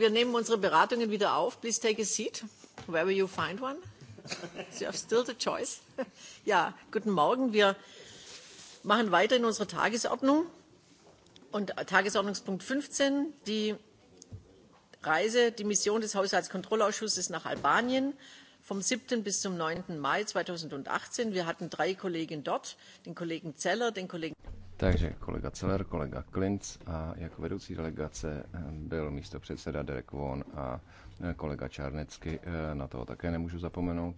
wir nehmen unsere Beratungen wieder auf. Please take a seat, wherever you find one. You have still the choice. Ja, guten Morgen. Wir machen weiter in unserer Tagesordnung. Und Tagesordnungspunkt 15, die Reise, die Mission des Haushaltskontrollausschusses nach Albanien vom 7. bis zum 9. Mai 2018. Wir hatten drei Kollegen dort, den Kollegen Zeller, den Kollegen takže kolega Celer, kolega Klinc a jako vedoucí delegace eh, byl místo předseda Derek Von a eh, kolega Čárnecky, eh, na toho také nemůžu zapomenout.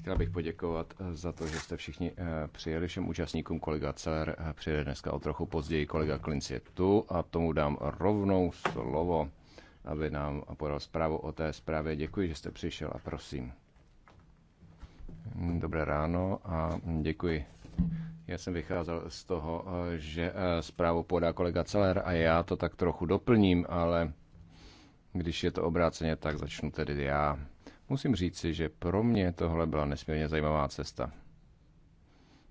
Chtěla bych poděkovat za to, že jste všichni přijeli všem účastníkům. Kolega Celer přijede dneska o trochu později, kolega Klinc je tu a tomu dám rovnou slovo, aby nám podal zprávu o té zprávě. Děkuji, že jste přišel a prosím. Dobré ráno a děkuji já jsem vycházel z toho, eh, že eh, zprávu podá kolega Celer a já to tak trochu doplním, ale když je to obráceně, tak začnu tedy já. Musím si, že pro mě tohle byla nesmírně zajímavá cesta.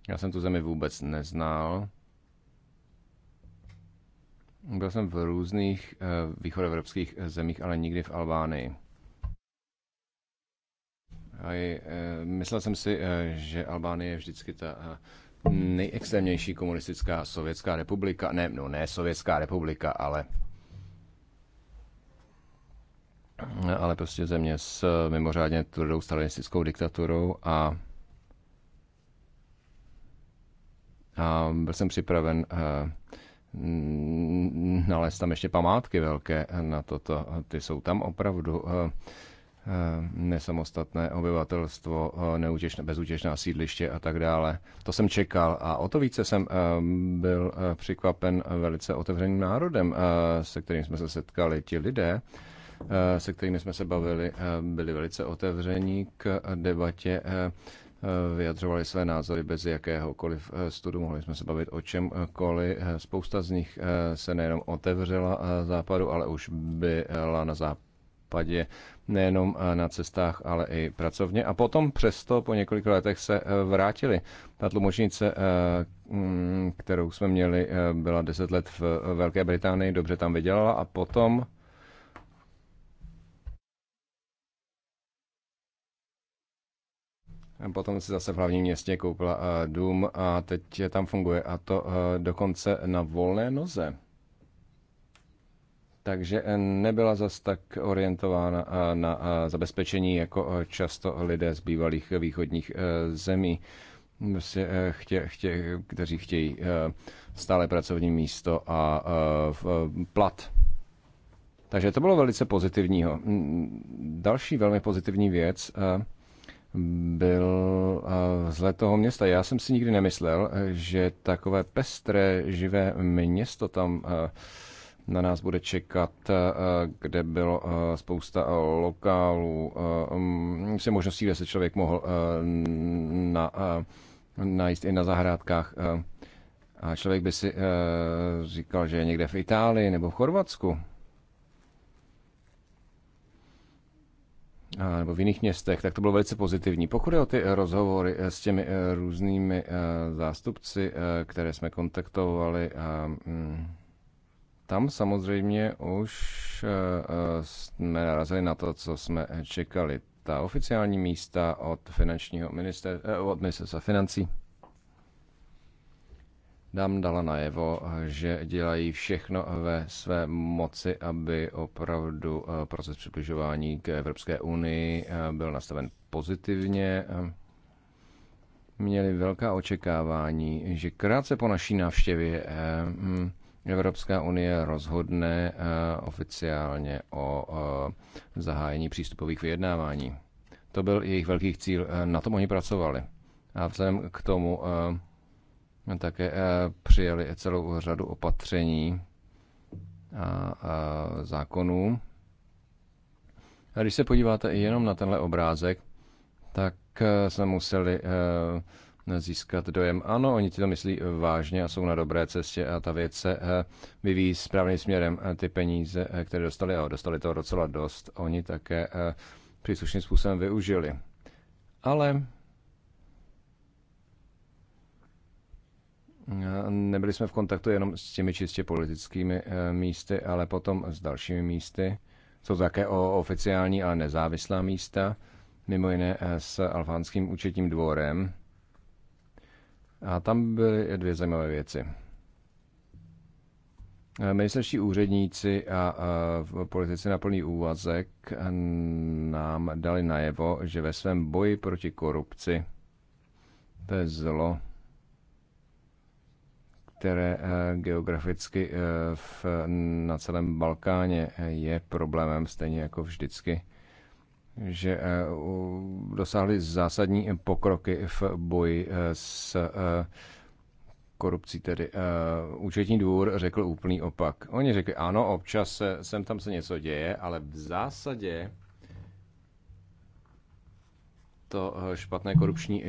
Já jsem tu zemi vůbec neznal. Byl jsem v různých eh, východoevropských zemích, ale nikdy v Albánii. A myslel jsem si, že Albánie je vždycky ta nejextrémnější komunistická sovětská republika, ne, no ne sovětská republika, ale ale prostě země s mimořádně tvrdou stalinistickou diktaturou a, a byl jsem připraven uh, nalézt tam ještě památky velké na toto. Ty jsou tam opravdu eh, Eh, nesamostatné obyvatelstvo, eh, bezútěšná sídliště a tak dále. To jsem čekal a o to více jsem eh, byl překvapen velice otevřeným národem, se kterým jsme se setkali. Ti lidé, se kterými jsme se bavili, byli velice otevření k debatě, vyjadřovali své názory bez jakéhokoliv studu, mohli jsme se bavit o čemkoliv. Spousta z nich se nejenom otevřela západu, ale už byla na západě nejenom na cestách, ale i pracovně. A potom přesto po několik letech se eh, vrátili. Ta tlumočnice, eh, mm, kterou jsme měli, eh, byla deset let v Velké Británii, dobře tam vydělala a potom Potom si zase v hlavním městě koupila dům a teď tam funguje a to dokonce na volné noze takže eh, nebyla zas tak orientována eh, na eh, zabezpečení jako často lidé z bývalých východních zemí, prostě, chtě, chtě, kteří chtějí stále pracovní místo a plat. Takže to bylo velice pozitivního. Mm, další velmi pozitivní věc byl vzhled toho města. Já jsem si nikdy nemyslel, že takové pestré, živé město tam na nás bude čekat, eh, kde bylo eh, spousta eh, lokálů, mm, se možností, kde se člověk mohl na, najíst i na zahrádkách. A člověk by si říkal, že je někde v Itálii nebo v Chorvatsku. nebo v jiných městech, tak to bylo velice pozitivní. Pokud je o ty rozhovory s těmi různými zástupci, které jsme kontaktovali, mm, tam samozřejmě už eh, eh, jsme narazili na to, co jsme čekali. Ta oficiální místa od, finančního minister, eh, od ministerstva financí nám dala najevo, že dělají všechno ve své moci, aby opravdu proces přibližování k Evropské unii byl nastaven pozitivně. Měli velká očekávání, že krátce po naší návštěvě hm, Evropská unie rozhodne eh, oficiálně o eh, zahájení přístupových vyjednávání. To byl jejich velký cíl, eh, na tom oni pracovali. A vzhledem k tomu také přijeli celou řadu opatření a zákonů. A když se podíváte jenom na tenhle obrázek, tak jsme museli získat dojem, ano, oni ti to myslí vážně a jsou na dobré cestě a ta věc se eh, vyvíjí správným směrem. Ty peníze, eh, které dostali, a dostali toho docela dost, oni také eh, příslušným způsobem využili. Ale Nebyli jsme v kontaktu jenom s těmi čistě politickými místy, ale potom s dalšími místy. Jsou také o oficiální, ale nezávislá místa, mimo jiné s alfánským účetním dvorem, a tam byly dvě zajímavé věci. Eh, Ministerští úředníci a, politici na plný úvazek eh, nám dali najevo, že ve svém boji proti korupci, to je zlo, které eh, geograficky na celém Balkáně je problémem stejně jako vždycky že eh, dosáhli zásadní pokroky v boji eh, s eh, korupcí, tedy účetní dvůr řekl úplný opak. Oni řekli, ano, občas sem tam se něco děje, ale v zásadě to špatné korupční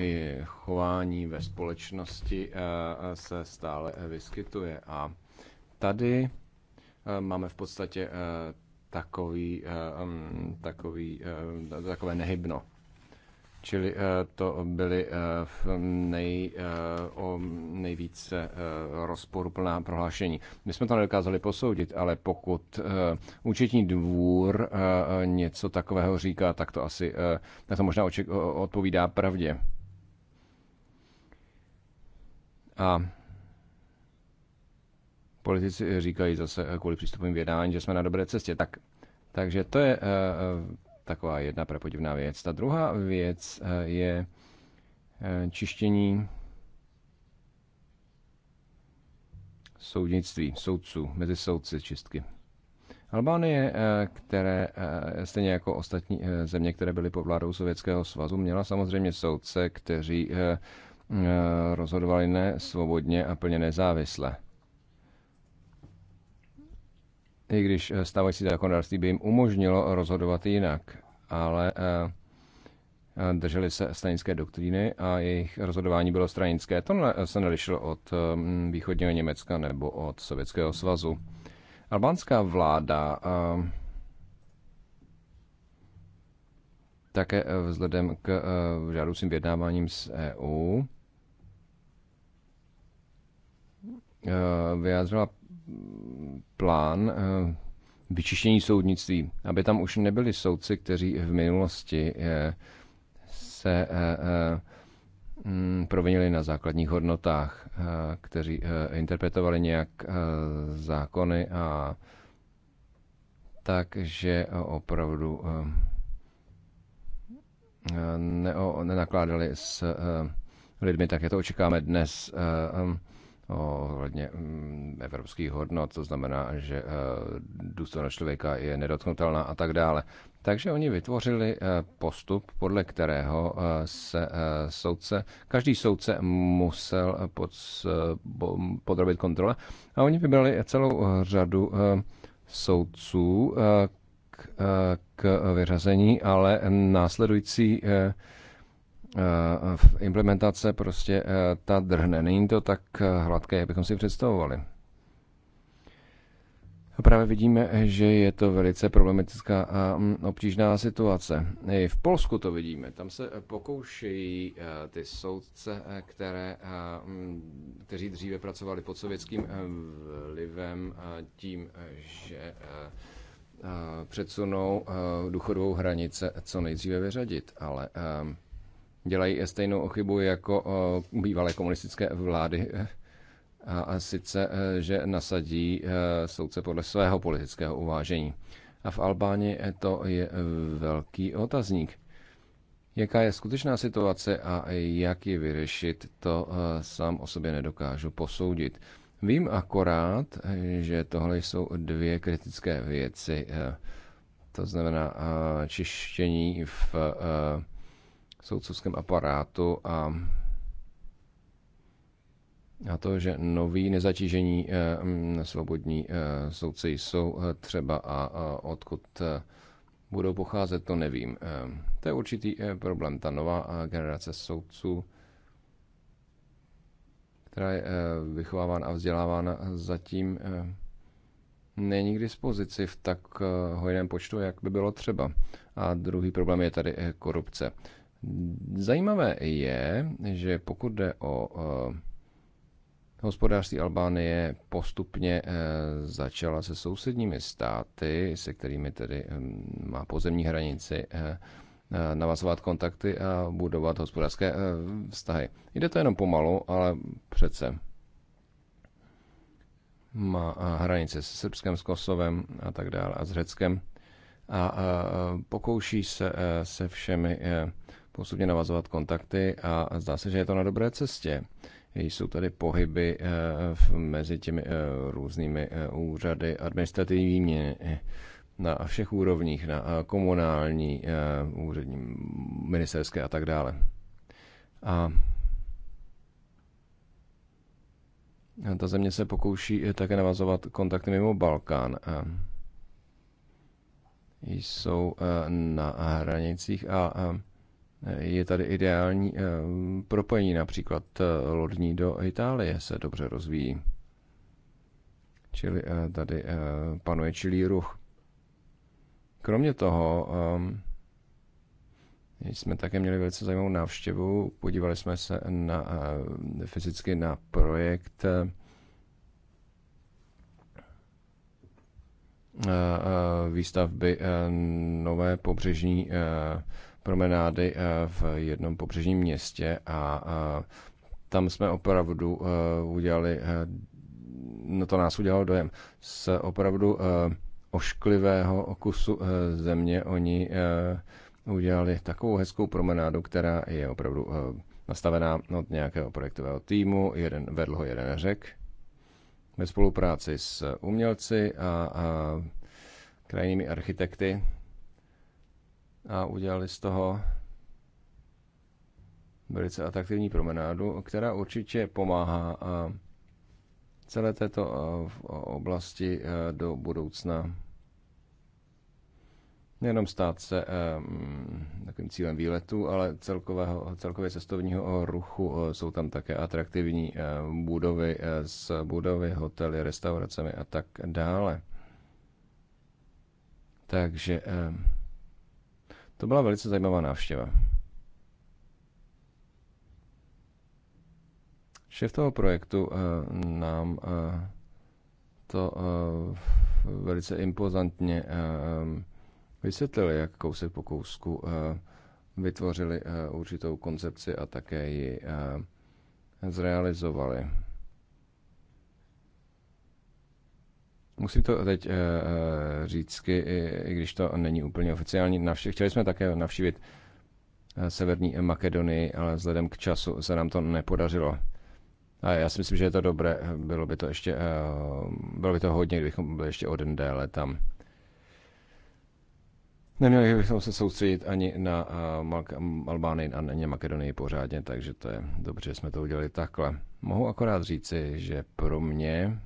chování ve společnosti se stále vyskytuje. A tady máme v podstatě takový, eh, takový, eh, takové nehybno. Čili eh, to byly nej, nejvíce rozporuplná prohlášení. My jsme to nedokázali posoudit, ale pokud účetní dvůr něco takového říká, tak to asi tak to možná odpovídá pravdě. A Politici říkají zase eh, kvůli přístupům vědání, že jsme na dobré cestě. Tak, takže to je eh, eh, taková jedna prepodivná věc. Ta druhá věc je čištění soudnictví, soudců, mezi soudci čistky. Albánie, které stejně jako ostatní země, které byly pod vládou Sovětského svazu, měla samozřejmě soudce, kteří rozhodovali ne svobodně a plně nezávisle i když eh, stávající zákonodárství by jim umožnilo rozhodovat jinak, ale eh, eh, drželi se stranické doktríny a jejich rozhodování bylo stranické. To se nelišilo od východního Německa nebo od Sovětského svazu. Albánská vláda také vzhledem k žádoucím vyjednáváním s EU vyjádřila plán eh, vyčištění soudnictví, aby tam už nebyli soudci, kteří v minulosti eh, se eh, mm, provinili na základních hodnotách, kteří interpretovali nějak zákony a tak, že opravdu nenakládali s lidmi, tak jak to očekáme dnes ohledně mm, evropských hodnot, to znamená, že eh, důstojnost člověka je nedotknutelná a tak dále. Takže oni vytvořili eh, postup, podle kterého eh, se soudce, každý soudce musel pod, podrobit kontrole a oni vybrali celou řadu soudců k, k vyřazení, ale následující Eh, implementace prostě eh, ta drhne. Není to tak eh, hladké, jak bychom si představovali. A právě vidíme, že je to velice problematická a mm, obtížná situace. I v Polsku to vidíme. Tam se pokoušejí ty soudce, které, mm, kteří dříve pracovali pod sovětským vlivem tím, že předsunou důchodovou hranice co nejdříve vyřadit. Ale dělají stejnou chybu jako bývalé komunistické vlády. A sice, e, že nasadí e, soudce podle svého politického uvážení. A v Albánii e, to je velký otazník. Jaká je skutečná situace a jak ji vyřešit, to sám o sobě nedokážu posoudit. Vím akorát, že tohle jsou dvě kritické věci. To znamená čištění v soudcovském aparátu a a to, že noví nezatížení eh, svobodní eh, soudci jsou eh, třeba a odkud budou pocházet, to nevím. To je určitý problém. Ta nová generace soudců, která je vychovávána a vzdělávána, zatím není k dispozici v tak hojném počtu, jak by bylo třeba. A druhý problém je tady korupce. Zajímavé je, že pokud jde o eh, hospodářství Albánie, postupně eh, začala se sousedními státy, se kterými tedy eh, má pozemní hranici, navazovat kontakty a budovat hospodářské vztahy. Jde to jenom pomalu, ale přece má hranice s Srbskem, s Kosovem a tak dále a s Řeckem a pokouší se se všemi postupně navazovat kontakty a zdá se, že je to na dobré cestě. Jsou tady pohyby eh, mezi těmi eh, různými eh, úřady administrativními na všech úrovních, na komunální, úřední, ministerské a tak dále. A ta země se pokouší také navazovat kontakty mimo Balkán jsou na hranicích a je tady ideální eh, propojení, například eh, lodní do Itálie se dobře rozvíjí. Čili eh, tady panuje čilý ruch. Kromě toho jsme také měli velice zajímavou návštěvu. Podívali jsme se na, fyzicky na projekt výstavby nové pobřežní promenády eh, v jednom pobřežním městě a eh, tam jsme opravdu eh, udělali, no to nás udělalo dojem, z opravdu ošklivého okusu země oni udělali takovou hezkou promenádu, která je opravdu nastavená od nějakého projektového týmu, jeden, vedl ho jeden řek, ve spolupráci s umělci a, a krajními architekty a udělali z toho velice atraktivní promenádu, která určitě pomáhá celé této oblasti do budoucna nejenom stát se mm, takovým cílem výletu, ale celkového, celkově cestovního ruchu. Jsou tam také atraktivní budovy s budovy, hotely, restauracemi a tak dále. Takže to byla velice zajímavá návštěva. Šéf toho projektu eh, nám eh, to eh, velice impozantně vysvětlil, jak kousek po kousku vytvořili určitou koncepci a také ji zrealizovali. Musím to teď eh, eh, říct, i když to není úplně oficiální. Navši- chtěli jsme také navštívit eh, Severní Makedonii, ale vzhledem k času se nám to nepodařilo. A já si myslím, že je to dobré. Bylo by to ještě, bylo by to hodně, kdybychom byli ještě o den déle tam. Neměli bychom se soustředit ani na Albánii a na Makedonii pořádně, takže to je dobře, že jsme to udělali takhle. Mohu akorát říci, že pro mě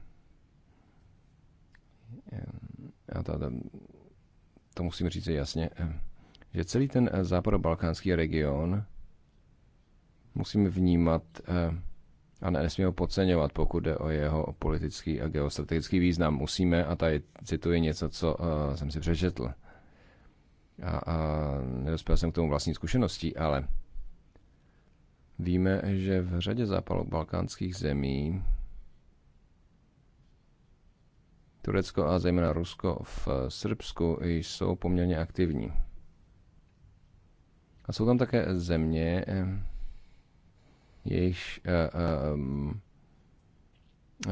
já to, to musím říct jasně, eh, že celý ten eh, západobalkánský region musíme vnímat eh, a nesmíme ho podceňovat, pokud jde o jeho politický a geostrategický význam. Musíme, a tady cituji něco, co jsem si přečetl, a, a nedospěl jsem k tomu vlastní zkušeností, ale víme, že v řadě západobalkánských zemí Turecko a zejména Rusko v eh, Srbsku jsou poměrně aktivní. A jsou tam také země, eh, jejichž eh,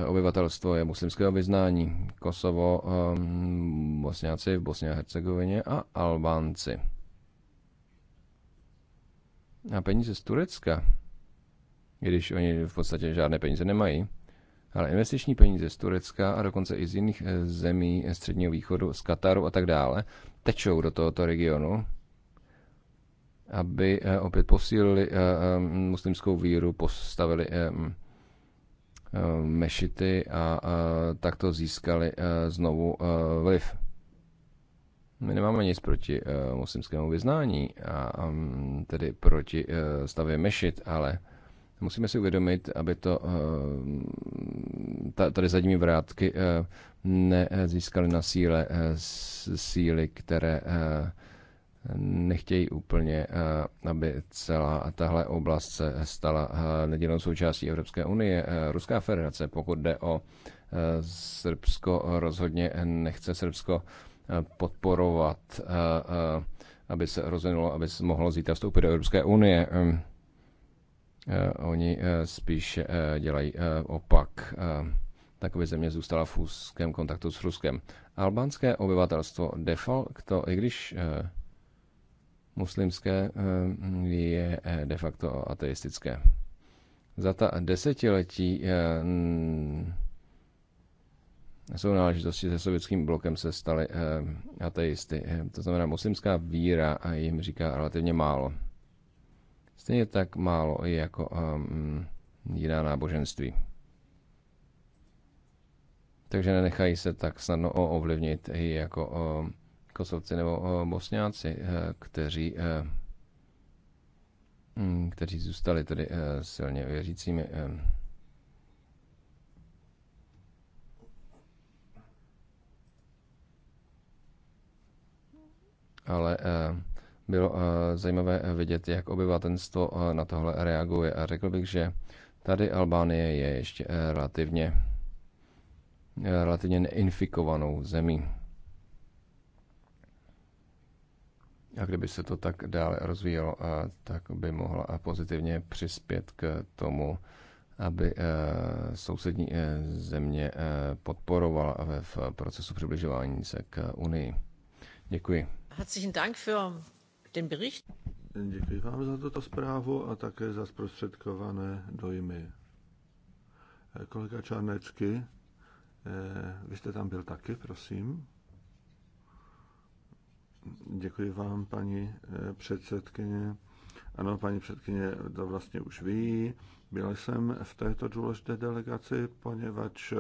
obyvatelstvo je muslimského vyznání. Kosovo, Bosňáci v Bosně a Hercegovině a Albánci. A peníze z Turecka, když oni v podstatě žádné peníze nemají, ale investiční peníze z Turecka a dokonce i z jiných eh, zemí eh, Středního východu, z Kataru a tak dále, tečou do tohoto regionu, aby eh, opět posílili muslimskou víru, postavili mešity a takto získali znovu vliv. My nemáme nic proti muslimskému vyznání, a mm, tedy proti stavě mešit, ale Musíme si uvědomit, aby to eh, tady zadními vrátky eh, nezískaly na síle eh, síly, které nechtějí úplně, aby celá tahle oblast se stala nedělnou součástí Evropské unie. Ruská federace, pokud jde o Srbsko, rozhodně nechce Srbsko podporovat, aby se rozvinulo, aby se mohlo zítra vstoupit do Evropské unie. Ehm, Eh, oni eh, spíš eh, dělají opak. Takové země zůstala v úzkém kontaktu s Ruskem. Albánské obyvatelstvo de facto, i když muslimské, je de facto ateistické. Za ta desetiletí jsou náležitosti se sovětským blokem se staly ateisty. To znamená, muslimská víra jim říká relativně málo. Stejně tak málo i jako um, jiná náboženství. Takže nenechají se tak snadno ovlivnit i jako um, Kosovci nebo um, Bosňáci, eh, kteří um, kteří zůstali tedy um, silně věřícími. Um, ale uh, bylo eh, zajímavé vidět, jak obyvatelstvo eh, na tohle reaguje. A řekl bych, že tady Albánie je ještě eh, relativně, relativně neinfikovanou zemí. A kdyby se to tak dále rozvíjelo, tak by mohla pozitivně přispět k tomu, aby sousední země podporovala v procesu přibližování se k Unii. Děkuji. Herzlichen Dank für ten Bericht. Děkuji vám za toto zprávu a také za zprostředkované dojmy. Kolega Čárnecky, eh, vy jste tam byl taky, prosím. Děkuji vám, paní eh, předsedkyně. Ano, paní předsedkyně to vlastně už ví. byl jsem v této důležité delegaci, poněvadž eh,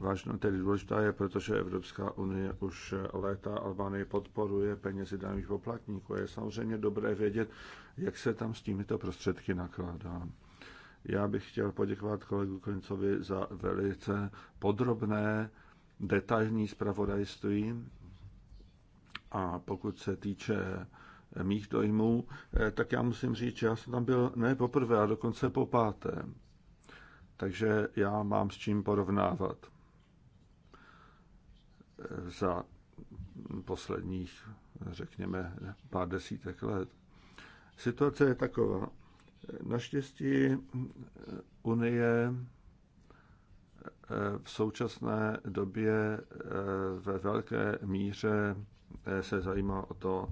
Vážná tedy důležitá je, protože Evropská unie už léta Albánii podporuje penězi daných poplatníků. Je samozřejmě dobré vědět, jak se tam s těmito prostředky nakládá. Já bych chtěl poděkovat kolegu Klincovi za velice podrobné, detailní zpravodajství. A pokud se týče mých dojmů, eh, tak já musím říct, že já jsem tam byl ne poprvé, a dokonce po páté. Takže já mám s čím porovnávat za posledních, řekněme, pár desítek let. Situace je taková. Naštěstí Unie eh, v současné době eh, ve velké míře eh, se zajímá o to,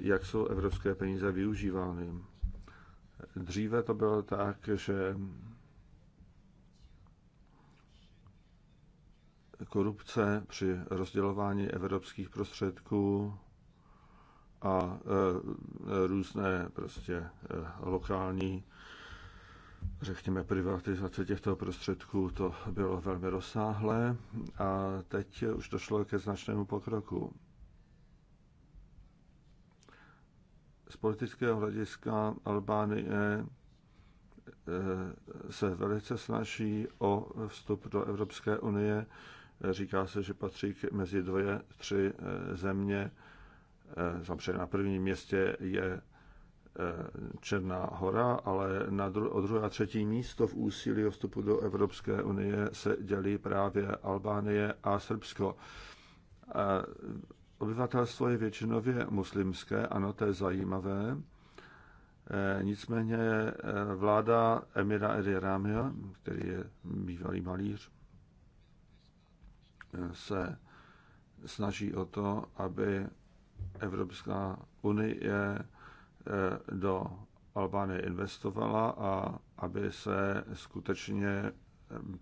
jak jsou evropské peníze využívány. Dříve to bylo tak, že korupce při rozdělování evropských prostředků a e, různé prostě e, lokální řekněme privatizace těchto prostředků, to bylo velmi rozsáhlé a teď už došlo ke značnému pokroku. Z politického hlediska Albánie e, se velice snaží o vstup do Evropské unie, Říká se, že patří mezi dvě, tři eh, země. Eh, samozřejmě na prvním městě je eh, Černá hora, ale na dru- o druhé a třetí místo v úsilí o vstupu do Evropské unie se dělí právě Albánie a Srbsko. Obyvatelstvo je většinově muslimské, ano, to je zajímavé. Nicméně vláda Emira Eri Ramia, který je bývalý malíř, se snaží o to, aby Evropská unie eh, do Albánie investovala a aby se skutečně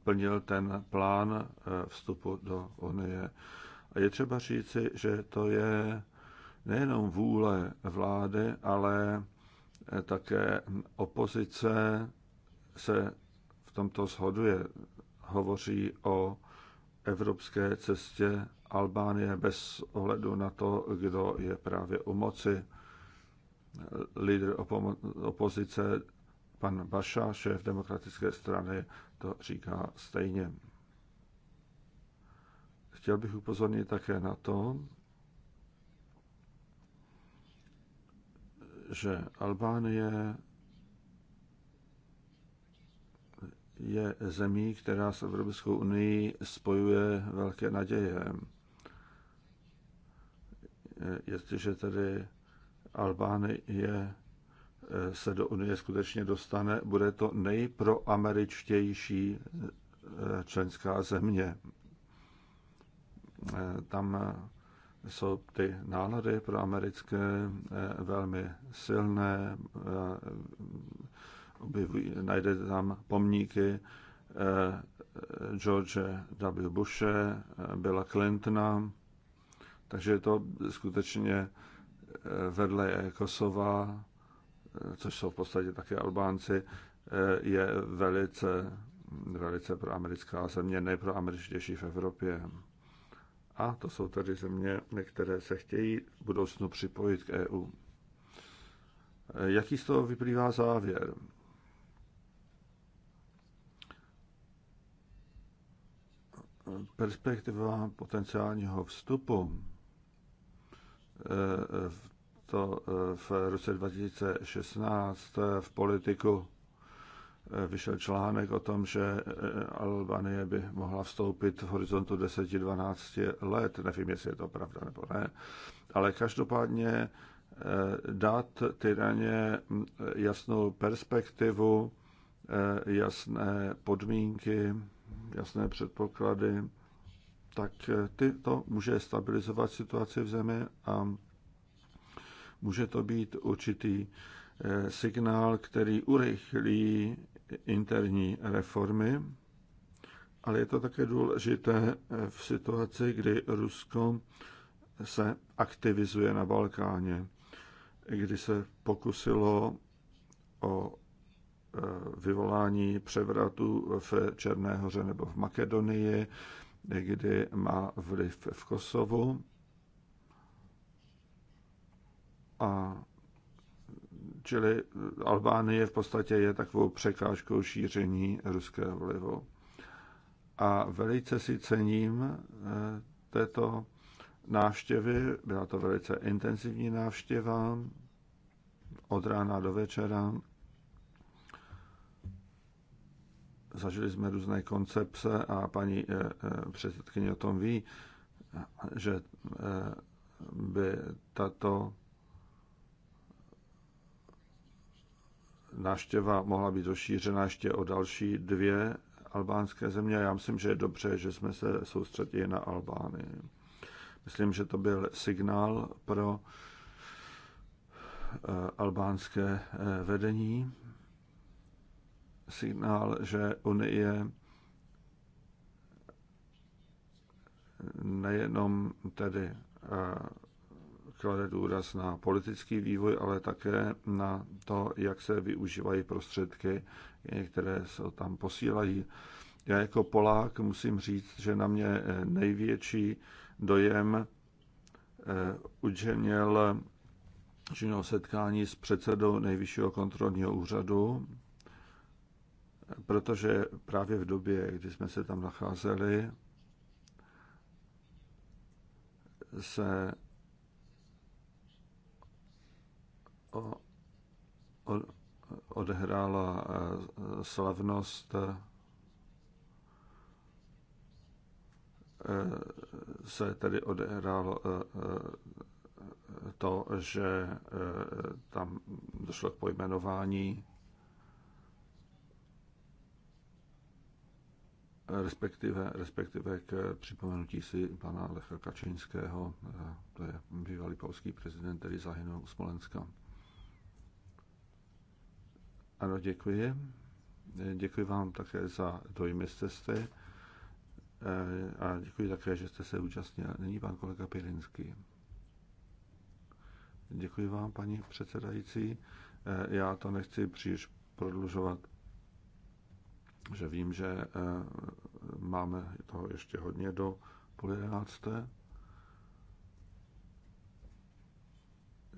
plnil ten plán eh, vstupu do Unie. A je třeba říci, že to je nejenom vůle vlády, ale eh, také opozice se v tomto shoduje. Hovoří o evropské cestě Albánie bez ohledu na to, kdo je právě u moci. Lídr opozice, pan Baša, šéf demokratické strany, to říká stejně. Chtěl bych upozornit také na to, že Albánie je zemí, která s Evropskou unii spojuje velké naděje. Jestliže tedy Albánie eh, se do Unie skutečně dostane, bude to nejproameričtější eh, členská země. Eh, tam jsou ty nálady proamerické velmi silné, objevují, najdete tam pomníky eh, George W. Bushe, eh, Billa Clintona, takže je to skutečně eh, vedle Kosova, což jsou v podstatě také Albánci, je velice, velice proamerická země, nejproameričtější v Evropě. A to jsou tedy země, které se chtějí v budoucnu připojit k EU. Jaký z toho vyplývá závěr? perspektiva potenciálního vstupu eh, to eh, v roce 2016 eh, v politiku vyšel článek o tom, že Albanie by mohla vstoupit v horizontu 10-12 let. Nevím, jestli je to pravda nebo ne. Ale každopádně dát Tyraně hm, jasnou perspektivu, jasné podmínky, jasné předpoklady, tak eh, ty to může stabilizovat situaci v zemi a může to být určitý eh, signál, který urychlí interní reformy, ale je to také důležité eh, v situaci, kdy Rusko se aktivizuje na Balkáně, kdy se pokusilo o vyvolání převratu v Černé hoře nebo v Makedonii, kdy má vliv v Kosovu. A čili Albánie v podstatě je takovou překážkou šíření ruského vlivu. A velice si cením eh, této návštěvy. Byla to velice intenzivní návštěva od rána do večera. zažili jsme různé koncepce a paní eh, eh, předsedkyně o tom ví, že eh, by tato náštěva mohla být rozšířena ještě o další dvě albánské země. Já myslím, že je dobře, že jsme se soustředili na Albánii. Myslím, že to byl signál pro albánské vedení signál, že Unie nejenom tedy eh, klade důraz na politický vývoj, ale také na to, jak se využívají prostředky, eh, které se tam posílají. Já jako Polák musím říct, že na mě eh, největší dojem učinil činnou setkání s předsedou Nejvyššího kontrolního úřadu protože právě v době, kdy jsme se tam nacházeli, se o, o, odehrála eh, slavnost eh, se tedy odehrálo eh, to, že tam došlo k pojmenování respektive, respektive k připomenutí si pana Lecha Kačinského, eh, to je bývalý polský prezident, který zahynul u Smolenska. Ano, děkuji. Eh, děkuji vám také za dojmy z cesty eh, a děkuji také, že jste se účastnil. Není pan kolega Pirinský. Děkuji vám, paní předsedající. Já to nechci příliš prodlužovat že vím, že eh, máme toho ještě hodně do půl jedenácté.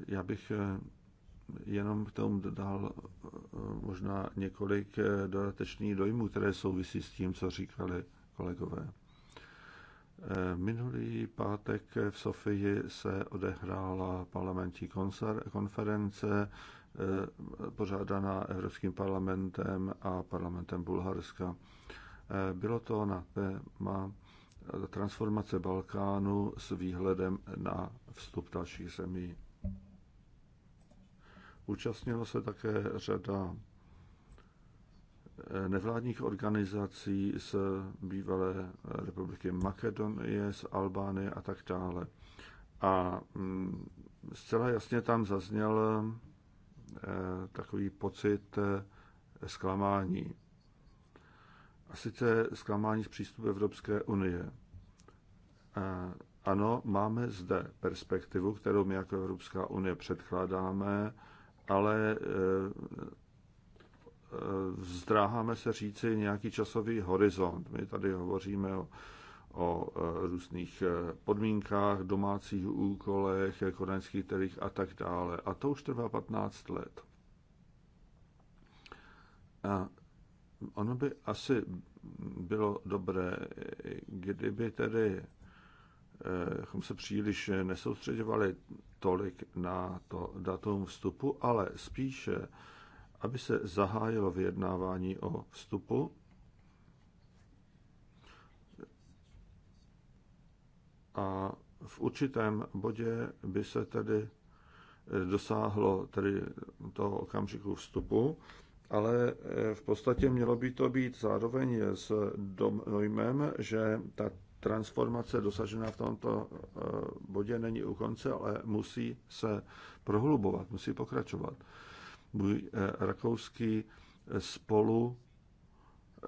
Já bych eh, jenom k tomu dodal eh, možná několik dodatečných dojmů, které souvisí s tím, co říkali kolegové. Minulý pátek v Sofii se odehrála parlamentní konference Eh, pořádaná Evropským parlamentem a parlamentem Bulharska. Eh, bylo to na téma transformace Balkánu s výhledem na vstup dalších zemí. Účastnilo se také řada eh, nevládních organizací z bývalé republiky Makedonie, z Albánie a tak dále. A mm, zcela jasně tam zazněl Eh, takový pocit eh, zklamání. A sice zklamání z přístupu Evropské unie. Eh, ano, máme zde perspektivu, kterou my jako Evropská unie předkládáme, ale zdráháme se říci nějaký časový horizont. My tady hovoříme o o e, různých e, podmínkách, domácích úkolech, koneckých trích a tak dále. A to už trvá 15 let. A ono by asi bylo dobré, kdyby tedy chom e, se příliš nesoustředovali tolik na to datum vstupu, ale spíše, aby se zahájilo vyjednávání o vstupu a v určitém bodě by se tedy eh, dosáhlo tedy toho okamžiku vstupu, ale eh, v podstatě mělo by to být zároveň s dojmem, že ta transformace dosažená v tomto eh, bodě není u konce, ale musí se prohlubovat, musí pokračovat. Můj rakouský spolu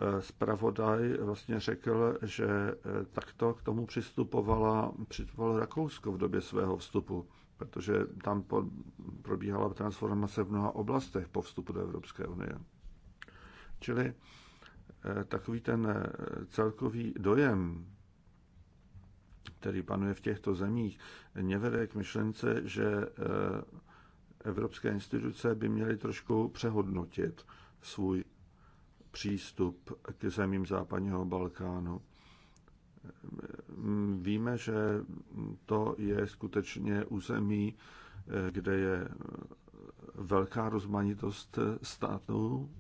Eh, zpravodaj vlastně řekl, že eh, takto k tomu přistupovala, přistupovalo Rakousko v době svého vstupu, protože tam po, probíhala transformace v mnoha oblastech po vstupu do Evropské unie. Čili eh, takový ten celkový dojem, který panuje v těchto zemích, mě vede k myšlence, že evropské instituce by měly trošku přehodnotit svůj přístup k zemím západního Balkánu. Víme, že to je skutečně území, kde je velká rozmanitost států.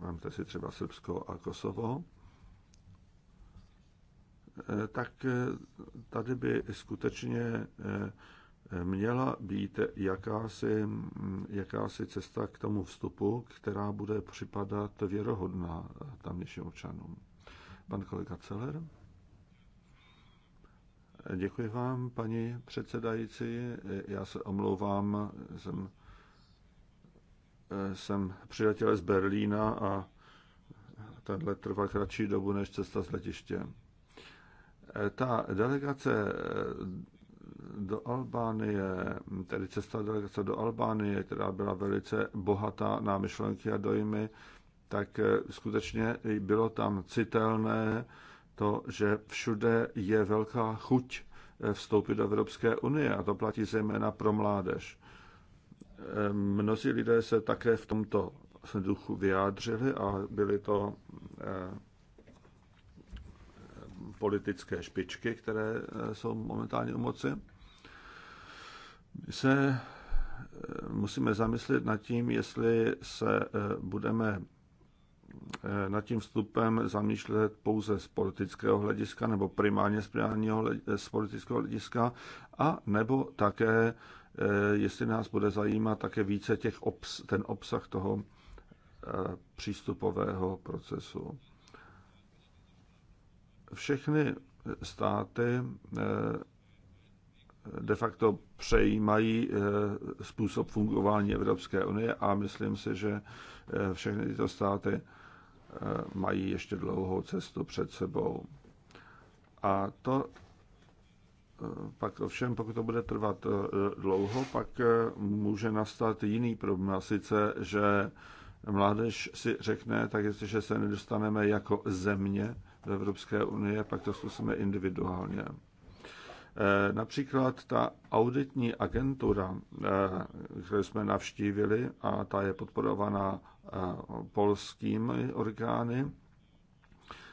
Máte si třeba Srbsko a Kosovo. Eh, tak eh, tady by skutečně eh, měla být jakási, jakási cesta k tomu vstupu, která bude připadat věrohodná tamnějším občanům. Pan kolega Celer. Děkuji vám, paní předsedající. Já se omlouvám, jsem, jsem přijatel z Berlína a tenhle trval kratší dobu než cesta z letiště. Ta delegace do Albánie, tedy cesta delegace do Albánie, která byla velice bohatá na myšlenky a dojmy, tak eh, skutečně bylo tam citelné to, že všude je velká chuť eh, vstoupit do Evropské unie a to platí zejména pro mládež. Eh, mnozí lidé se také v tomto duchu vyjádřili a byly to politické špičky, které eh, jsou momentálně u moci. My se eh, musíme zamyslet nad tím, jestli se eh, budeme nad tím vstupem zamýšlet pouze z politického hlediska nebo primárně z, z politického hlediska a nebo také, jestli nás bude zajímat také více těch obs, ten obsah toho přístupového procesu všechny státy eh, de facto přejímají eh, způsob fungování Evropské unie a myslím si, že eh, všechny tyto státy mají ještě dlouhou cestu před sebou. A to pak ovšem, pokud to bude trvat dlouho, pak může nastat jiný problém, a sice, že mládež si řekne, tak jestliže se nedostaneme jako země z Evropské unie, pak to zkusíme individuálně. Eh, například ta auditní agentura, eh, kterou jsme navštívili, a ta je podporovaná eh, polskými orgány,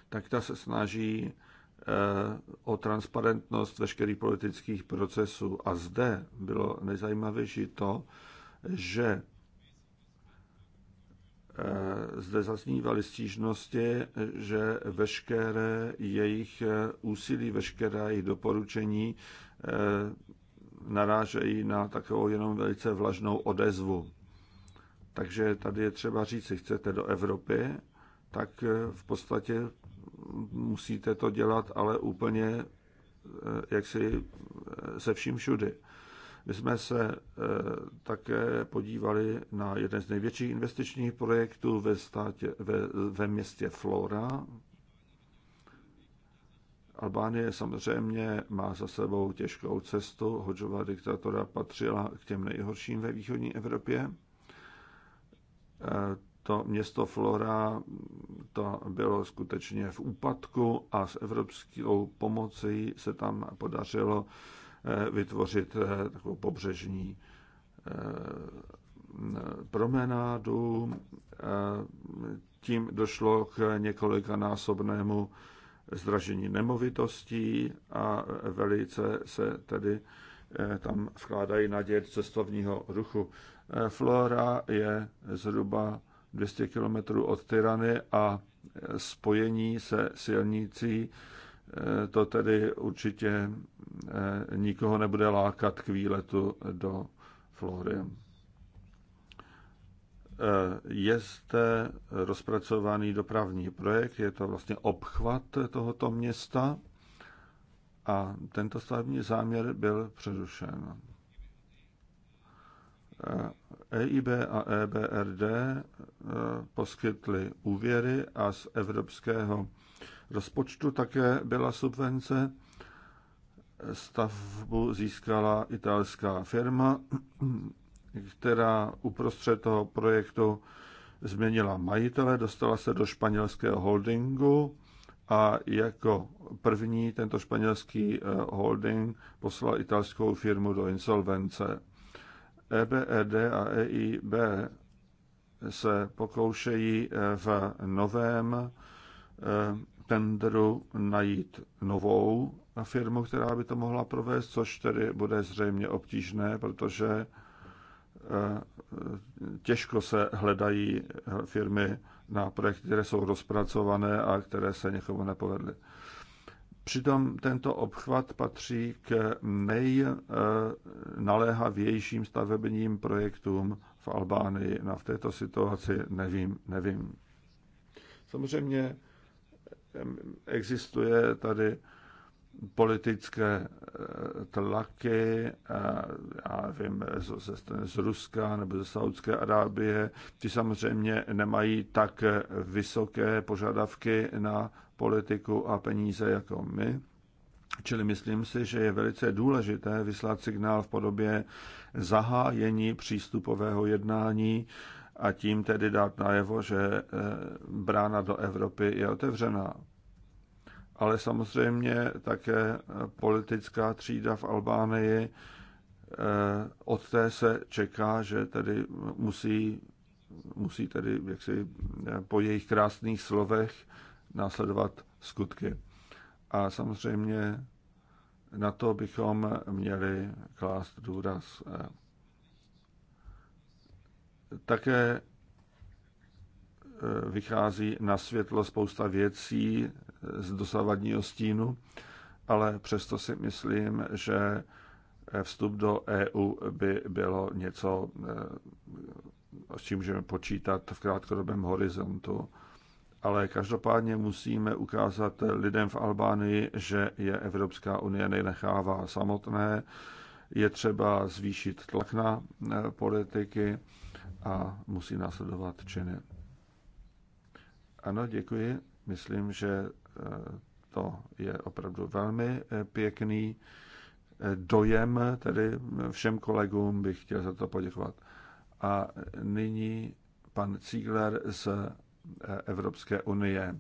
tak ta se snaží o transparentnost veškerých politických procesů. A zde bylo nejzajímavější to, že Eh, zde zaznívaly stížnosti, že veškeré jejich eh, úsilí, veškerá jejich doporučení eh, narážejí na takovou jenom velice vlažnou odezvu. Takže tady je třeba říct, si chcete do Evropy, tak v podstatě musíte to dělat, ale úplně jaksi se vším všudy. My jsme se eh, také podívali na jeden z největších investičních projektů ve, státě, ve, ve městě Flora. Albánie samozřejmě má za sebou těžkou cestu. Hodžová diktatura patřila k těm nejhorším ve východní Evropě. Eh, to město Flora to bylo skutečně v úpadku a s evropskou pomocí se tam podařilo Eh, vytvořit eh, takovou pobřežní eh, promenádu. Tím došlo k několikanásobnému zdražení nemovitostí a velice se tedy tam vkládají naděje cestovního ruchu. Flora je zhruba 200 km od Tyrany a spojení se silnicí Eh, to tedy určitě eh, nikoho nebude lákat k výletu do Flory. Eh, je zde rozpracovaný dopravní projekt, je to vlastně obchvat tohoto města a tento stavební záměr byl přerušen. EIB e a EBRD poskytly úvěry a z Evropského rozpočtu také byla subvence. Stavbu získala italská firma, která uprostřed toho projektu změnila majitele, dostala se do španělského holdingu a jako první tento španělský eh, holding poslal italskou firmu do insolvence. EBRD e a EIB se pokoušejí eh, v novém eh, tendru najít novou firmu, která by to mohla provést, což tedy bude zřejmě obtížné, protože eh, těžko se hledají eh, firmy na projekty, které jsou rozpracované a které se někomu nepovedly. Přitom tento obchvat patří k nejnaléhavějším eh, stavebním projektům v Albánii. No, v této situaci nevím, nevím. Samozřejmě existuje tady politické eh, tlaky, eh, já vím, ze strany z Ruska nebo ze Saudské Arábie, ty samozřejmě nemají tak eh, vysoké požadavky na politiku a peníze jako my. Čili myslím si, že je velice důležité vyslat signál v podobě zahájení přístupového jednání a tím tedy dát najevo, že eh, brána do Evropy je otevřená. Ale samozřejmě také politická třída v Albánii eh, od té se čeká, že tedy musí, musí tedy jaksi eh, po jejich krásných slovech následovat skutky. A samozřejmě na to bychom měli klást důraz. Také eh, vychází na světlo spousta věcí eh, z dosavadního stínu, ale přesto si myslím, že eh, vstup do EU by bylo něco, s čím můžeme počítat v krátkodobém horizontu. Ale každopádně musíme ukázat lidem v Albánii, že je Evropská unie nenechává samotné. Je třeba zvýšit tlak na politiky a musí následovat činy. Ano, děkuji. Myslím, že eh, to je opravdu velmi eh, pěkný eh, dojem, tedy všem kolegům bych chtěl za to poděkovat. A nyní pan Cígler z Evropské unie,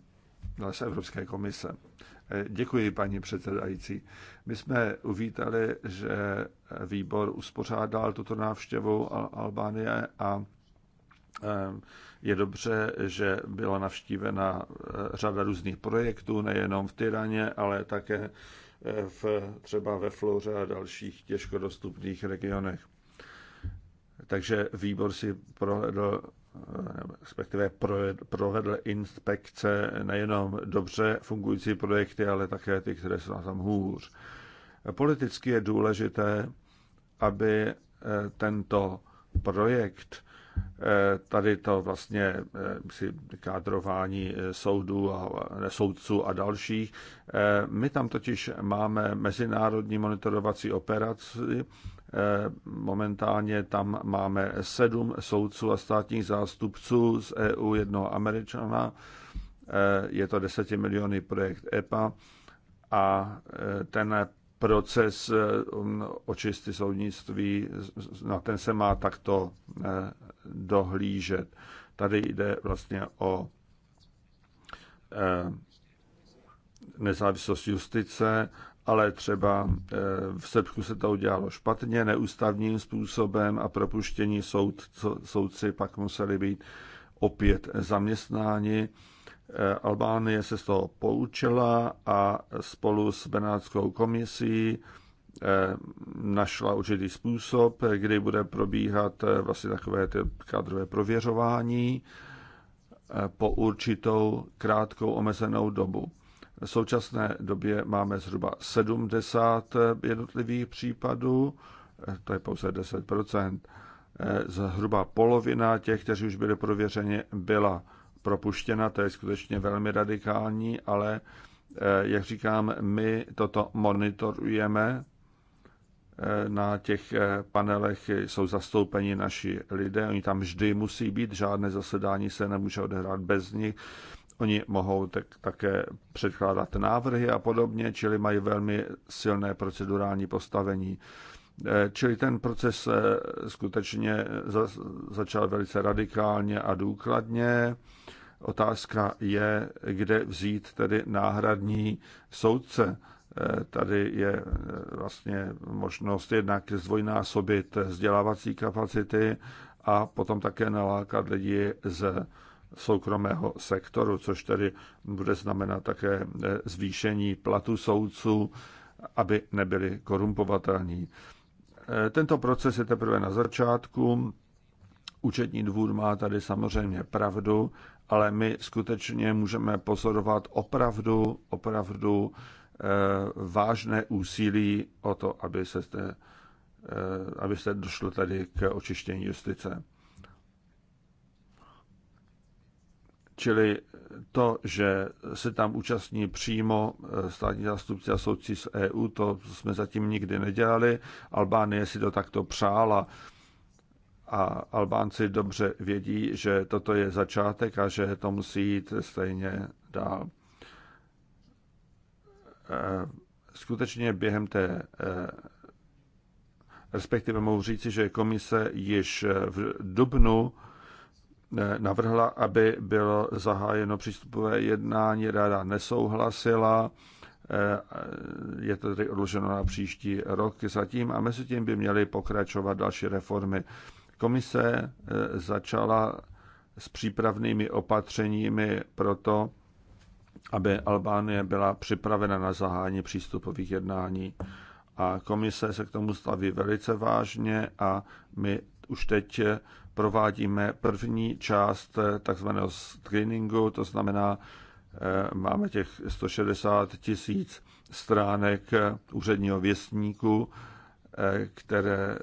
no, z Evropské komise. Děkuji, paní předsedající. My jsme uvítali, že výbor uspořádal tuto návštěvu Albánie a Ehm, je dobře, že byla navštívena eh, řada různých projektů, nejenom v Tyraně, ale také eh, v, třeba ve Flóře a dalších těžkodostupných regionech. Takže výbor si provedl, eh, respektive provedl inspekce nejenom dobře fungující projekty, ale také ty, které jsou na tom hůř. Politicky je důležité, aby tento projekt Eh, tady to vlastně eh, si kádrování eh, soudů a soudců a dalších. My tam totiž máme mezinárodní monitorovací operaci. Momentálně tam máme sedm soudců a státních zástupců z EU, jednoho američana. Je to desetimilioný projekt EPA a ten proces eh, um, očisty soudnictví, na ten se má takto eh, dohlížet. Tady jde vlastně o eh, nezávislost justice, ale třeba v Srbsku se to udělalo špatně, neústavním způsobem a propuštění soud, soudci pak museli být opět zaměstnáni Eh, Albánie se z toho poučila a spolu s Benátskou komisí eh, našla určitý způsob, kdy bude probíhat eh, vlastně takové ty kádrové prověřování po určitou krátkou omezenou dobu. V současné době máme zhruba 70 jednotlivých případů, to je pouze 10 Zhruba polovina těch, kteří už byli prověřeni, byla propuštěna, to je skutečně velmi radikální, ale eh, jak říkám, my toto monitorujeme. Eh, na těch eh, panelech jsou zastoupeni naši lidé, oni tam vždy musí být, žádné zasedání se nemůže odehrát bez nich. Oni mohou tak, také předkládat návrhy a podobně, čili mají velmi silné procedurální postavení. Čili ten proces skutečně začal velice radikálně a důkladně. Otázka je, kde vzít tedy náhradní soudce. Eh, tady je eh, vlastně možnost jednak zdvojnásobit vzdělávací kapacity a potom také nalákat lidi z soukromého sektoru, což tedy bude znamenat také eh, zvýšení platu soudců, aby nebyli korumpovatelní. Tento proces je teprve na začátku. Účetní dvůr má tady samozřejmě pravdu, ale my skutečně můžeme pozorovat opravdu, opravdu eh, vážné úsilí o to, aby se, zde, eh, aby se došlo tady k očištění justice. Čili to, že se tam účastní přímo eh, státní zástupci a soudci z EU, to jsme zatím nikdy nedělali. Albánie si to takto přála a Albánci dobře vědí, že toto je začátek a že to musí jít stejně dál. E, skutečně během té, e, respektive mohu říci, že komise již v dubnu e, navrhla, aby bylo zahájeno přístupové jednání, ráda nesouhlasila, je to tedy odloženo na příští rok zatím a mezi tím by měly pokračovat další reformy. Komise eh, začala s přípravnými opatřeními pro to, aby Albánie byla připravena na zahájení přístupových jednání. A komise se k tomu staví velice vážně a my už teď eh, provádíme první část eh, takzvaného screeningu, to znamená, máme těch 160 tisíc stránek úředního věstníku, které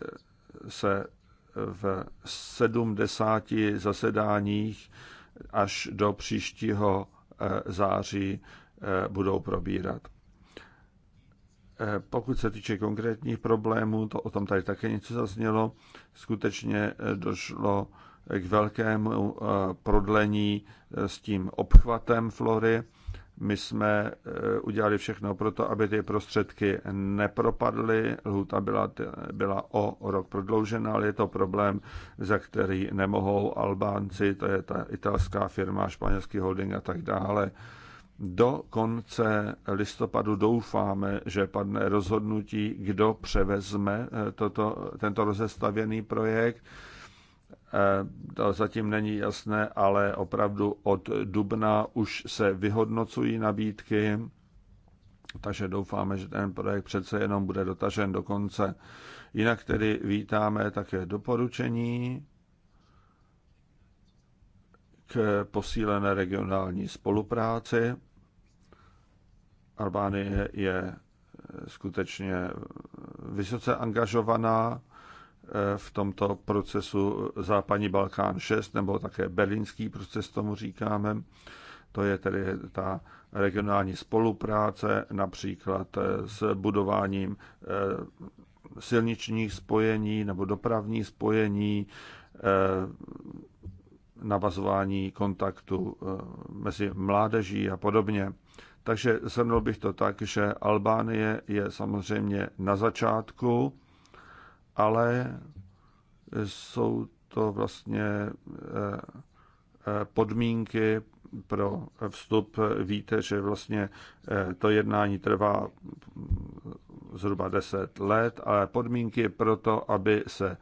se v 70 zasedáních až do příštího eh, září eh, budou probírat. Eh, pokud se týče konkrétních problémů, to o tom tady také něco zaznělo, skutečně došlo k velkému prodlení s tím obchvatem Flory my jsme eh, udělali všechno pro to, aby ty prostředky nepropadly. Lhuta byla, byla o rok prodloužena, ale je to problém, za který nemohou Albánci, to je ta italská firma, španělský holding a tak dále. Do konce listopadu doufáme, že padne rozhodnutí, kdo převezme eh, toto, tento rozestavěný projekt Eh, to zatím není jasné, ale opravdu od dubna už se vyhodnocují nabídky, takže doufáme, že ten projekt přece jenom bude dotažen do konce. Jinak tedy vítáme také doporučení k posílené regionální spolupráci. Albánie je skutečně vysoce angažovaná Eh, v tomto procesu Západní Balkán 6, nebo také berlínský proces prostě tomu říkáme. To je tedy ta regionální spolupráce, například eh, s budováním eh, silničních spojení nebo dopravní spojení, navazování kontaktu mezi mládeží a podobně. Takže shrnul bych to tak, že Albánie je samozřejmě na začátku ale jsou to vlastně eh, eh, podmínky pro vstup. Víte, že vlastně eh, to jednání trvá zhruba 10 let, ale podmínky pro to, aby se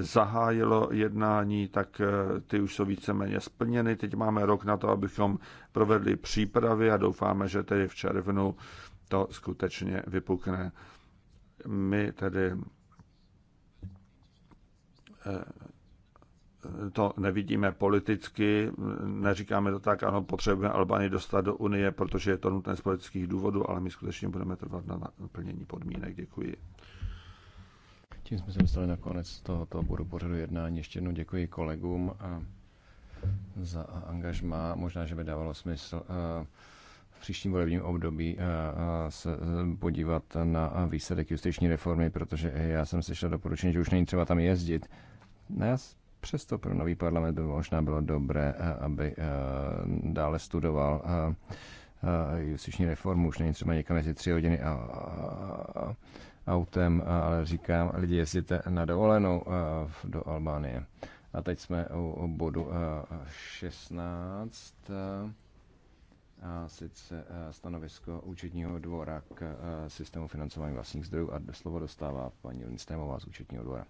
zahájilo jednání, tak ty už jsou víceméně splněny. Teď máme rok na to, abychom provedli přípravy a doufáme, že tedy v červnu to skutečně vypukne. My tedy to nevidíme politicky, neříkáme to tak, ano, potřebujeme Albány dostat do Unie, protože je to nutné z politických důvodů, ale my skutečně budeme trvat na plnění podmínek. Děkuji. Tím jsme se dostali na konec tohoto bodu pořadu jednání. Ještě jednou děkuji kolegům a za angažma. Možná, že by dávalo smysl eh, v příštím volebním období eh, eh, se podívat na výsledek justiční reformy, protože já jsem slyšel doporučení, že už není třeba tam jezdit. Nás no přesto pro nový parlament by možná bylo dobré, eh, aby eh, dále studoval eh, justiční reformu. Už není třeba někam mezi tři hodiny a, autem, ale říkám, lidi jezdíte na dovolenou do Albánie. A teď jsme u, bodu 16 a sice stanovisko účetního dvora k systému financování vlastních zdrojů a slovo dostává paní Lindstemová z účetního dvora.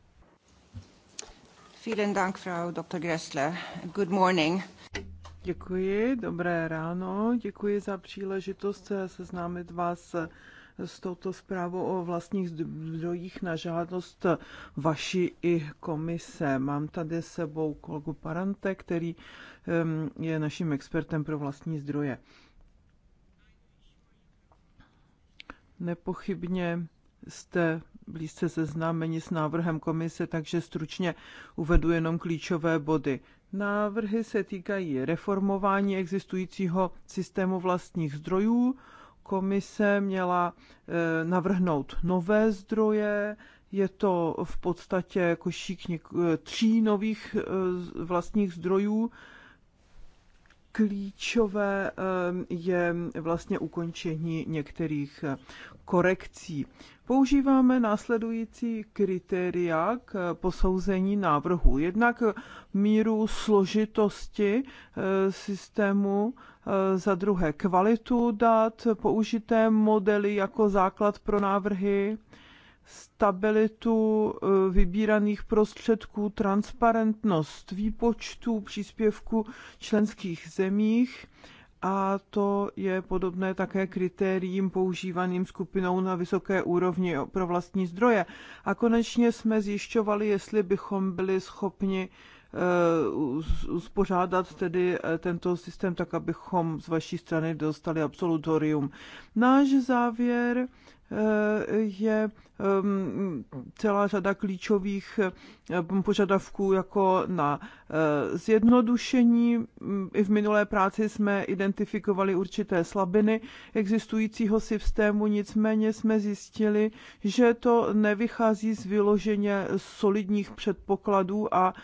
Vielen Dank, Frau Dr. Gressler. Good morning. Děkuji, dobré ráno. Děkuji za příležitost seznámit vás s touto zprávou o vlastních zdrojích na žádost vaší i komise. Mám tady s sebou kolegu Parante, který je naším expertem pro vlastní zdroje. Nepochybně jste blízce seznámeni s návrhem komise, takže stručně uvedu jenom klíčové body. Návrhy se týkají reformování existujícího systému vlastních zdrojů. Komise měla e, navrhnout nové zdroje, je to v podstatě košík e, tří nových e, vlastních zdrojů, klíčové ehm, je vlastně ukončení některých eh, korekcí. Používáme následující kritéria k eh, posouzení návrhu. Jednak míru složitosti eh, systému, za druhé kvalitu dat, použité modely jako základ pro návrhy, stabilitu eh, vybíraných prostředků, transparentnost výpočtu příspěvku členských zemích a to je podobné také kritériím používaným skupinou na vysoké úrovni pro vlastní zdroje. A konečně jsme zjišťovali, jestli bychom byli schopni eh, uspořádat tedy eh, tento systém tak, abychom z vaší strany dostali absolutorium. Náš závěr je um, celá řada klíčových um, požadavků jako na uh, zjednodušení. Mm, I v minulé práci jsme identifikovali určité slabiny existujícího systému, nicméně jsme zjistili, že to nevychází z vyloženě solidních předpokladů a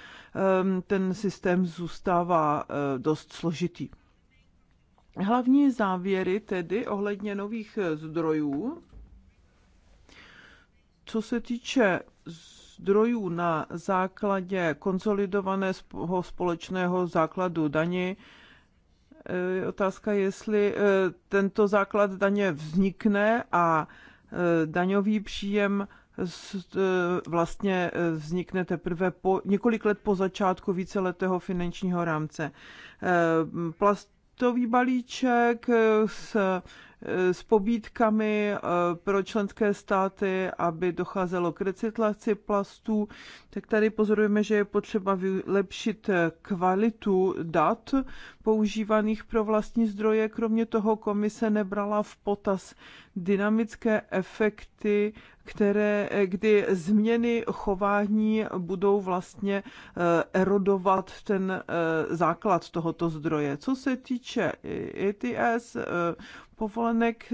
um, ten systém zůstává uh, dost složitý. Hlavní závěry tedy ohledně nových zdrojů co se týče zdrojů na základě konsolidovaného společného základu daní, eh, otázka, jestli eh, tento základ daně vznikne a eh, daňový příjem vlastně vznikne teprve po, několik let po začátku víceletého finančního rámce. Plastový balíček s s pobídkami eh, pro členské státy, aby docházelo k recyklaci plastů, tak tady pozorujeme, že je potřeba vylepšit eh, kvalitu dat používaných pro vlastní zdroje. Kromě toho komise nebrala v potaz dynamické efekty, které, eh, kdy změny chování budou vlastně eh, erodovat ten eh, základ tohoto zdroje. Co se týče ETS, povolenek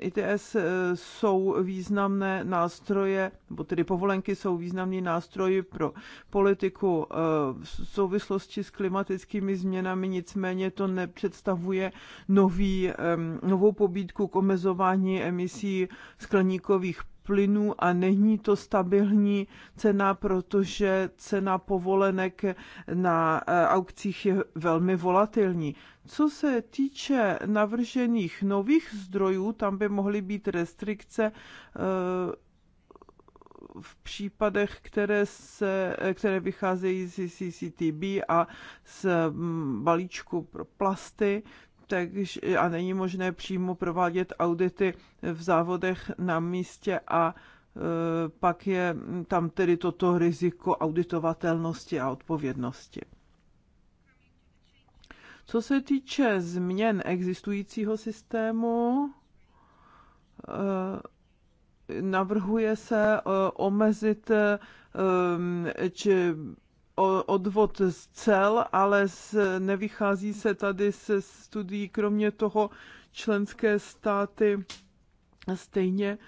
ITS eh, jsou významné nástroje, nebo tedy povolenky jsou významný nástroj pro politiku eh, v souvislosti s klimatickými změnami, nicméně to nepředstavuje nový, eh, novou pobídku k omezování emisí skleníkových plynu a není to stabilní cena, protože cena povolenek na eh, aukcích je velmi volatilní. Co se týče navržených nových zdrojů, tam by mohly být restrikce eh, v případech, které, se, eh, které vycházejí z CCTB a z mm, balíčku pro plasty, takže, a není možné přímo provádět audity v závodech na místě a e, pak je tam tedy toto riziko auditovatelnosti a odpovědnosti. Co se týče změn existujícího systému, e, navrhuje se e, omezit či odvod z cel, ale z, nevychází se tady se studií. Kromě toho členské státy stejně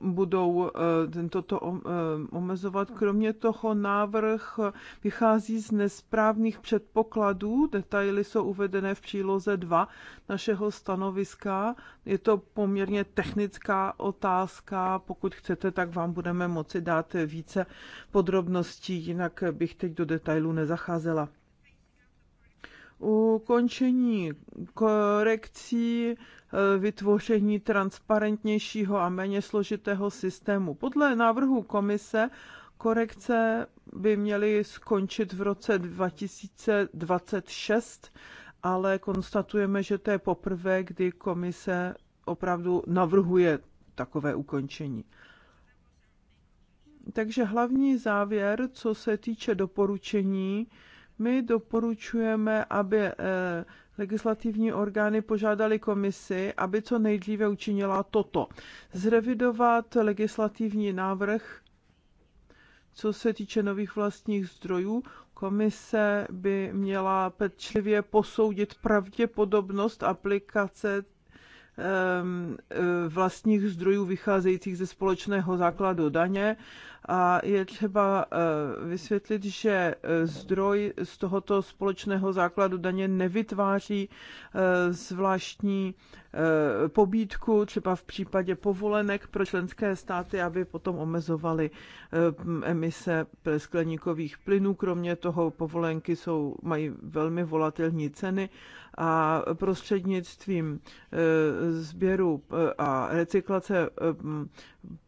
budou eh, toto eh, omezovat. Kromě toho návrh vychází z nesprávných předpokladů, detaily jsou uvedené v příloze 2 našeho stanoviska. Je to poměrně technická otázka, pokud chcete, tak vám budeme moci dát více podrobností, jinak bych teď do detailů nezacházela ukončení korekcí, e, vytvoření transparentnějšího a méně složitého systému. Podle návrhu komise korekce by měly skončit v roce 2026, ale konstatujeme, že to je poprvé, kdy komise opravdu navrhuje takové ukončení. Takže hlavní závěr, co se týče doporučení, my doporučujeme, aby eh, legislativní orgány požádali komisi, aby co nejdříve učinila toto. Zrevidovat legislativní návrh, co se týče nových vlastních zdrojů, komise by měla pečlivě posoudit pravděpodobnost aplikace ehm, e, vlastních zdrojů vycházejících ze společného základu daně a je třeba eh, vysvětlit, že eh, zdroj z tohoto společného základu daně nevytváří eh, zvláštní pobídku, třeba v případě povolenek pro členské státy, aby potom omezovali emise skleníkových plynů. Kromě toho povolenky jsou, mají velmi volatilní ceny a prostřednictvím sběru a recyklace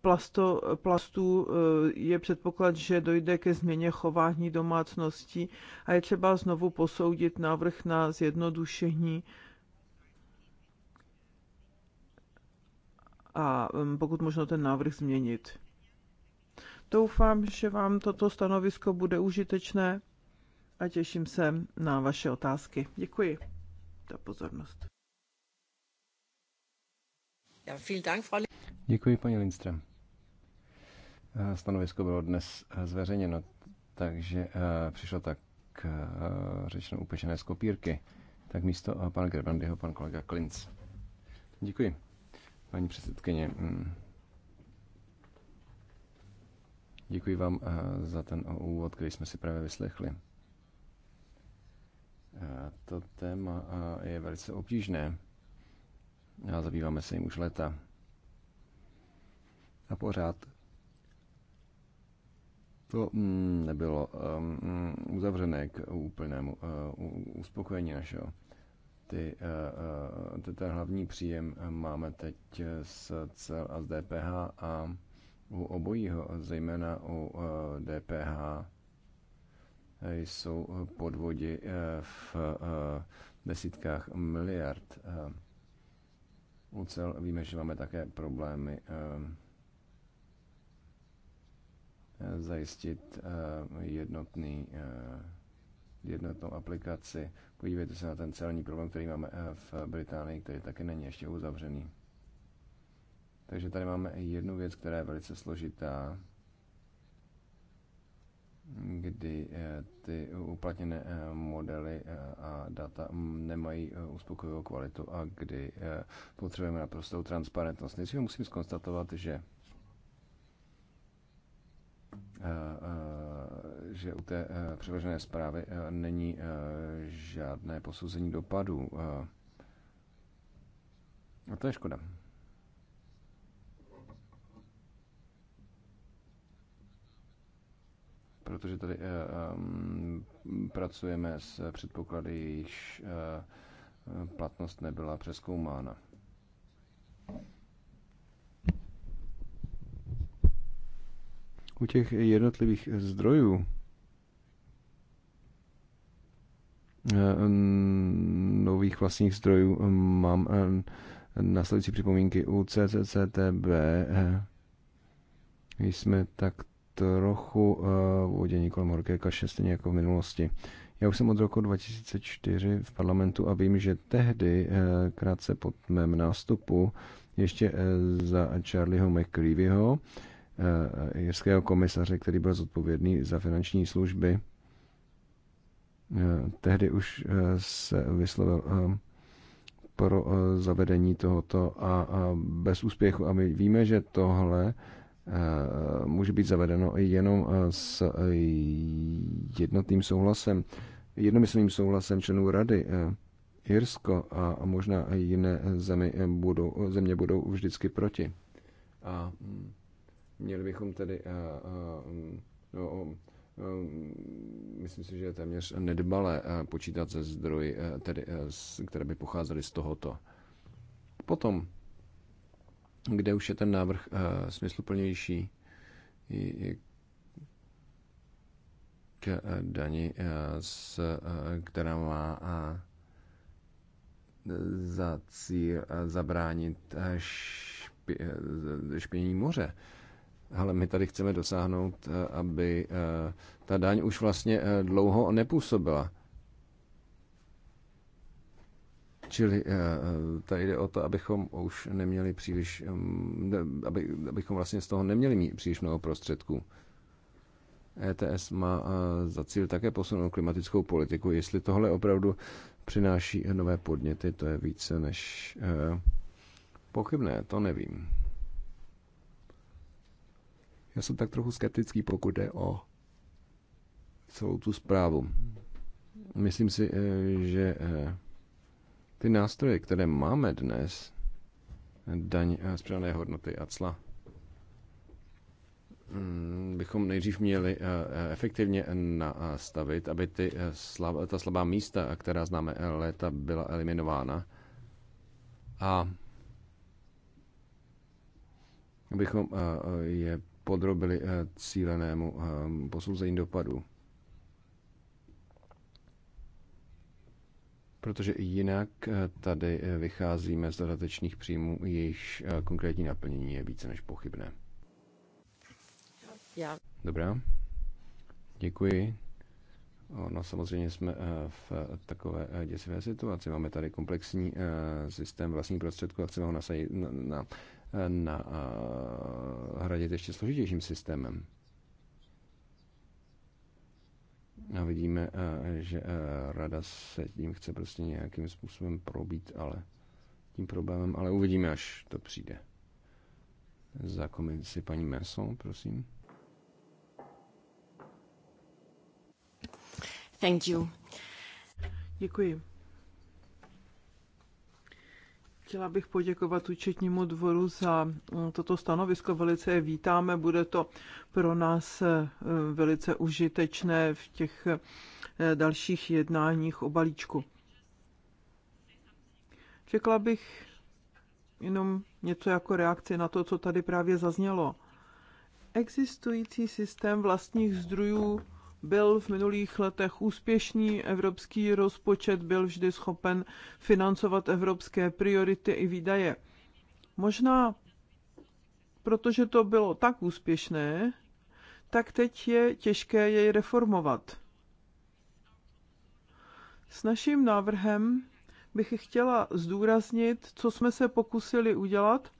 plasto, plastů eh, je předpoklad, že dojde ke změně chování domácností a je třeba znovu posoudit návrh na zjednodušení a mm, pokud možno ten návrh změnit. Doufám, že vám toto stanovisko bude užitečné a těším se na vaše otázky. Děkuji za pozornost. Ja, vielen Dank, Frau Děkuji, paní Lindström. Eh, stanovisko bylo dnes eh, zveřejněno, takže eh, přišlo tak řečeno upečené z kopírky. Tak místo pana Grebrandyho pan kolega Klinc. Děkuji, paní předsedkyně. Mm. Děkuji vám za ten úvod, který jsme si právě vyslechli. To téma je velice obtížné a zabýváme se jim už leta. A pořád to mm, nebylo um, uzavřené k úplnému uh, uspokojení našeho. Ty, uh, uh, ten hlavní příjem máme teď z cel a z DPH a u obojího, zejména u uh, DPH, jsou podvody v desítkách miliard. U cel víme, že máme také problémy Eh, zajistit eh, jednotný, eh, jednotnou aplikaci. Podívejte se na ten celní problém, který máme v Británii, který taky není ještě uzavřený. Takže tady máme jednu věc, která je velice složitá, kdy ty uplatněné modely a data nemají uspokojivou kvalitu a kdy potřebujeme naprostou transparentnost. Nejdříve musím skonstatovat, že Eh, eh, že u té eh, přiložené zprávy není žádné posouzení dopadů. A to je škoda. Protože tady pracujeme s předpoklady, jejichž platnost nebyla přeskoumána. u těch jednotlivých zdrojů eh, nových vlastních zdrojů eh, mám eh, následující připomínky u CCCTB. Jsme tak trochu vodění kolem horké kaše, stejně jako v minulosti. Já už jsem od roku 2004 v parlamentu a vím, že tehdy, krátce po mém nástupu, ještě za Charlieho McCreevyho, Eh, jirského komisaře, který byl zodpovědný za finanční služby. Eh, tehdy už eh, se vyslovil pro zavedení tohoto a bez úspěchu. A my víme, že tohle může být zavedeno jenom s jednotným souhlasem, jednomyslným souhlasem členů rady. Irsko a možná jiné země budou, země budou vždycky proti. A mm, Měli bychom tedy, eh, eh, no, eh, myslím si, že je téměř nedbalé počítat se zdroji, tedy, které by pocházely z tohoto. Potom, kde už je ten návrh smysluplnější, k dani, uh, která má za cíl zabránit špě, špění moře ale my tady chceme dosáhnout, eh, aby eh, ta daň už vlastně eh, dlouho nepůsobila. Čili tady jde o to, abychom už neměli příliš, mm, aby, abychom vlastně z toho neměli mít příliš mnoho prostředků. ETS má za cíl také posunout klimatickou politiku. Jestli tohle opravdu přináší nové podněty, to je více než pochybné, to nevím. Já jsem tak trochu skeptický, pokud jde o celou tu zprávu. Myslím si, eh, že eh, ty nástroje, které máme dnes, daň z eh, přidané hodnoty a cla, mm, bychom nejdřív měli efektivně nastavit, aby ty slab, ta slabá místa, která známe léta, byla eliminována. A abychom je podrobili eh, cílenému eh, posouzení dopadu. Protože jinak eh, tady vycházíme z dodatečných příjmů, jejichž konkrétní naplnění je více než pochybné. Já. Dobrá. Děkuji. No samozřejmě jsme v takové děsivé situaci. Máme tady komplexní systém vlastních prostředků a chceme ho nasadit na, na na hradit ještě složitějším systémem. A vidíme, že rada se tím chce prostě nějakým způsobem probít, ale tím problémem, ale uvidíme, až to přijde. Za komisi paní Merson, prosím. Thank you. Děkuji. Chtěla bych poděkovat účetnímu dvoru za eh, toto stanovisko. Velice je vítáme. Bude to pro nás eh, velice užitečné v těch eh, dalších jednáních o balíčku. Řekla bych jenom něco jako reakci na to, co tady právě zaznělo. Existující systém vlastních zdrojů byl v minulých letech úspěšný, evropský rozpočet byl vždy schopen financovat evropské priority i výdaje. Možná protože to bylo tak úspěšné, tak teď je těžké jej reformovat. S naším návrhem bych chtěla zdůraznit, co jsme se pokusili udělat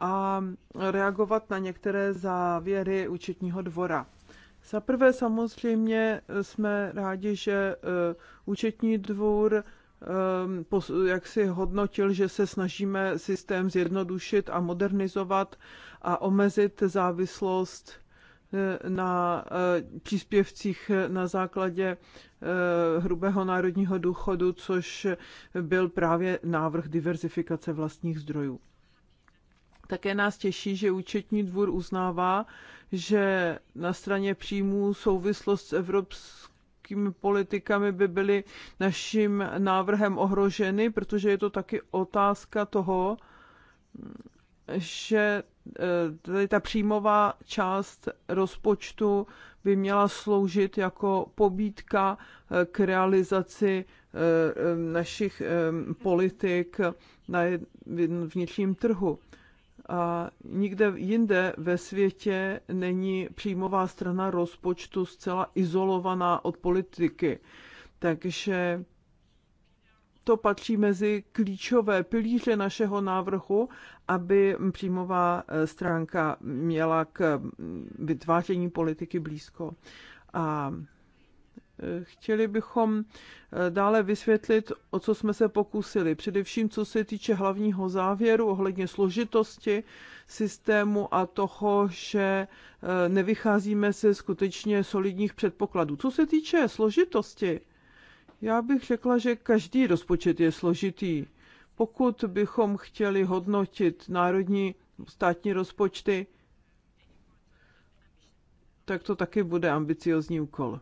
a reagovat na některé závěry účetního dvora. Za prvé samozřejmě eh, jsme rádi, že eh, účetní dvůr ehm, jak si hodnotil, že se snažíme systém zjednodušit a modernizovat a omezit závislost eh, na příspěvcích na základě hrubého národního důchodu, což byl právě návrh diverzifikace vlastních zdrojů. Také nás těší, že účetní dvůr uznává, že na straně příjmů souvislost s evropskými politikami by byly naším návrhem ohroženy, protože je to taky otázka toho, že eh, tady ta příjmová část rozpočtu by měla sloužit jako pobídka eh, k realizaci eh, našich politik na vnitřním trhu. A nikde jinde ve světě není příjmová strana rozpočtu zcela izolovaná od politiky. Takže to patří mezi klíčové pilíře našeho návrhu, aby příjmová e, stránka měla k vytváření politiky blízko. A chtěli bychom eh, dále vysvětlit, o co jsme se pokusili. Především co se týče hlavního závěru ohledně složitosti systému a toho, že eh, nevycházíme se skutečně solidních předpokladů. Co se týče složitosti, já bych řekla, že každý rozpočet je složitý. Pokud bychom chtěli hodnotit národní státní rozpočty, tak to taky bude ambiciozní úkol.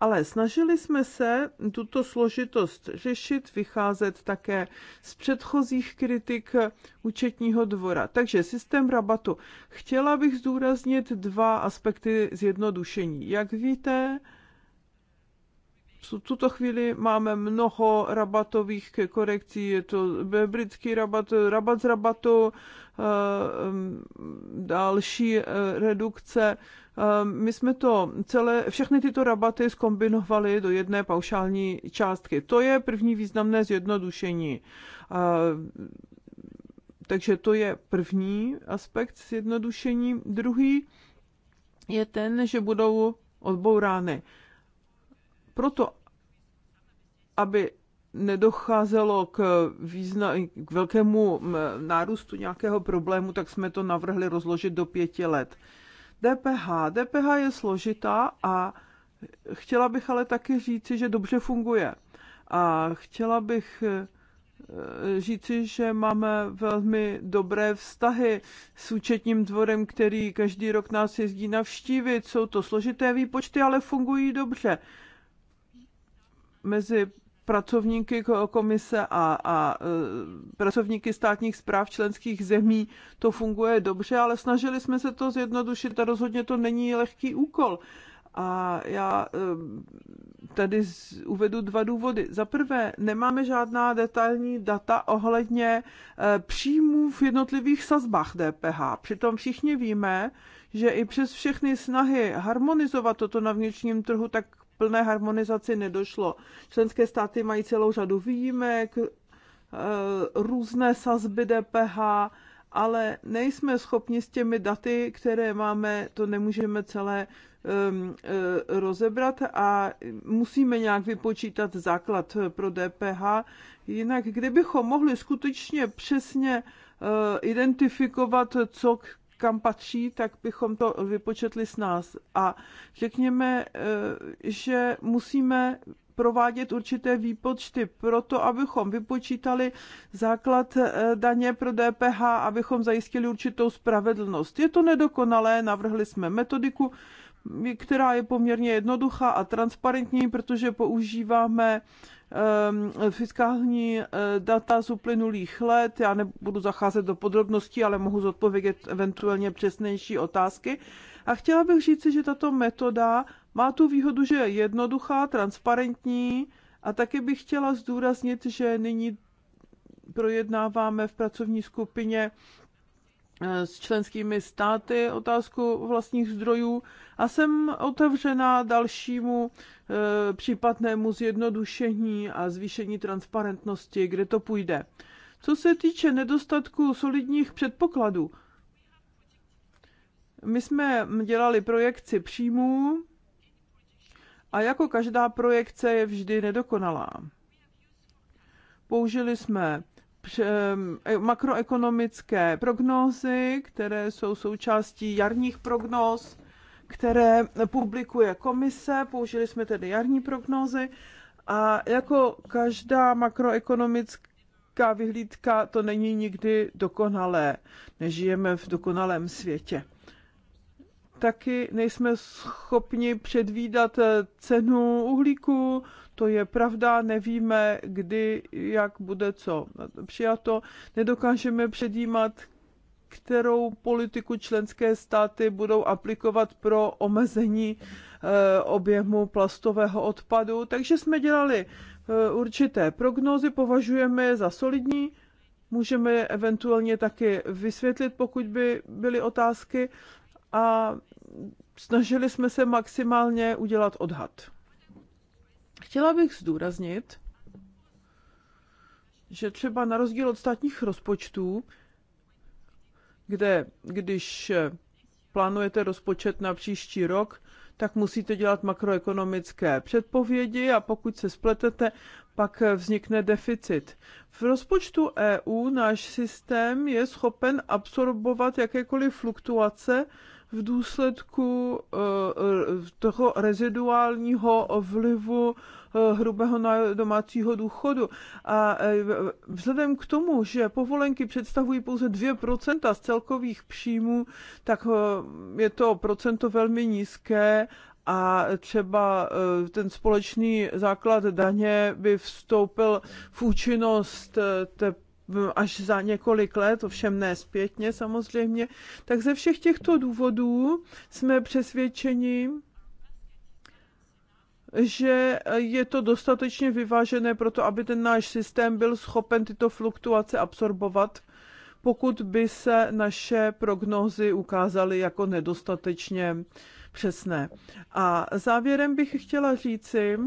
Ale snažili jsme se tuto složitost řešit, vycházet také z předchozích kritik účetního dvora. Takže systém rabatu. Chtěla bych zdůraznit dva aspekty zjednodušení. Jak víte, v tuto chvíli máme mnoho rabatových korekcí, je to britský rabat, rabat z rabatu, eh, mm, další eh, redukce. Eh, my jsme to celé, všechny tyto rabaty skombinovali do jedné paušální částky. To je první významné zjednodušení. Takže to je první aspekt zjednodušení. Druhý je ten, že budou odbourány proto, aby nedocházelo k, význa, k velkému nárůstu nějakého problému, tak jsme to navrhli rozložit do pěti let. DPH. DPH je složitá a chtěla bych ale taky říci, že dobře funguje. A chtěla bych e, říci, že máme velmi dobré vztahy s účetním dvorem, který každý rok nás jezdí navštívit. Jsou to složité výpočty, ale fungují dobře mezi pracovníky komise a, a e, pracovníky státních zpráv členských zemí to funguje dobře, ale snažili jsme se to zjednodušit a rozhodně to není lehký úkol. A já e, tady uvedu dva důvody. Za prvé, nemáme žádná detailní data ohledně e, příjmů v jednotlivých sazbách DPH. Přitom všichni víme, že i přes všechny snahy harmonizovat toto na vnitřním trhu, tak plné harmonizaci nedošlo. Členské státy mají celou řadu výjimek, eh, různé sazby DPH, ale nejsme schopni s těmi daty, které máme, to nemůžeme celé ehm, eh, rozebrat a musíme nějak vypočítat základ eh, pro DPH. Jinak, kdybychom mohli skutečně přesně identifikovat, co kam patří, tak bychom to vypočetli s nás. A řekněme, eh, že musíme provádět určité výpočty proto, abychom vypočítali základ eh, daně pro DPH, abychom zajistili určitou spravedlnost. Je to nedokonalé, navrhli jsme metodiku, která je poměrně jednoduchá a transparentní, protože používáme Ehm, fiskální eh, data z uplynulých let. Já nebudu zacházet do podrobností, ale mohu zodpovědět eventuálně přesnější otázky. A chtěla bych říct, že tato metoda má tu výhodu, že je jednoduchá, transparentní a taky bych chtěla zdůraznit, že nyní projednáváme v pracovní skupině Eh, s členskými státy otázku vlastních zdrojů a jsem otevřená dalšímu eh, případnému zjednodušení a zvýšení transparentnosti, kde to půjde. Co se týče nedostatku solidních předpokladů, my jsme dělali projekci příjmů a jako každá projekce je vždy nedokonalá. Použili jsme makroekonomické prognózy, které jsou součástí jarních prognóz, které publikuje komise. Použili jsme tedy jarní prognózy a jako každá makroekonomická vyhlídka to není nikdy dokonalé. Nežijeme v dokonalém světě. Taky nejsme schopni předvídat eh, cenu uhlíku, to je pravda, nevíme, kdy, jak bude co přijato. Nedokážeme předjímat, kterou politiku členské státy budou aplikovat pro omezení eh, objemu plastového odpadu. Takže jsme dělali eh, určité prognózy, považujeme je za solidní, můžeme je eventuálně taky vysvětlit, pokud by byly otázky a snažili jsme se maximálně udělat odhad. Chtěla bych zdůraznit, že třeba na rozdíl od státních rozpočtů, kde když plánujete rozpočet na příští rok, tak musíte dělat makroekonomické předpovědi a pokud se spletete, pak vznikne deficit. V rozpočtu EU náš systém je schopen absorbovat jakékoliv fluktuace v důsledku eh, toho reziduálního vlivu eh, hrubého domácího důchodu. A eh, vzhledem k tomu, že povolenky představují pouze 2% z celkových příjmů, tak je to procento velmi nízké a třeba ten společný základ daně by vstoupil v účinnost až za několik let, ovšem ne zpětně samozřejmě. Tak ze všech těchto důvodů jsme přesvědčeni, že je to dostatečně vyvážené pro to, aby ten náš systém byl schopen tyto fluktuace absorbovat, pokud by se naše prognózy ukázaly jako nedostatečně přesné. A závěrem bych chtěla říci,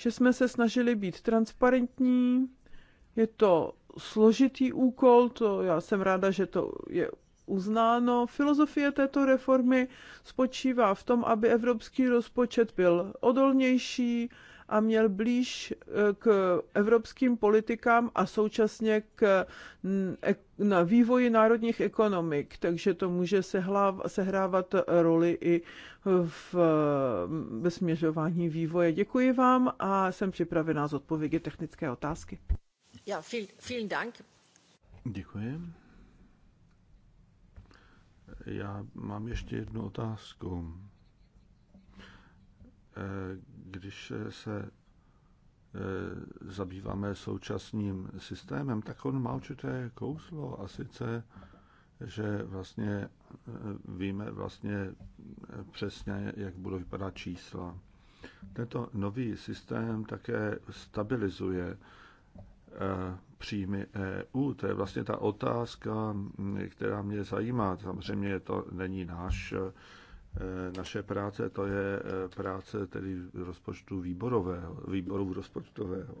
že jsme se snažili být transparentní. Je to složitý úkol, to já jsem ráda, že to je uznáno. Filozofie této reformy spočívá v tom, aby evropský rozpočet byl odolnější, a měl blíž eh, k evropským politikám a současně k na vývoji národních ekonomik, takže to může sehrávat roli i v mm, směřování vývoje. Děkuji vám a jsem připravená zodpovědět technické otázky. Ja, viel, vielen Dank. Děkuji. Já mám ještě jednu otázku když se eh, zabýváme současným systémem, tak on má určité kouslo a sice, že vlastně eh, víme vlastně eh, přesně, jak budou vypadat čísla. Tento nový systém také stabilizuje příjmy EU. To je vlastně ta otázka, která mě zajímá. Samozřejmě to není náš Eh, naše práce, to je eh, práce tedy rozpočtu výborového, výboru rozpočtového.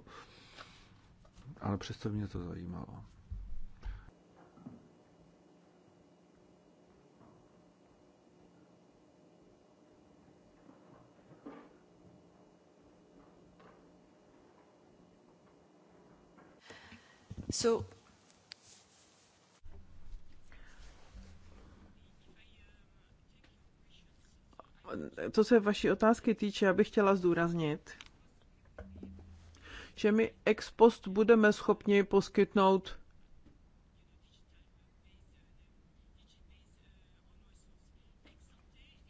Ale přesto mě to zajímalo. So co se vaší otázky týče, já bych chtěla zdůraznit, že my ex post budeme schopni poskytnout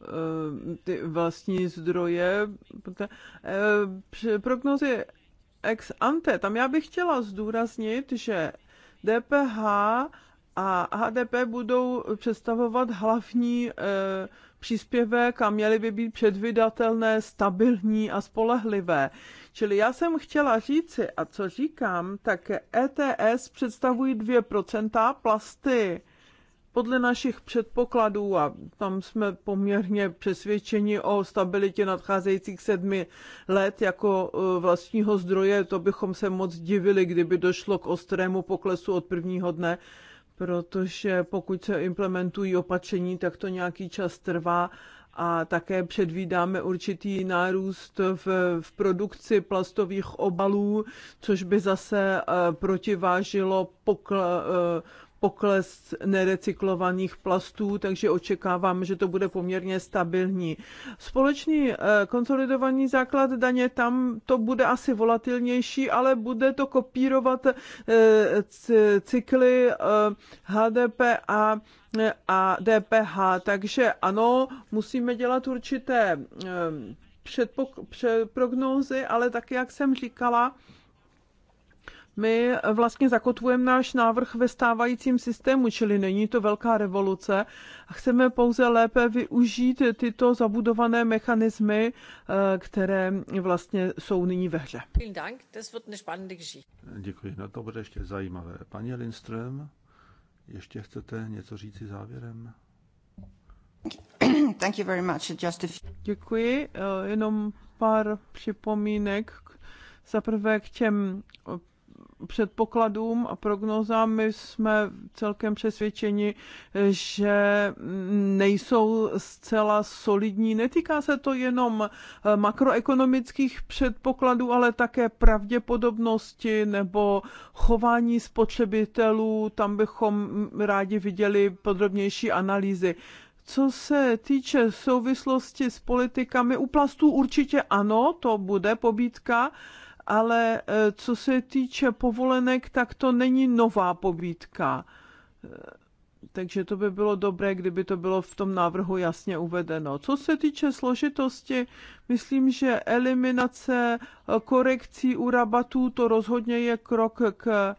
eh, ty vlastní zdroje. Eh, prognozy ex ante, tam já bych chtěla zdůraznit, že DPH a HDP budou představovat hlavní eh, příspěvek a měly by být předvydatelné, stabilní a spolehlivé. Čili já jsem chtěla říci, a co říkám, tak ETS představují 2% plasty podle našich předpokladů, a tam jsme poměrně přesvědčeni o stabilitě nadcházejících sedmi let jako e, vlastního zdroje, to bychom se moc divili, kdyby došlo k ostrému poklesu od prvního dne protože pokud se implementují opatření, tak to nějaký čas trvá a také předvídáme určitý nárůst v, v produkci plastových obalů, což by zase eh, protivážilo pokl, eh, pokles nerecyklovaných plastů, takže očekávám, že to bude poměrně stabilní. Společný eh, konsolidovaný základ daně, tam to bude asi volatilnější, ale bude to kopírovat eh, cykly HDP eh, a a DPH. Takže ano, musíme dělat určité předpok- před prognózy, ale tak, jak jsem říkala, my vlastně zakotvujeme náš návrh ve stávajícím systému, čili není to velká revoluce a chceme pouze lépe využít tyto zabudované mechanismy, eh, které vlastně jsou nyní ve hře. Děkuji, no to bude ještě zajímavé. Paní Lindström, ještě chcete něco říci závěrem? Thank you very much. Just if... Děkuji, eh, jenom pár připomínek za prvé k těm předpokladům a prognozám. My jsme celkem přesvědčeni, že nejsou zcela solidní. Netýká se to jenom eh, makroekonomických předpokladů, ale také pravděpodobnosti nebo chování spotřebitelů. Tam bychom rádi viděli podrobnější analýzy. Co se týče souvislosti s politikami, u plastů určitě ano, to bude pobídka, ale eh, co se týče povolenek, tak to není nová pobídka. Eh, takže to by bylo dobré, kdyby to bylo v tom návrhu jasně uvedeno. Co se týče složitosti, myslím, že eliminace eh, korekcí u rabatů to rozhodně je krok k,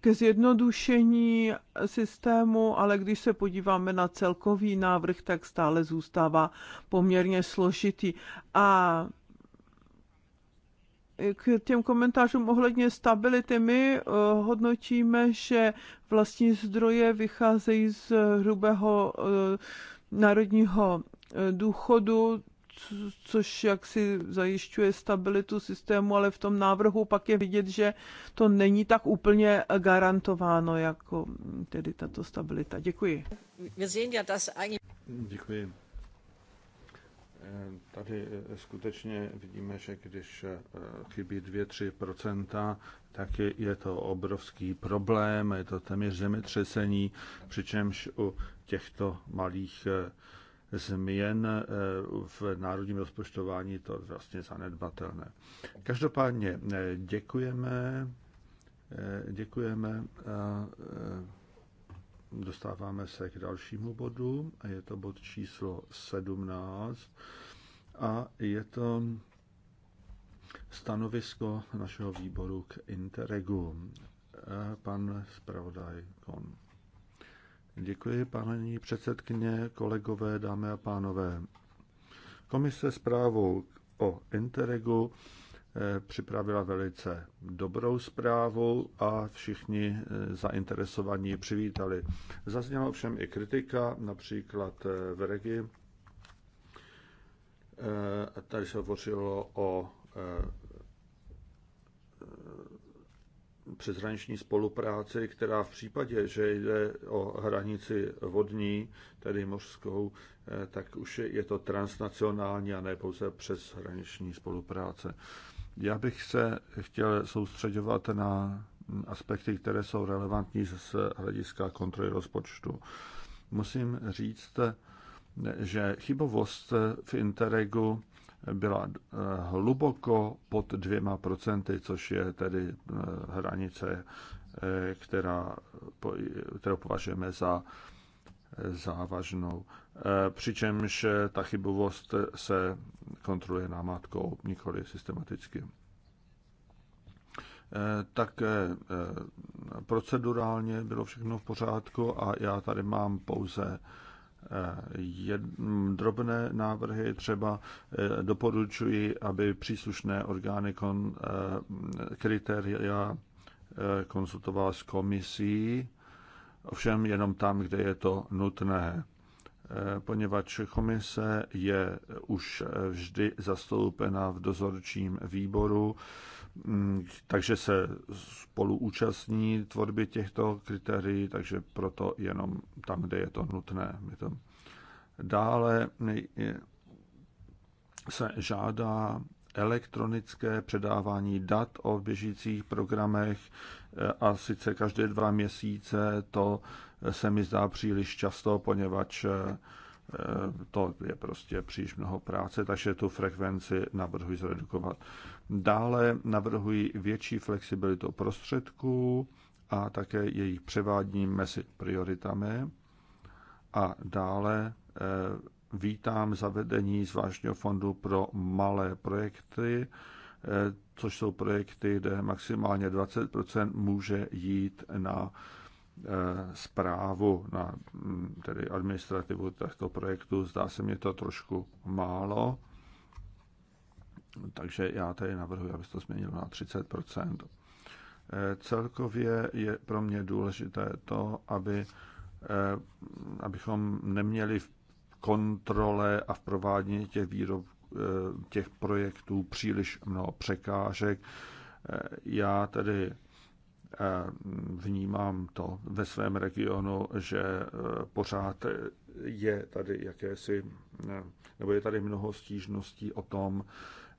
ke zjednodušení systému, ale když se podíváme na celkový návrh, tak stále zůstává poměrně složitý. A k těm komentářům ohledně stability. My eh, hodnotíme, že vlastní zdroje vycházejí z hrubého eh, národního eh, důchodu, což jaksi zajišťuje stabilitu systému, ale v tom návrhu pak je vidět, že to není tak úplně garantováno, jako tedy tato stabilita. Děkuji. Děkuji. Eh, tady eh, skutečně vidíme, že když eh, chybí 2-3%, tak je, je to obrovský problém, je to téměř zemětřesení, přičemž u těchto malých změn v národním rozpočtování to vlastně zanedbatelné. Každopádně děkujeme, děkujeme dostáváme se k dalšímu bodu a je to bod číslo 17 a je to stanovisko našeho výboru k Interregu. Eh, pan zpravodaj Kon. Děkuji, paní předsedkyně, kolegové, dámy a pánové. Komise zprávou o Interregu Eh, připravila velice dobrou zprávu a všichni eh, zainteresovaní přivítali. Zazněla ovšem i kritika, například eh, v Regi. Tady se hovořilo o přeshraniční spolupráci, která v případě, že jde o hranici vodní, tedy mořskou, tak už je to transnacionální a ne pouze přeshraniční spolupráce. Já bych se chtěl soustředovat na aspekty, které jsou relevantní z hlediska kontroly rozpočtu. Musím říct, že chybovost v Interregu byla eh, hluboko pod dvěma procenty, což je tedy eh, hranice, eh, která, kterou považujeme za závažnou. Eh, přičemž eh, ta chybovost se kontroluje námátkou, nikoli systematicky. Eh, tak procedurálně bylo všechno v pořádku a já tady mám pouze jed, drobné návrhy. Třeba doporučuji, aby příslušné orgány kon, kritéria konsultoval s komisí, ovšem jenom tam, kde je to nutné. Eh, poněvadž komise je už vždy zastoupena v dozorčím výboru, mm, takže se spolu účastní tvorby těchto kritérií, takže proto jenom tam, kde je to nutné. My to... Dále eh, se žádá elektronické předávání dat o běžících programech eh, a sice každé dva měsíce to se mi zdá příliš často, poněvadž eh, to je prostě příliš mnoho práce, takže tu frekvenci navrhuji zredukovat. Dále navrhuji větší flexibilitu prostředků a také jejich převádění mezi prioritami. A dále eh, vítám zavedení zvláštního fondu pro malé projekty, eh, což jsou projekty, kde maximálně 20 může jít na Eh, zprávu na mm, tedy administrativu těchto projektů. Zdá se mi to trošku málo, takže já tady navrhuji, aby se to změnilo na 30 eh, Celkově je pro mě důležité to, aby, eh, abychom neměli v kontrole a v provádění těch, výrob, těch projektů příliš mnoho překážek. Já tedy vnímám to ve svém regionu, že e, pořád je tady jakési, e, nebo je tady mnoho stížností o tom,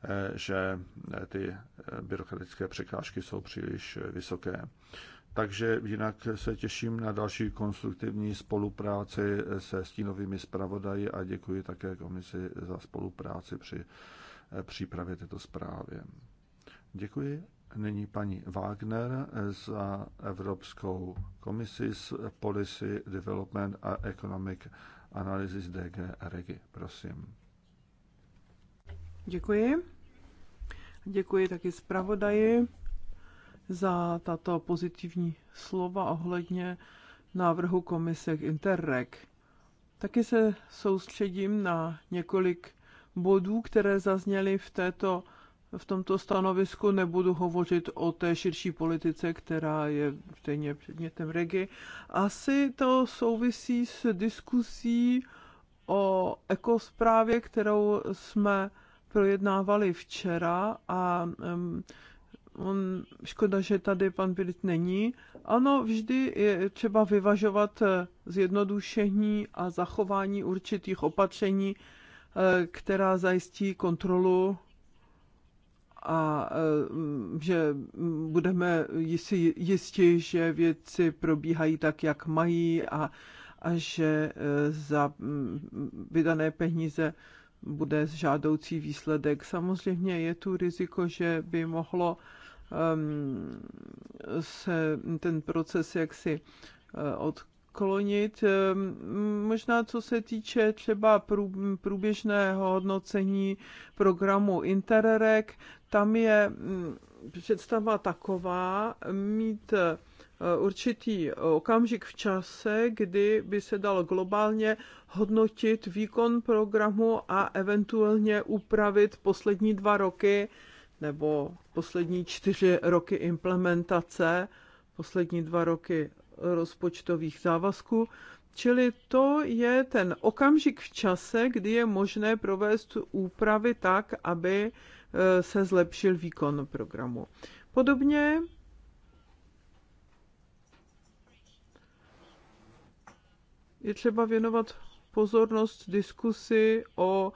e, že ty byrokratické překážky jsou příliš vysoké. Takže jinak se těším na další konstruktivní spolupráci se stínovými zpravodaji a děkuji také komisi za spolupráci při přípravě této zprávy. Děkuji nyní paní Wagner za Evropskou komisi z Policy Development a Economic Analysis DG Regi. Prosím. Děkuji. Děkuji taky zpravodaji za tato pozitivní slova ohledně návrhu komise k Interreg. Taky se soustředím na několik bodů, které zazněly v této v tomto stanovisku nebudu hovořit o té širší politice, která je stejně předmětem regi. Asi to souvisí s diskusí o ekosprávě, kterou jsme projednávali včera a um, on, škoda, že tady pan Pirit není. Ano, vždy je třeba vyvažovat eh, zjednodušení a zachování určitých opatření, eh, která zajistí kontrolu a eh, že budeme jistí, jistí, že věci probíhají tak, jak mají a, a že eh, za mm, vydané peníze bude žádoucí výsledek. Samozřejmě je tu riziko, že by mohlo ehm, se ten proces jaksi eh, odklonit. Ehm, možná co se týče třeba průběžného hodnocení programu Interreg, tam je mm, představa taková mít eh, určitý eh, okamžik v čase, kdy by se dal globálně hodnotit výkon programu a eventuálně upravit poslední dva roky nebo poslední čtyři roky implementace, poslední dva roky rozpočtových závazků. Čili to je ten okamžik v čase, kdy je možné provést úpravy tak, aby Eh, se zlepšil výkon programu. Podobně je třeba věnovat pozornost diskusi o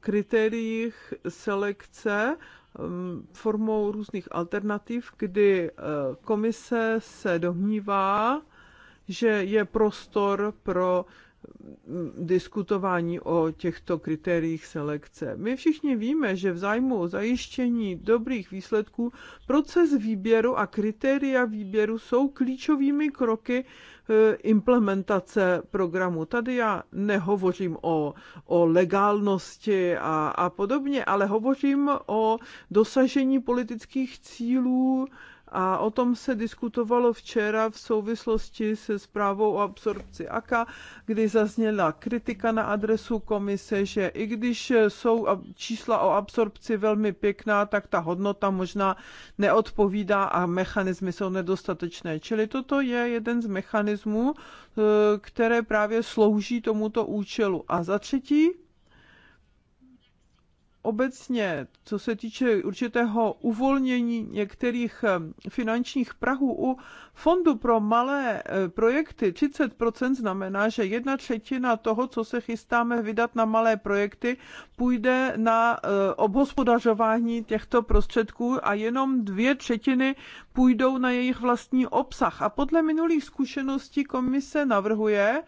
kritériích selekce mm, formou různých alternativ, kdy eh, komise se domnívá, že je prostor pro diskutování o těchto kritériích selekce. My všichni víme, že v zájmu zajištění dobrých výsledků proces výběru a kritéria výběru jsou klíčovými kroky e, implementace programu. Tady já nehovořím o, o legálnosti a, a podobně, ale hovořím o dosažení politických cílů a o tom se diskutovalo včera v souvislosti se zprávou o absorpci AKA, kdy zazněla kritika na adresu komise, že i když jsou čísla o absorpci velmi pěkná, tak ta hodnota možná neodpovídá a mechanismy jsou nedostatečné. Čili toto je jeden z mechanismů, e, které právě slouží tomuto účelu. A za třetí, obecně, co se týče určitého uvolnění některých eh, finančních prahů u fondu pro malé eh, projekty, 30% znamená, že jedna třetina toho, co se chystáme vydat na malé projekty, půjde na eh, obhospodařování těchto prostředků a jenom dvě třetiny půjdou na jejich vlastní obsah. A podle minulých zkušeností komise navrhuje,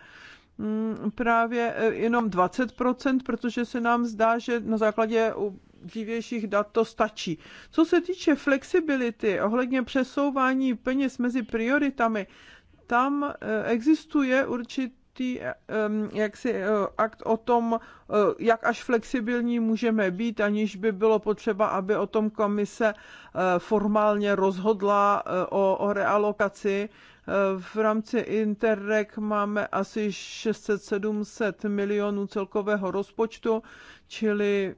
Mm, právě eh, jenom 20%, protože se nám zdá, že na základě dřívějších dat to stačí. Co se týče flexibility ohledně přesouvání peněz mezi prioritami, tam eh, existuje určitý eh, jaksi, akt o tom, jak až flexibilní můžeme být, aniž by bylo potřeba, aby o tom komise formálně rozhodla o, o realokaci Eh, v rámci Interreg máme asi 600-700 milionů celkového rozpočtu, čili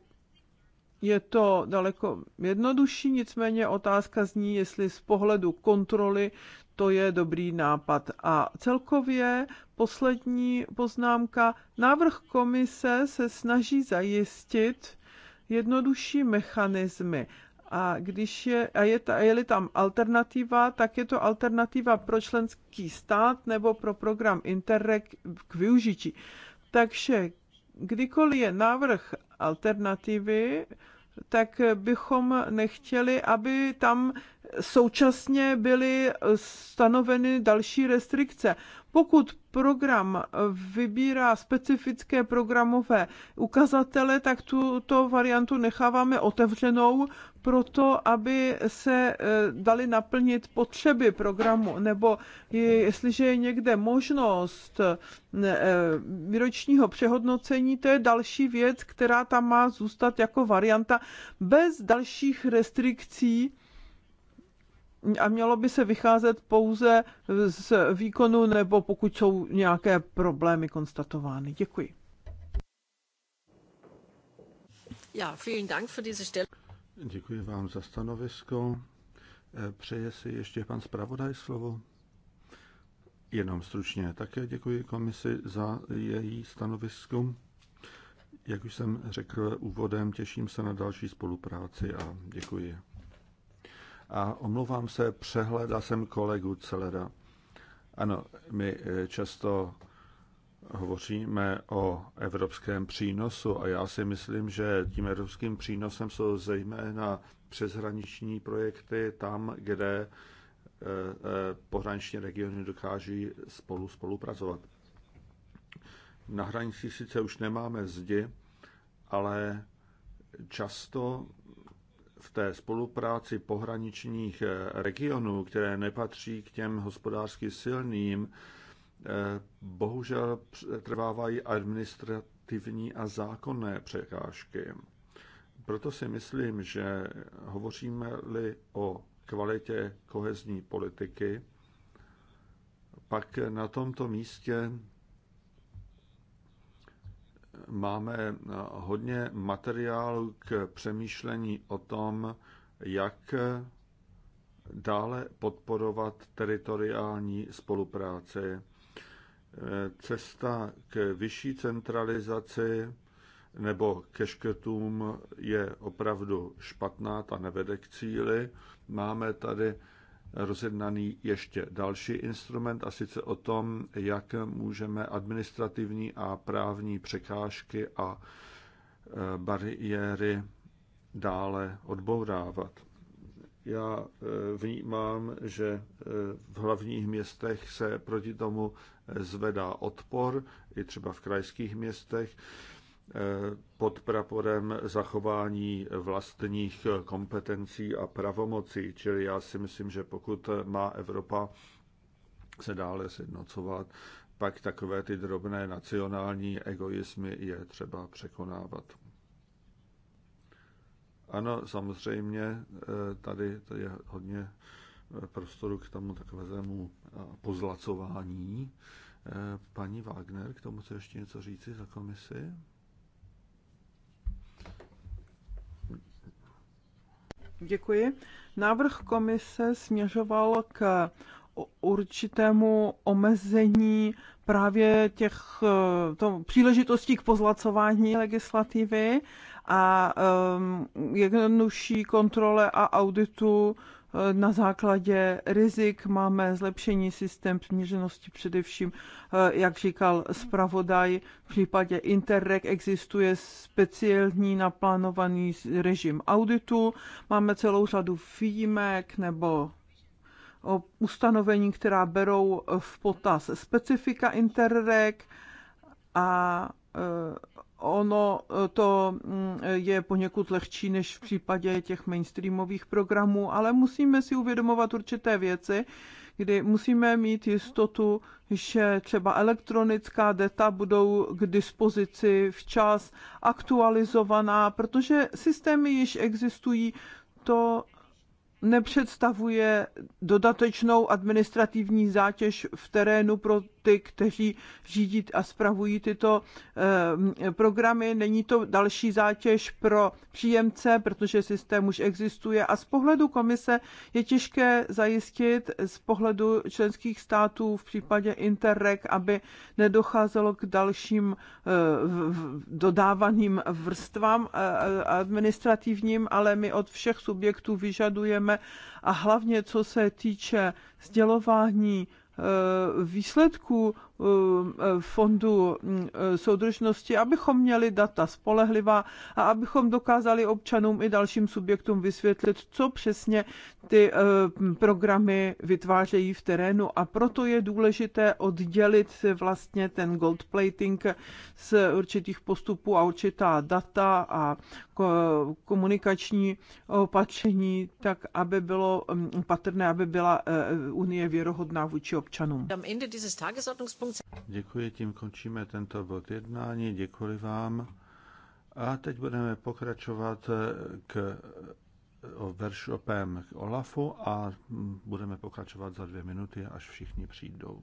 je to daleko jednodušší, nicméně otázka zní, jestli z pohledu kontroly to je dobrý nápad. A celkově poslední poznámka. Návrh komise se snaží zajistit jednodušší mechanismy a když je, a je, ta, je-li tam alternativa, tak je to alternativa pro členský stát nebo pro program Interreg k využití. Takže kdykoliv je návrh alternativy, tak bychom nechtěli, aby tam Současně byly stanoveny další restrikce. Pokud program vybírá specifické programové ukazatele, tak tuto variantu necháváme otevřenou proto, aby se e, dali naplnit potřeby programu, nebo jestliže je někde možnost e, výročního přehodnocení, to je další věc, která tam má zůstat jako varianta bez dalších restrikcí, a mělo by se vycházet pouze z výkonu nebo pokud jsou nějaké problémy konstatovány. Děkuji. Ja, vielen Dank für diese Stelle. Děkuji vám za stanovisko. Přeje si ještě pan zpravodaj slovo? Jenom stručně. Také děkuji komisi za její stanovisko. Jak už jsem řekl úvodem, těším se na další spolupráci a děkuji. A omlouvám se, přehledal jsem kolegu Celera. Ano, my eh, často hovoříme o evropském přínosu a já si myslím, že tím evropským přínosem jsou zejména přeshraniční projekty tam, kde eh, eh, pohraniční regiony dokáží spolu spolupracovat. Na hranicích sice už nemáme zdi, ale často v té spolupráci pohraničních eh, regionů, které nepatří k těm hospodářsky silným, eh, bohužel trvávají administrativní a zákonné překážky. Proto si myslím, že hovoříme-li o kvalitě kohezní politiky, pak na tomto místě máme eh, hodně materiálu k přemýšlení o tom, jak eh, dále podporovat teritoriální spolupráci. Eh, cesta k vyšší centralizaci nebo ke škrtům je opravdu špatná, ta nevede k cíli. Máme tady rozjednaný ještě další instrument, a sice o tom, jak můžeme administrativní a právní překážky a e, bariéry dále odbourávat. Já e, vnímám, že e, v hlavních městech se proti tomu zvedá odpor, i třeba v krajských městech pod praporem zachování vlastních kompetencí a pravomocí. Čili já si myslím, že pokud má Evropa se dále sjednocovat, pak takové ty drobné nacionální egoismy je třeba překonávat. Ano, samozřejmě, eh, tady, tady je hodně eh, prostoru k tomu takovému eh, pozlacování. Paní Wagner, k tomu chce ještě něco říci za komisi? Děkuji. Návrh komise směřoval k určitému omezení právě těch eh, to, příležitostí k pozlacování legislativy a um, jednodušší kontrole a auditu Eh, na základě rizik máme zlepšení systém přiměřenosti především, eh, jak říkal zpravodaj, v případě Interreg existuje speciální naplánovaný režim auditu, máme celou řadu výjimek nebo eh, ustanovení, která berou v potaz specifika Interreg a ono eh, to mm, je poněkud lehčí než v případě těch mainstreamových programů, ale musíme si uvědomovat určité věci, kdy musíme mít jistotu, že třeba elektronická data budou k dispozici včas, aktualizovaná, protože systémy již existují, to nepředstavuje dodatečnou administrativní zátěž v terénu pro ty, kteří řídí a spravují tyto eh, programy. Není to další zátěž pro příjemce, protože systém už existuje a z pohledu komise je těžké zajistit z pohledu členských států v případě Interreg, aby nedocházelo k dalším eh, dodávaným vrstvám eh, administrativním, ale my od všech subjektů vyžadujeme a hlavně co se týče sdělování Eh, výsledku. Eh, fondu eh, soudržnosti, abychom měli data spolehlivá a abychom dokázali občanům i dalším subjektům vysvětlit, co přesně ty eh, programy vytvářejí v terénu. A proto je důležité oddělit vlastně ten gold plating z určitých postupů a určitá data a komunikační opatření, tak aby bylo mm, patrné, aby byla Unie věrohodná vůči občanům. Am Ende Děkuji, tím končíme tento bod jednání. Děkuji vám. A teď budeme pokračovat k o veršopem k Olafu a budeme pokračovat za dvě minuty, až všichni přijdou.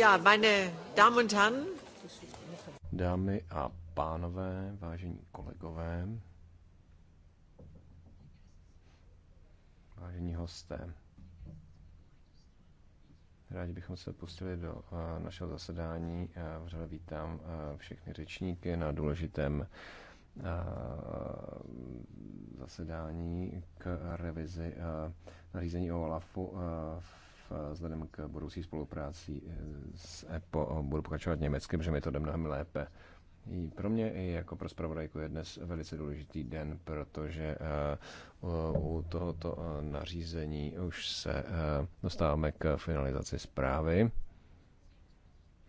Já, meine Damen und Herren. Dámy a pánové, vážení kolegové, vážení hosté, rádi bychom se pustili do eh, našeho zasedání. Eh, vřele vítám eh, všechny řečníky na důležitém zasedání k revizi nařízení o OLAFu v Eh, vzhledem k budoucí spolupráci eh, s EPO eh, budu pokračovat německým, že mi to jde mnohem lépe. I pro mě i jako pro zpravodajku je dnes velice důležitý den, protože u tohoto nařízení už se dostáváme k finalizaci zprávy.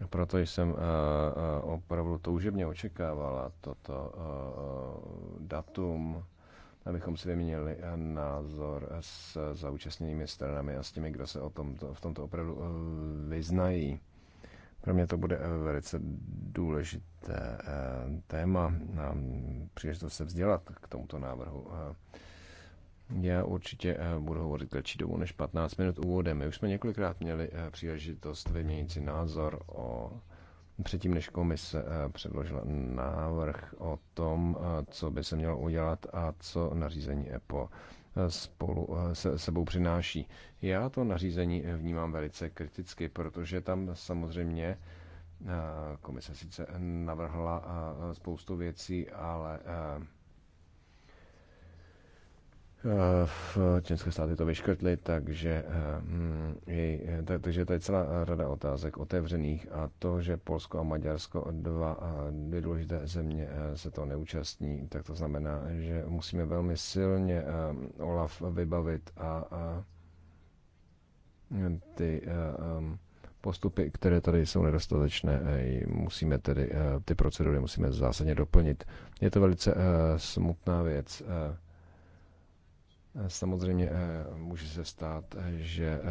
Proto jsem opravdu toužebně očekávala toto datum abychom si vyměnili názor s zaúčastněnými stranami a s těmi, kdo se o tomto, v tomto opravdu eh, vyznají. Pro mě to bude eh, velice důležité eh, téma a příležitost se vzdělat k tomuto návrhu. Já určitě budu hovořit kratší dobu než 15 minut úvodem. My už jsme několikrát měli příležitost vyměnit si názor o předtím, než komise eh, předložila návrh o tom, eh, co by se mělo udělat a co nařízení EPO eh, spolu se sebou přináší. Já to nařízení vnímám velice kriticky, protože tam samozřejmě komise sice navrhla spoustu věcí, ale Eh, v České státy to vyškrtli, takže, jej, eh, mm, eh, tak, takže to je celá rada otázek otevřených a to, že Polsko a Maďarsko, dva dvě důležité země, se to neúčastní, tak to znamená, že musíme velmi silně OLAF vybavit a, a ty postupy, které tady jsou nedostatečné, musíme tedy, ty procedury musíme zásadně doplnit. Je to velice smutná věc. Eh, samozřejmě eh, může se stát, eh, že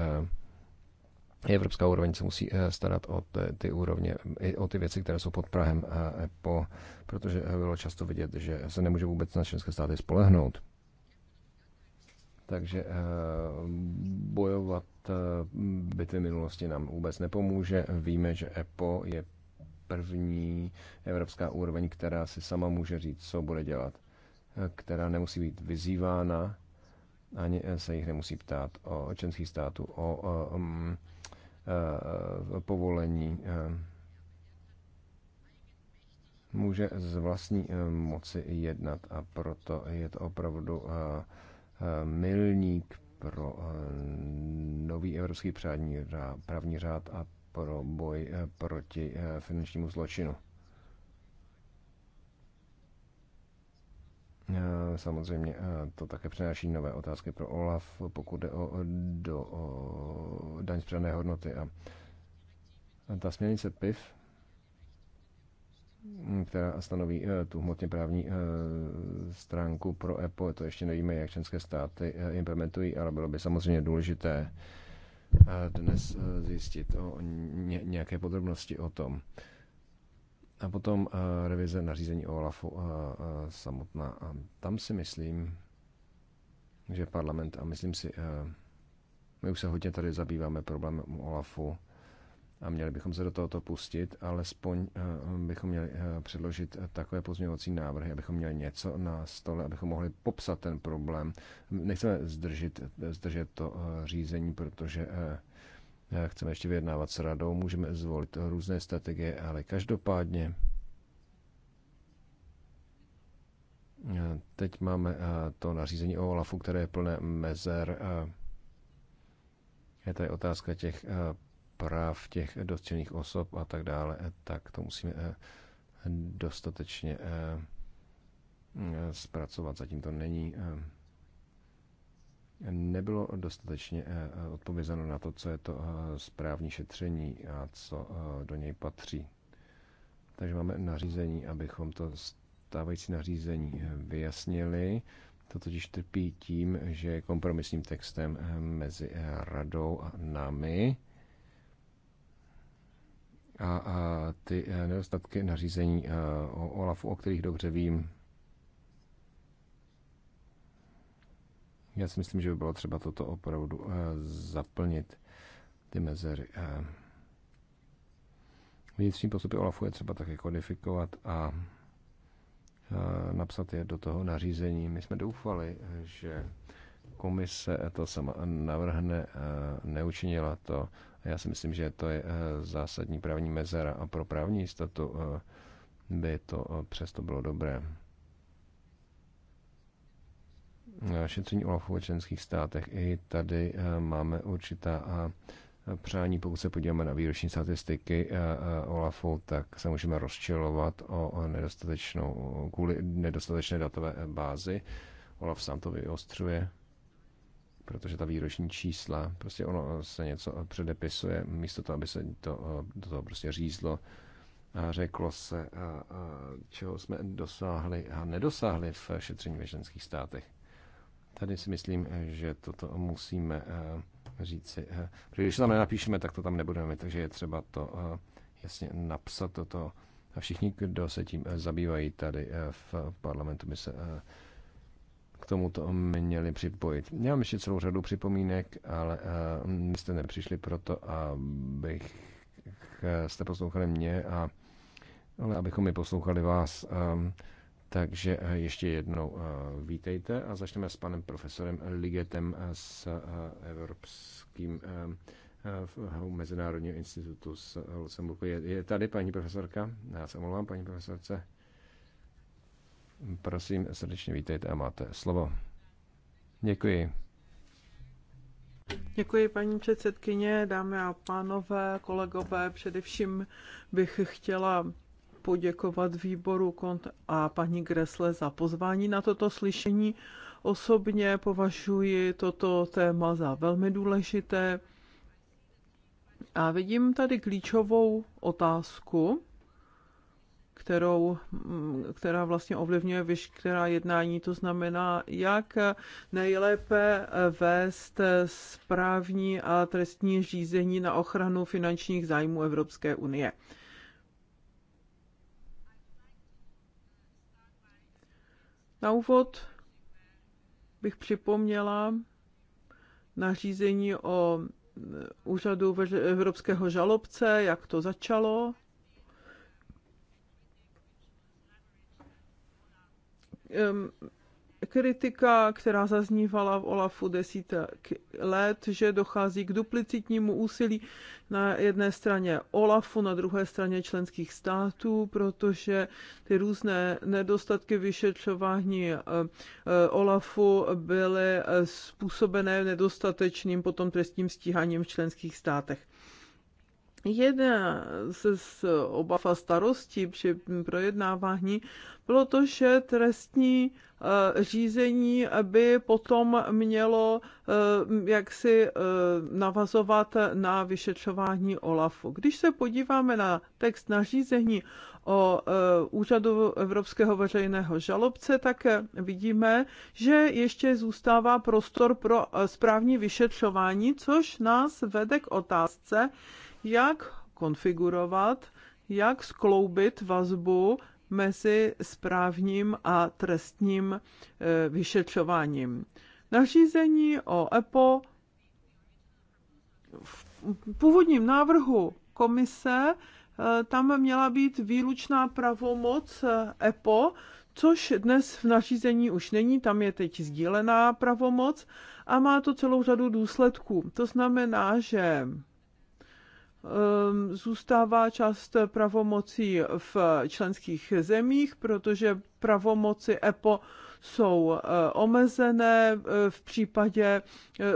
evropská úroveň se musí starat o ty úrovně, o ty věci, které jsou pod Prahem EPO, protože bylo často vidět, že se nemůže vůbec na členské státy spolehnout. Takže bojovat bitvy minulosti nám vůbec nepomůže. Víme, že EPO je první evropská úroveň, která si sama může říct, co bude dělat, která nemusí být vyzývána ani se jich nemusí ptát o členských států, o, o, um, o eh, eh, povolení. Eh, může z vlastní moci jednat a proto je to opravdu milník pro nový evropský právní řád a pro boj proti finančnímu zločinu. samozřejmě eh, to také přináší nové otázky pro OLAF, pokud jde o, do, o daň z přidané hodnoty. A ta směrnice PIV, mm, která stanoví eh, tu hmotně právní eh, stránku pro EPO, to ještě nevíme, jak členské státy implementují, ale bylo by samozřejmě důležité dnes zjistit o nějaké podrobnosti o tom. A potom eh, revize nařízení OLAFu eh, eh, samotná. A tam si myslím, že parlament, a myslím si, my už se hodně tady zabýváme problémem OLAFu a měli bychom se do tohoto pustit, alespoň bychom měli předložit takové pozměňovací návrhy, abychom měli něco na stole, abychom mohli popsat ten problém. Nechceme zdržit, zdržet to řízení, protože Eh, chceme ještě vyjednávat s radou, můžeme zvolit různé strategie, ale každopádně eh, teď máme eh, to nařízení o OLAFu, které je plné mezer. Je tady otázka těch práv těch dotčených osob a tak dále, tak to musíme dostatečně zpracovat. Zatím to není nebylo dostatečně eh, eh, odpovězeno na to, co je to eh, správní šetření a co do něj patří. Takže máme nařízení, abychom to stávající nařízení vyjasnili. To totiž trpí tím, že je kompromisním textem mezi radou a námi. A, a ty nedostatky nařízení o OLAFu, o kterých dobře vím, Já si myslím, že by bylo třeba toto opravdu eh, zaplnit, ty mezery. Eh. Vnitřní postupy OLAFu je třeba také kodifikovat a eh, napsat je do toho nařízení. My jsme doufali, že komise to sama navrhne, neučinila to. Já si myslím, že to je zásadní právní mezera a pro právní jistotu by to přesto bylo dobré. Eh, šetření OLAFu ve členských státech. I tady eh, máme určitá eh, přání, pokud se podíváme na výroční statistiky OLAFu, tak se můžeme rozčilovat o nedostatečnou, kvůli nedostatečné datové bázi. OLAF sám to vyostřuje, protože ta výroční čísla, prostě ono se něco předepisuje, místo toho, aby se to, to to prostě řízlo a řeklo se, a, a, čeho jsme dosáhli a nedosáhli v šetření ve členských státech. Tady si myslím, že toto musíme eh, říci. Eh, protože když to tam nenapíšeme, tak to tam nebudeme mít, takže je třeba to eh, jasně napsat toto. A všichni, kdo se tím zabývají tady v parlamentu, by se k tomuto měli připojit. Já mám ještě celou řadu připomínek, ale uh, jste nepřišli proto, abych jste poslouchali mě, a, ale abychom mi poslouchali vás. Um, takže eh, ještě jednou eh, vítejte a začneme s panem profesorem Ligetem z eh, Evropským Mezinárodního institutu z Lucemburku. Je, je tady paní profesorka? Já se omlouvám, paní profesorce. Prosím, srdečně vítejte a máte slovo. Děkuji. Děkuji, paní předsedkyně, dámy a pánové, kolegové. Především bych chtěla poděkovat výboru KONT a paní Gresle za pozvání na toto slyšení. Osobně považuji toto téma za velmi důležité a vidím tady klíčovou otázku, kterou, která vlastně ovlivňuje veškerá jednání, to znamená, jak nejlépe vést správní a trestní řízení na ochranu finančních zájmů Evropské unie. Na úvod bych připomněla nařízení o eh, úřadu evropského žalobce, jak to začalo kritika, která zaznívala v OLAFu desítek let, že dochází k duplicitnímu úsilí na jedné straně OLAFu, na druhé straně členských států, protože ty různé nedostatky vyšetřování eh, eh, OLAFu byly eh, způsobené nedostatečným potom trestním stíháním v členských státech. Jedna z obav a starostí při projednávání bylo to, že trestní eh, řízení by potom mělo eh, jaksi eh, navazovat na vyšetřování OLAFu. Když se podíváme na text nařízení o Úřadu Evropského veřejného žalobce, tak vidíme, že ještě zůstává prostor pro správní vyšetřování, což nás vede k otázce, jak konfigurovat, jak skloubit vazbu mezi správním a trestním eh, vyšetřováním. Nařízení o EPO v původním návrhu komise eh, tam měla být výlučná pravomoc EPO, eh, e což dnes v nařízení už není, tam je teď sdílená pravomoc a má to celou řadu důsledků. To znamená, že Ehm, zůstává část pravomocí v členských zemích, protože pravomoci EPO jsou eh, omezené eh, v případě, eh,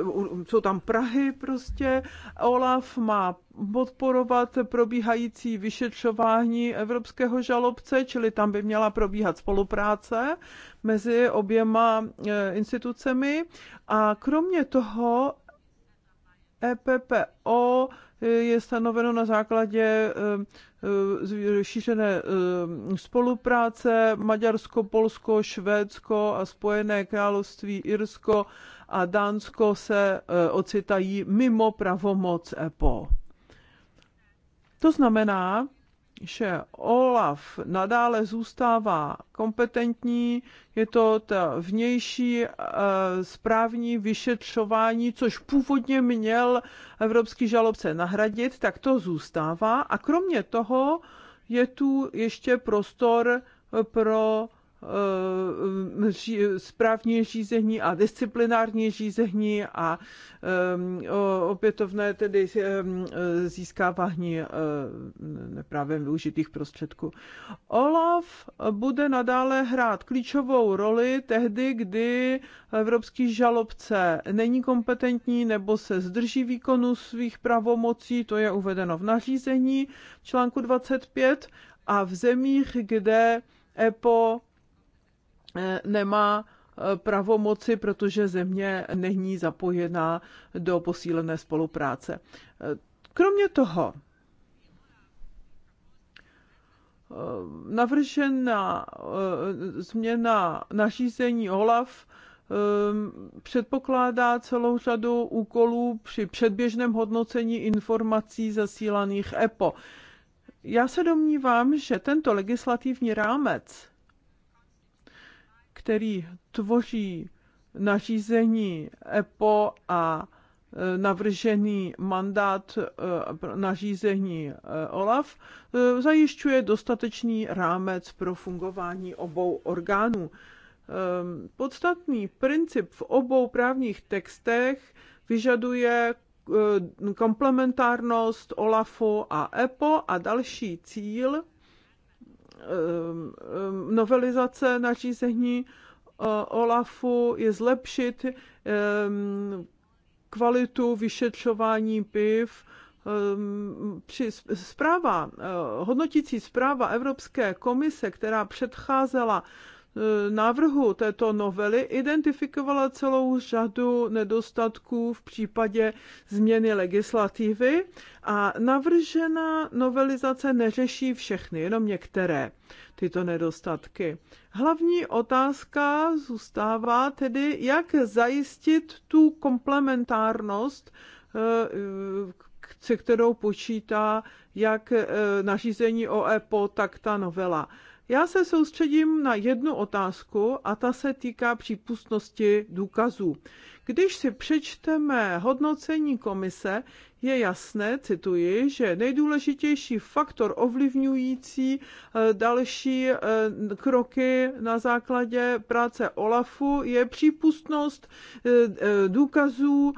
jsou tam Prahy prostě. Olaf má podporovat probíhající vyšetřování evropského žalobce, čili tam by měla probíhat spolupráce mezi oběma institucemi. A kromě toho EPPO e, je stanoveno na základě e, e, šířené spolupráce Maďarsko, Polsko, Švédsko a Spojené království, Irsko a Dánsko se ocitají mimo pravomoc EPO. To znamená, že OLAF nadále zůstává kompetentní, je to ta vnější eh, správní vyšetřování, což původně měl evropský žalobce nahradit, tak to zůstává. A kromě toho je tu ještě prostor pro Eh, správní řízení a disciplinární řízení a eh, opětovné tedy eh, získávání neprávem využitých prostředků. Olaf bude nadále hrát klíčovou roli tehdy, kdy evropský žalobce není kompetentní nebo se zdrží výkonu svých pravomocí, to je uvedeno v nařízení článku 25, a v zemích, kde EPO Eh, nemá eh, pravomoci, protože země není zapojená do posílené spolupráce. Eh, kromě toho, navržená změna nařízení OLAF předpokládá celou řadu úkolů při předběžném hodnocení informací zasílaných EPO. Já se domnívám, že tento legislativní rámec který tvoří nařízení EPO a e, navržený mandát e, nařízení e, OLAF zajišťuje dostatečný rámec pro fungování obou orgánů. Podstatný princip v obou právních textech vyžaduje komplementárnost OLAFu a EPO a další cíl Ehm, ehm, novelizace nařízení eh, OLAFu je zlepšit ehm, kvalitu vyšetřování piv. Při zpráva, eh, hodnotící zpráva Evropské komise, která předcházela Eh, návrhu této novely identifikovala celou řadu nedostatků v případě změny legislativy a navržená novelizace neřeší všechny, jenom některé tyto nedostatky. Hlavní otázka zůstává tedy, jak zajistit tu komplementárnost eh, se kterou počítá jak eh, nařízení o EPO, tak ta novela. Já se soustředím na jednu otázku a ta se týká přípustnosti důkazů. Když si přečteme hodnocení komise, je jasné, cituji, že nejdůležitější faktor ovlivňující eh, další eh, kroky na základě práce OLAFu je přípustnost eh, důkazů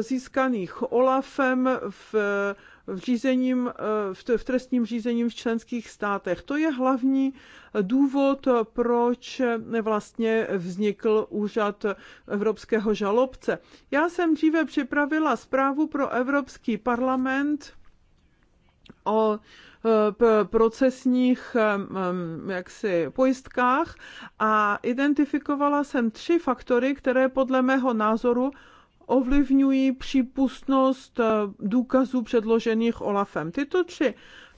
získaných OLAFem v Eh, v, řízením, v trestním řízením v členských státech. To je hlavní důvod, proč eh, vlastně vznikl úřad evropského žalobce. Já jsem dříve připravila zprávu pro Evropský parlament o eh, procesních jaksi pojistkách a identifikovala jsem tři faktory, které podle mého názoru ovlivňují přípustnost eh, důkazů předložených OLAFem. Tyto tři eh,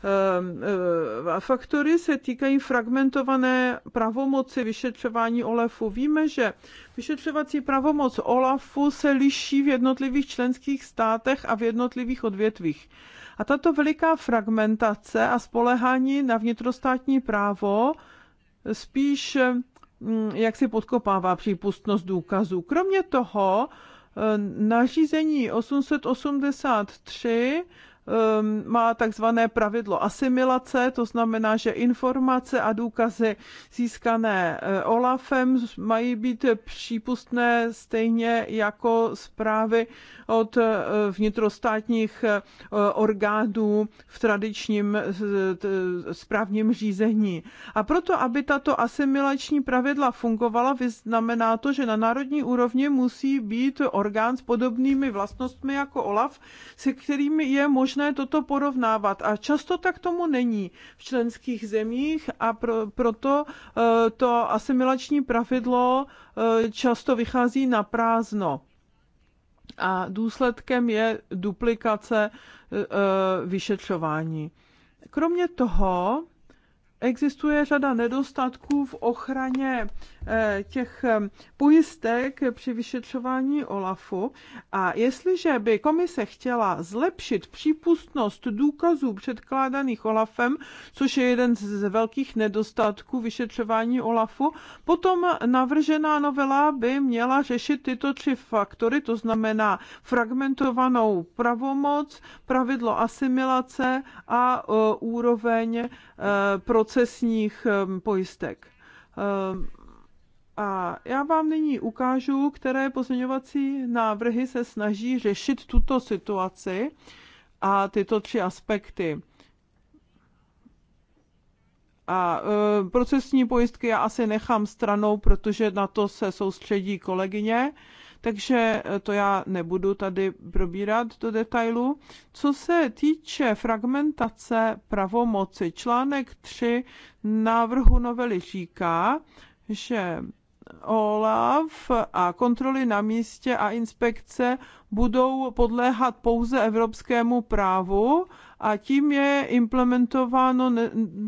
eh, faktory se týkají fragmentované pravomoci vyšetřování OLAFu. Víme, že vyšetřovací pravomoc OLAFu se liší v jednotlivých členských státech a v jednotlivých odvětvích. A tato veliká fragmentace a spolehání na vnitrostátní právo spíš mm, jak si podkopává přípustnost důkazů. Kromě toho, nařízení 883 Um, má takzvané pravidlo asimilace, to znamená, že informace a důkazy získané eh, OLAFem mají být přípustné stejně jako zprávy od eh, vnitrostátních eh, orgánů v tradičním správním řízení. A proto, aby tato asimilační pravidla fungovala, znamená to, že na národní úrovni musí být orgán s podobnými vlastnostmi jako OLAF, se kterými je možné možné toto porovnávat. A často tak tomu není v členských zemích a pro, proto eh, to asimilační pravidlo eh, často vychází na prázdno. A důsledkem je duplikace eh, vyšetřování. Kromě toho, existuje řada nedostatků v ochraně eh, těch eh, pojistek při vyšetřování OLAFu a jestliže by komise chtěla zlepšit přípustnost důkazů předkládaných OLAFem, což je jeden z velkých nedostatků vyšetřování OLAFu, potom navržená novela by měla řešit tyto tři faktory, to znamená fragmentovanou pravomoc, pravidlo asimilace a eh, úroveň procesu procesních ehm, pojistek. Ehm, a já vám nyní ukážu, které pozměňovací návrhy se snaží řešit tuto situaci a tyto tři aspekty. A e, procesní pojistky já asi nechám stranou, protože na to se soustředí kolegyně. E, takže eh, to já nebudu tady probírat do detailu. Co se týče fragmentace pravomoci, článek 3 návrhu novely říká, že OLAF a kontroly na místě a inspekce budou podléhat pouze evropskému právu a tím je implementováno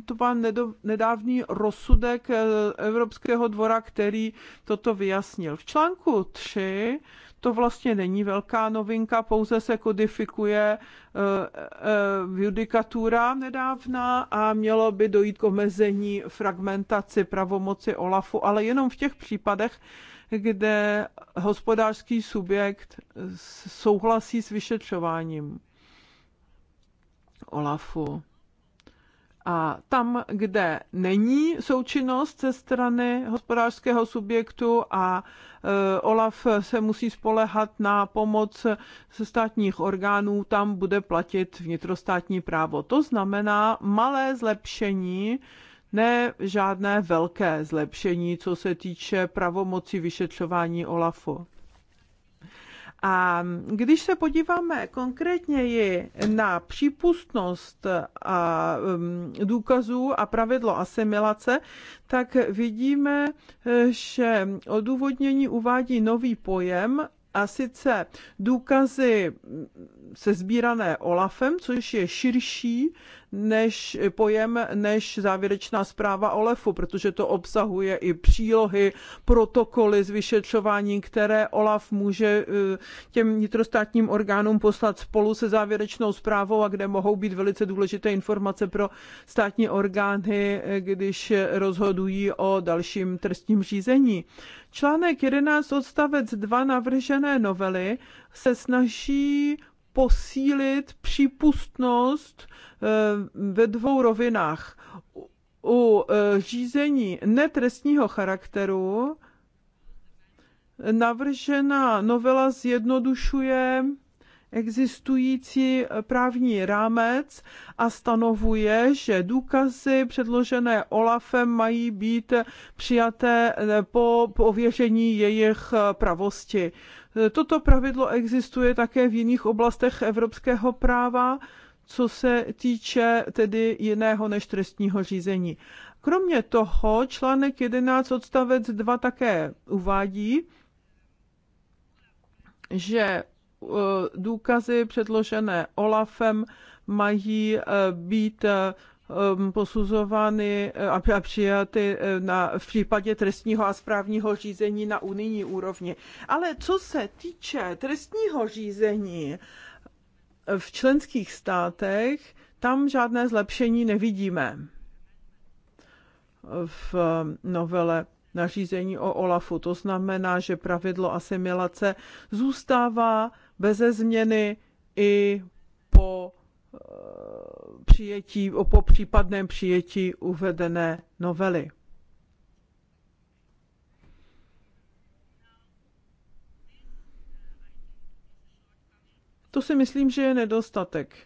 to pan nedávný rozsudek eh, Evropského dvora, který toto vyjasnil. V článku 3 to vlastně není velká novinka, pouze se kodifikuje eh, eh, judikatura nedávna a mělo by dojít k omezení fragmentaci pravomoci OLAFu, ale jenom v těch případech, kde hospodářský subjekt souhlasí s vyšetřováním. OLAFu. A tam, kde není součinnost ze strany hospodářského subjektu a e, OLAF se musí spolehat na pomoc ze státních orgánů, tam bude platit vnitrostátní právo. To znamená malé zlepšení, ne žádné velké zlepšení, co se týče pravomoci vyšetřování OLAFu. A když se podíváme konkrétněji na přípustnost a um, důkazů a pravidlo asimilace, tak vidíme, že odůvodnění uvádí nový pojem a sice důkazy sezbírané Olafem, což je širší než pojem, než závěrečná zpráva OLEFu, protože to obsahuje i přílohy, protokoly z vyšetřování, které OLAF může eh, těm vnitrostátním orgánům poslat spolu se závěrečnou zprávou a kde mohou být velice důležité informace pro státní orgány, eh, když rozhodují o dalším trestním řízení. Článek 11 odstavec 2 navržené novely se snaží posílit přípustnost eh, ve dvou rovinách. U eh, řízení netrestního charakteru navržená novela zjednodušuje existující eh, právní rámec a stanovuje, že důkazy předložené OLAFem mají být přijaté po ověření jejich pravosti. Eh, toto pravidlo existuje také v jiných oblastech evropského práva, co se týče tedy jiného než trestního řízení. Kromě toho článek 11 odstavec 2 také uvádí, že eh, důkazy předložené Olafem mají eh, být Um, posuzovány eh, a přijaty eh, na, v případě trestního a správního řízení na unijní úrovni. Ale co se týče trestního řízení eh, v členských státech, tam žádné zlepšení nevidíme v novele nařízení o OLAFu. To znamená, že pravidlo asimilace zůstává beze změny i po Eh, přijetí, po případném přijetí uvedené novely. To si myslím, že je nedostatek.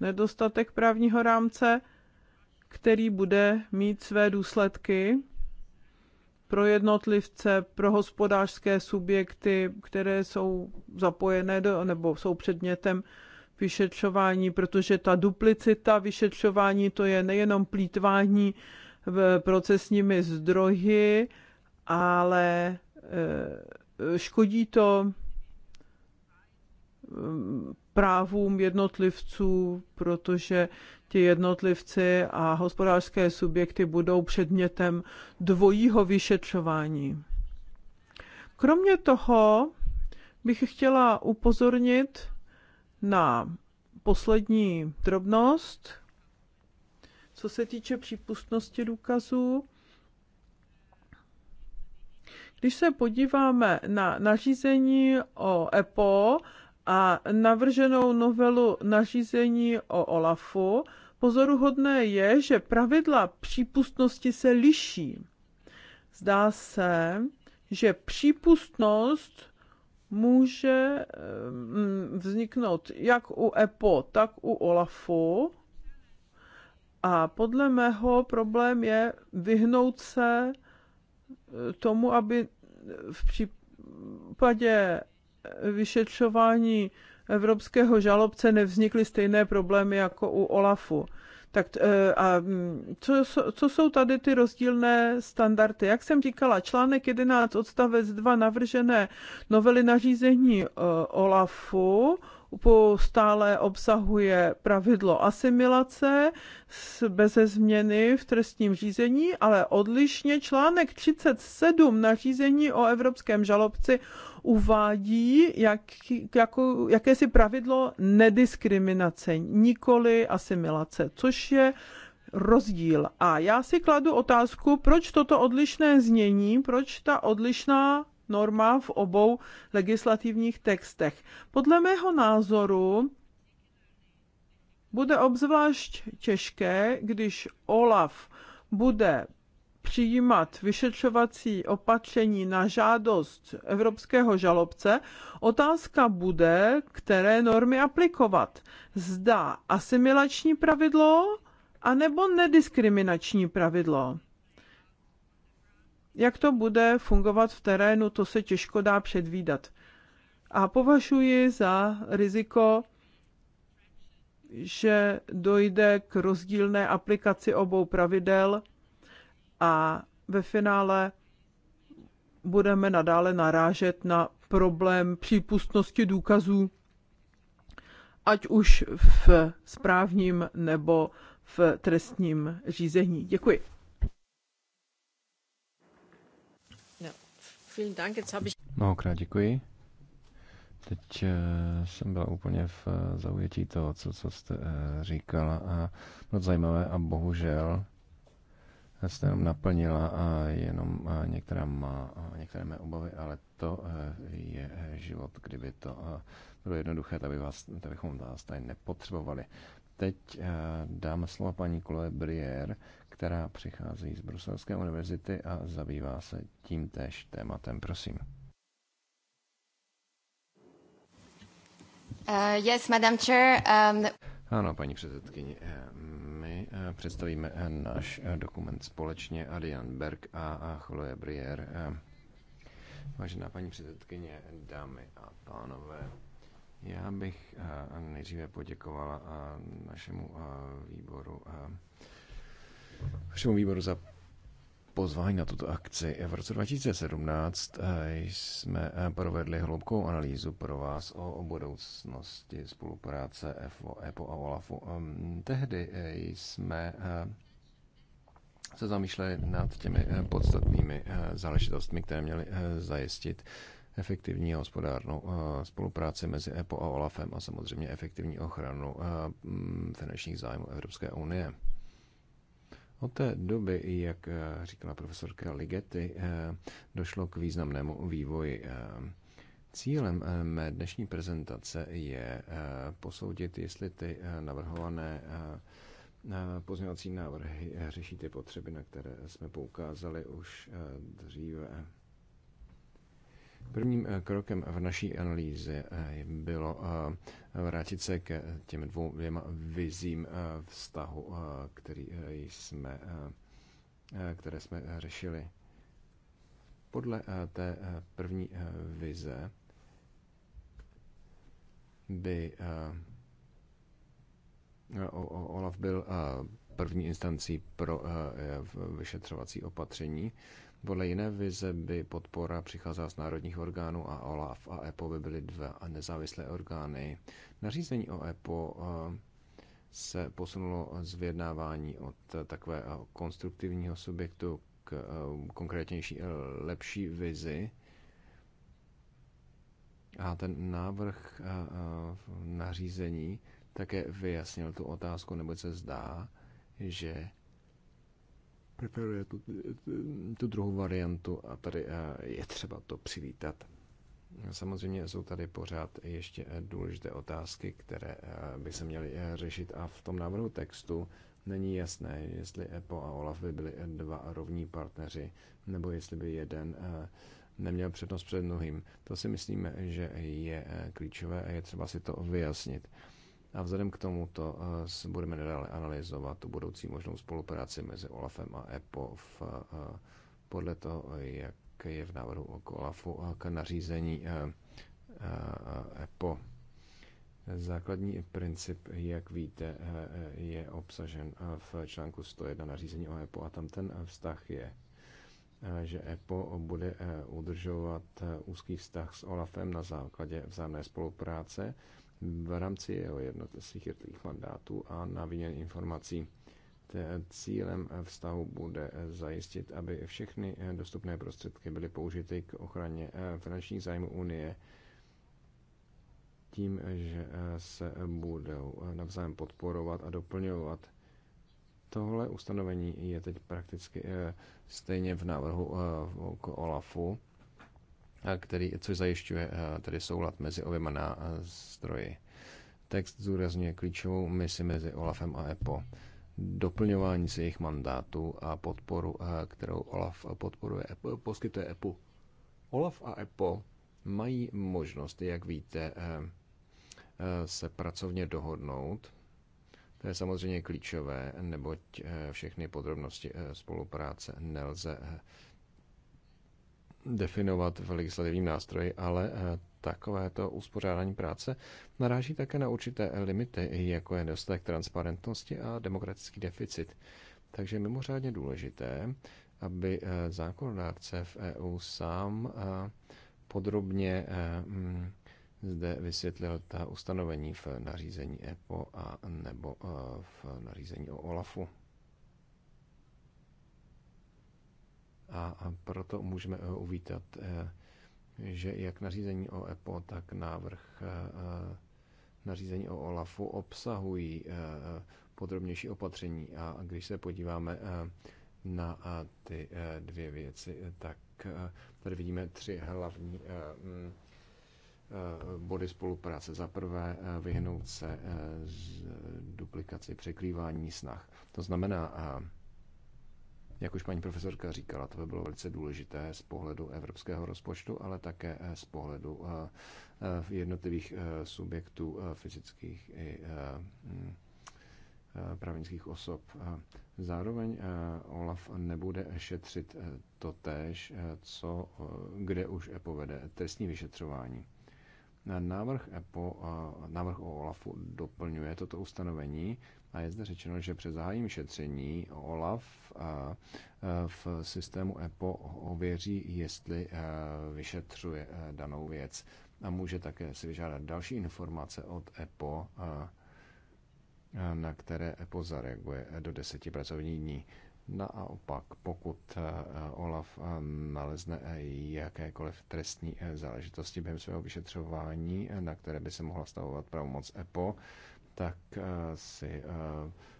Nedostatek právního rámce, který bude mít své důsledky pro jednotlivce, pro hospodářské subjekty, které jsou zapojené do, nebo jsou předmětem vyšetřování, protože ta duplicita vyšetřování to je nejenom plítvání v procesními zdroji, ale eh, škodí to mm, právům jednotlivců, protože ti jednotlivci a hospodářské subjekty budou předmětem dvojího vyšetřování. Kromě toho bych chtěla upozornit na poslední drobnost, co se týče přípustnosti důkazů. Když se podíváme na nařízení o EPO a navrženou novelu nařízení o OLAFu, pozoruhodné je, že pravidla přípustnosti se liší. Zdá se, že přípustnost může eh, vzniknout jak u EPO, tak u OLAFu. A podle mého problém je vyhnout se eh, tomu, aby v případě vyšetřování evropského žalobce nevznikly stejné problémy jako u OLAFu. Tak eh, a mm, co, co jsou tady ty rozdílné standardy? Jak jsem říkala, článek 11 odstavec 2 navržené novely nařízení eh, OLAFu stále obsahuje pravidlo asimilace beze změny v trestním řízení, ale odlišně článek 37 na řízení o evropském žalobci uvádí jak, jako, jakési pravidlo nediskriminace, nikoli asimilace, což je rozdíl. A já si kladu otázku, proč toto odlišné znění, proč ta odlišná norma v obou legislativních textech. Podle mého názoru bude obzvlášť těžké, když OLAF bude přijímat vyšetřovací opatření na žádost evropského žalobce, otázka bude, které normy aplikovat. Zda asimilační pravidlo anebo nediskriminační pravidlo. Jak to bude fungovat v terénu, to se těžko dá předvídat. A považuji za riziko, že dojde k rozdílné aplikaci obou pravidel a ve finále budeme nadále narážet na problém přípustnosti důkazů, ať už v správním nebo v trestním řízení. Děkuji. Mnohokrát děkuji. Teď eh, jsem byla úplně v eh, zaujetí toho, co, co jste eh, říkala a moc zajímavé a bohužel jste jenom naplnila a jenom některá má, některé mé obavy, ale to je život, kdyby to bylo jednoduché, tak, by vás, tak bychom vás tady nepotřebovali. Teď dám slovo paní Kole Brier, která přichází z Bruselské univerzity a zabývá se tím též tématem. Prosím. Uh, yes, Madam Chair. Um... Ano, paní předsedkyně, eh, my eh, představíme eh, náš dokument společně Adrian Berg a Chloe Brier. Vážená paní předsedkyně, dámy a pánové, já bych nejdříve poděkovala našemu výboru všemu výboru za pozvání na tuto akci. V roce 2017 eh, jsme eh, provedli hloubkovou analýzu pro vás o budoucnosti spolupráce FO, EPO a OLAFu. Ehm, tehdy eh, jsme se zamýšleli nad těmi podstatnými záležitostmi, které měly zajistit efektivní a hospodárnou spolupráci mezi EPO a OLAFem a samozřejmě efektivní ochranu finančních zájmů Evropské unie. Od té doby, jak eh, říkala profesorka Ligety, eh, došlo k významnému vývoji. Eh. Cílem mé dnešní prezentace je posoudit, jestli ty navrhované pozměňovací návrhy řeší ty potřeby, na které jsme poukázali už dříve. Prvním eh, krokem v naší analýze eh, bylo eh, vrátit se k těm dvou dvěma vizím vztahu, který jsme, které jsme řešili. Podle té první vize by Olaf byl první instancí pro vyšetřovací opatření podle jiné vize by podpora přicházela z národních orgánů a OLAF a EPO by byly dva nezávislé orgány. Nařízení o EPO eh, se posunulo z vyjednávání od takového eh, konstruktivního subjektu k eh, konkrétnější, lepší vizi. A ten návrh nařízení také vyjasnil tu otázku, nebo se zdá, že preferuje tu, tu druhou variantu a tady eh, je třeba to přivítat. Samozřejmě jsou tady pořád ještě eh, důležité otázky, které eh, by se měly řešit a v tom návrhu textu není jasné, jestli EPO a OLAF by byli dva rovní partneři, nebo jestli by jeden neměl přednost před druhým. To si myslíme, že je klíčové a je třeba si to vyjasnit. A vzhledem k tomuto eh, budeme nadále analyzovat tu budoucí možnou spolupráci mezi OLAFem a EPO v, eh, podle toho, jak je v návrhu k OLAFu a k nařízení EPO. Eh, e Základní princip, jak víte, je obsažen v článku 101 nařízení o EPO a tam ten vztah je že EPO bude udržovat úzký vztah s OLAFem na základě vzájemné spolupráce v rámci jeho jednotlivých jednotlivých mandátů a na výměně informací. Cílem vztahu bude zajistit, aby všechny dostupné prostředky byly použity k ochraně eh, finančních zájmů Unie tím, že eh, se budou eh, navzájem podporovat a doplňovat. Tohle ustanovení je teď prakticky stejně v návrhu k OLAFu který, což zajišťuje eh, tedy soulad mezi oběma nástroji. Eh, Text zúrazňuje klíčovou misi mezi OLAFem a EPO, doplňování si jejich mandátu a podporu, eh, kterou OLAF podporuje, EPO, poskytuje EPO. OLAF a EPO mají možnost, jak víte, se pracovně dohodnout. To je samozřejmě klíčové, neboť všechny podrobnosti spolupráce nelze definovat v legislativním nástroji, ale eh, takovéto uspořádání práce naráží také na určité limity, jako je dostatek transparentnosti a demokratický deficit. Takže je mimořádně důležité, aby eh, zákonodárce v EU sám eh, podrobně hm, zde vysvětlil ta ustanovení v nařízení EPO a nebo v nařízení o OLAFu. A proto můžeme eh, uvítat, eh, že jak nařízení o EPO, tak návrh eh, nařízení o OLAFu obsahují podrobnější opatření. A když se podíváme na ty dvě věci, tak tady vidíme tři hlavní mm, body spolupráce. Za prvé vyhnout se z duplikaci překrývání snah. To znamená, jak už paní profesorka říkala, to by bylo velice důležité z pohledu evropského rozpočtu, ale také eh, z pohledu eh, eh, jednotlivých subjektů fyzických i hm, právnických osob. Zároveň OLAF nebude šetřit to též, co, kde už EPO vede trestní vyšetřování. Návrh, EPO, návrh o OLAFu doplňuje toto ustanovení a je zde řečeno, že před zahájením šetření OLAF v systému EPO ověří, jestli vyšetřuje danou věc a může také si vyžádat další informace od EPO, na které EPO zareaguje do deseti pracovních dní. Naopak, pokud Olaf nalezne e, jakékoliv trestní e, záležitosti během svého vyšetřování, na které by se mohla stavovat pravomoc EPO, tak eh, si eh,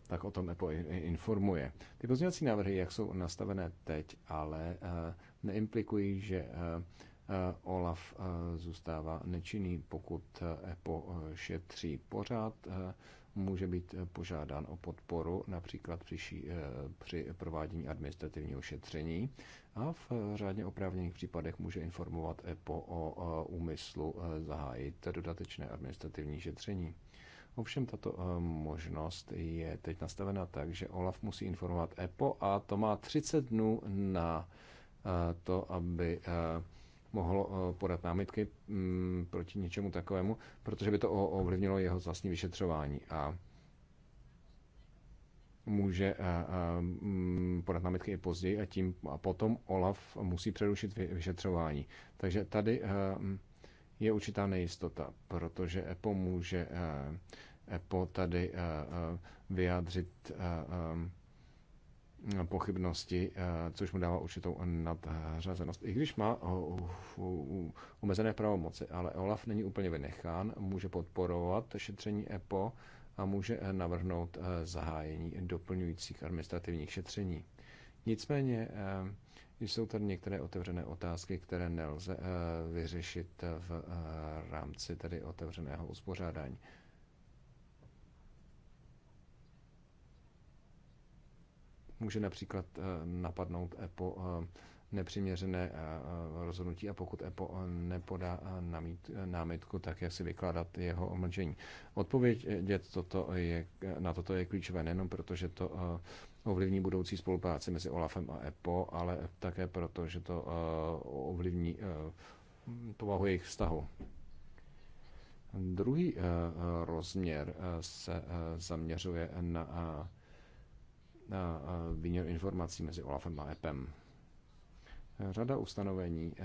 tak o tom EPO informuje. Ty pozměňovací návrhy, jak jsou nastavené teď, ale eh, neimplikují, že Olaf zůstává nečinný, pokud EPO šetří pořád, může být požádán o podporu, například při, při provádění administrativního šetření a v řádně oprávněných případech může informovat EPO o úmyslu zahájit dodatečné administrativní šetření. Ovšem tato eh, možnost je teď nastavena tak, že OLAF musí informovat EPO a to má 30 dnů na eh, to, aby eh, mohlo podat námitky mm, proti něčemu takovému, protože by to ovlivnilo jeho vlastní vyšetřování a může mm, podat námitky i později a tím a potom OLAF musí přerušit vyšetřování. Takže tady je určitá nejistota, protože EPO může EPO tady eh, eh, vyjádřit eh, pochybnosti, což mu dává určitou nadřazenost. I když má omezené pravomoci, ale Olaf není úplně vynechán, může podporovat šetření EPO a může navrhnout zahájení doplňujících administrativních šetření. Nicméně jsou tady některé otevřené otázky, které nelze vyřešit v rámci tedy otevřeného uspořádání. Může například eh, napadnout EPO eh, nepřiměřené eh, rozhodnutí a pokud EPO nepodá námitku, tak jak si vykládat jeho omlčení. Odpověď toto je, na toto je klíčové nejenom protože to ovlivní budoucí spolupráci mezi OLAFem a EPO, ale také proto, že to ovlivní povahu jejich vztahu. Druhý rozměr se zaměřuje na výměnu informací mezi OLAFem a EPem. Řada ustanovení e,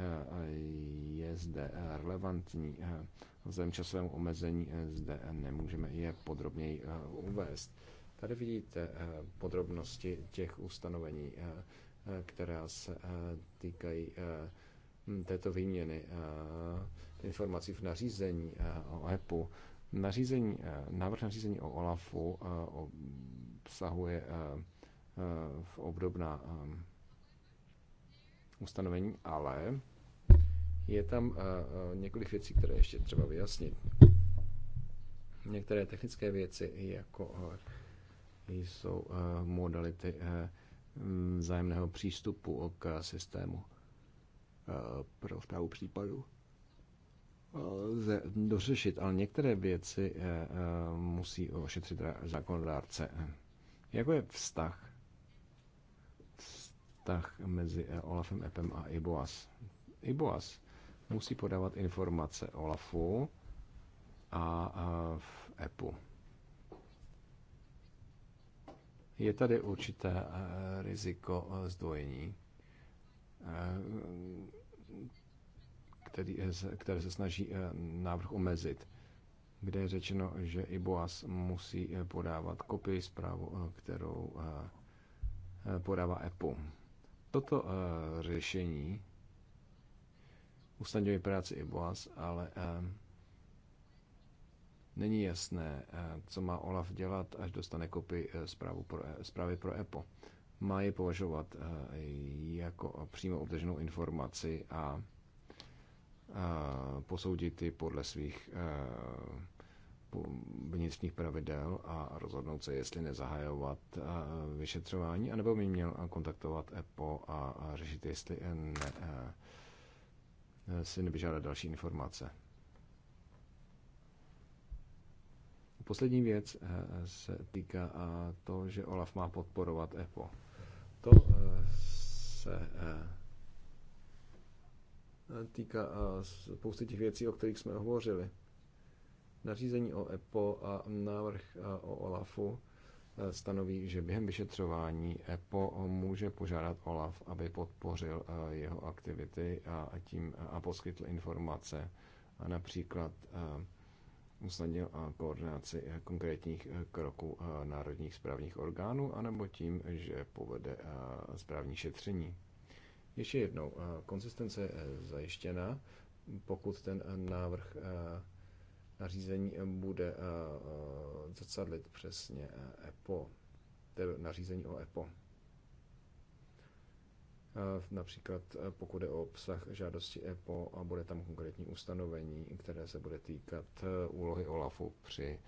je zde e, relevantní. E, vzhledem časovému omezení zde nemůžeme je podrobněji uvést. Tady vidíte podrobnosti těch ustanovení, která se týkají této výměny informací v nařízení o EPu. Nařízení, návrh nařízení o OLAFu obsahuje Eh, v obdobná eh, ustanovení, ale je tam eh, několik věcí, které ještě třeba vyjasnit. Některé technické věci, jako jsou modality vzájemného přístupu k systému pro vtávu případu lze dořešit, ale některé věci musí ošetřit zákonodárce. Jako je vztah vztah mezi Olafem EPem a IBOAS. IBOAS musí podávat informace Olafu a v EPu. Je tady určité eh, riziko zdvojení, eh, který, které se snaží eh, návrh omezit, kde je řečeno, že IBOAS musí podávat kopii zprávu, kterou podává EPU. Toto eh, řešení usnadňuje práci i Boaz, ale eh, není jasné, eh, co má Olaf dělat, až dostane kopy zprávu pro, e- zprávy pro EPO. Má je považovat jako přímo obdrženou informaci a posoudit ji podle svých vnitřních pravidel a rozhodnout se, jestli nezahajovat eh, vyšetřování, anebo by měl eh, kontaktovat EPO a řešit, jestli eh, ne, si nevyžádá další informace. Poslední věc se týká to, že OLAF má podporovat EPO. To se týká spousty těch věcí, o kterých jsme hovořili. Nařízení o EPO a návrh e, o OLAFu e, stanoví, že během vyšetřování EPO může požádat OLAF, aby podpořil e, jeho aktivity a, tím, a poskytl informace a například usnadnil koordinaci konkrétních kroků národních správních orgánů, anebo tím, že povede správní šetření. Ještě jednou, konsistence je zajištěna, pokud ten návrh nařízení eh, bude eh, eh, zrcadlit přesně EPO, tedy nařízení o EPO. Například pokud je o obsah žádosti EPO a bude tam konkrétní ustanovení, které se bude týkat úlohy OLAFu při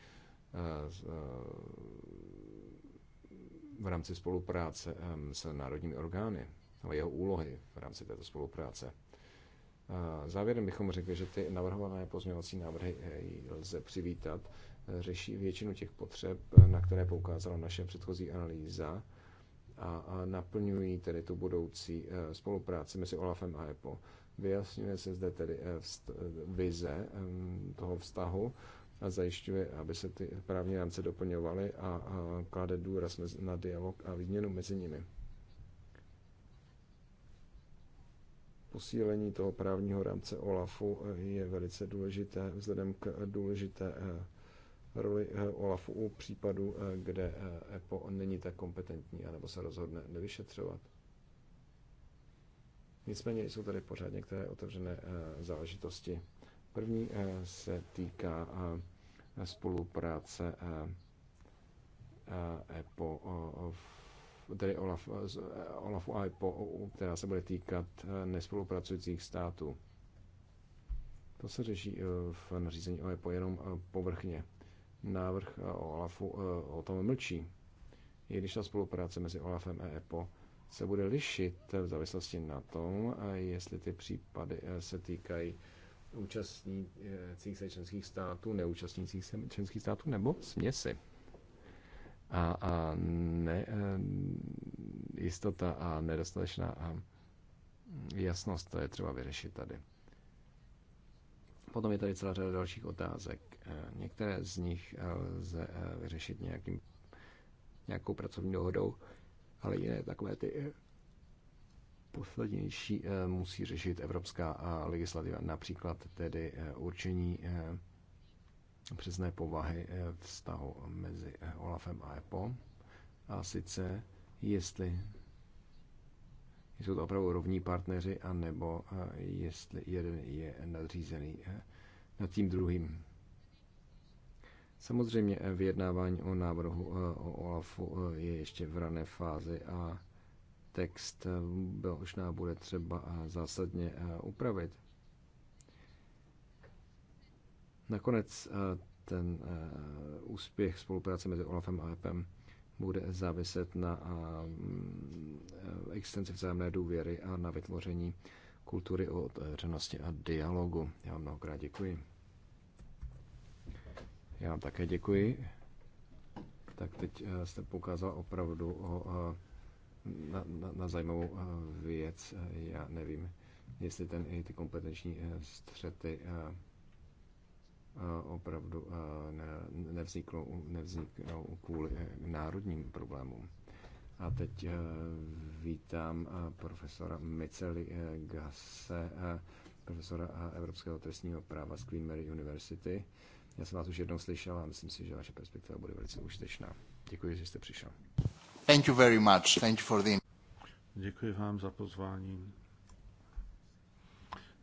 v rámci spolupráce s národními orgány, ale jeho úlohy v rámci této spolupráce. Závěrem bychom řekli, že ty navrhované pozměňovací návrhy eh, lze přivítat. Eh, řeší většinu těch potřeb, eh, na které poukázala naše předchozí analýza a naplňují tedy tu budoucí spolupráci mezi OLAFem a EPO. Vyjasňuje se zde tedy vize mm, toho vztahu a zajišťuje, aby se ty právní rámce doplňovaly a klade důraz na dialog a výměnu mezi nimi. posílení toho právního rámce OLAFu eh, je velice důležité vzhledem k důležité eh, roli eh, OLAFu u případu, kde EPO e není tak kompetentní anebo se rozhodne nevyšetřovat. Nicméně jsou tady pořád některé otevřené záležitosti. První se týká spolupráce EPO e v tedy Olaf, Olafu a IPO, která se bude týkat eh, nespolupracujících států. To se řeší eh, v nařízení o EPO jenom eh, povrchně. Návrh Olafu o tom mlčí. I když ta spolupráce mezi Olafem a EPO se bude lišit v závislosti na tom, jestli ty případy se týkají účastnících se členských států, neúčastnících se členských států nebo směsi a, a ne, e, jistota a nedostatečná a jasnost, to je třeba vyřešit tady. Potom je tady celá řada dalších otázek. E, některé z nich e, lze vyřešit nějakým, nějakou pracovní dohodou, ale jiné takové ty poslednější musí řešit evropská legislativa, například tedy určení přesné povahy eh, vztahu mezi eh, Olafem a EPO. A sice, jestli jsou to opravdu rovní partneři, anebo eh, jestli jeden je nadřízený nad tím druhým. Samozřejmě vyjednávání o návrhu o OLAFu je ještě v rané fázi a text možná bude třeba zásadně upravit. Nakonec eh, ten eh, úspěch spolupráce mezi Olafem a EPem bude záviset na eh, extenzi vzájemné důvěry a na vytvoření kultury o otevřenosti a dialogu. Já vám mnohokrát děkuji. Já vám také děkuji. Tak teď jste poukázal opravdu o, na, na, na zajímavou věc. Já nevím, jestli ten i ty kompetenční střety Eh, opravdu eh, nevzniklo nevzniklo kvůli eh, národním problémům. A teď vítám profesora Miceli Gase, profesora Evropského trestního práva z Queen Mary University. Já jsem vás už jednou slyšel a myslím si, že vaše perspektiva bude velice užitečná. Děkuji, že jste přišel. Thank you very much. Thank you for the... Děkuji vám za pozvání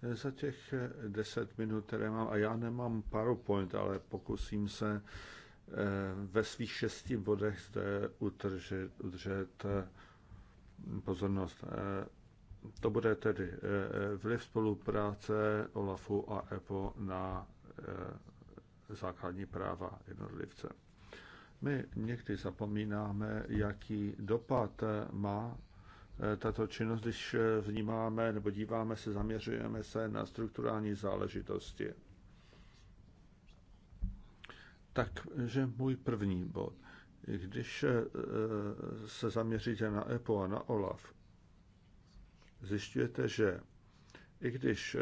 za těch deset minut, které mám, a já nemám PowerPoint, ale pokusím se eh, ve svých šesti bodech zde utržet, udržet eh, pozornost. Eh, to bude tedy vliv spolupráce OLAFu a EPO na základní práva jednotlivce. My někdy zapomínáme, jaký dopad má Eh, tato činnost, když eh, vnímáme nebo díváme se, zaměřujeme se na strukturální záležitosti. Takže můj první bod. Když eh, se zaměříte na EPO a na OLAF, zjišťujete, že i když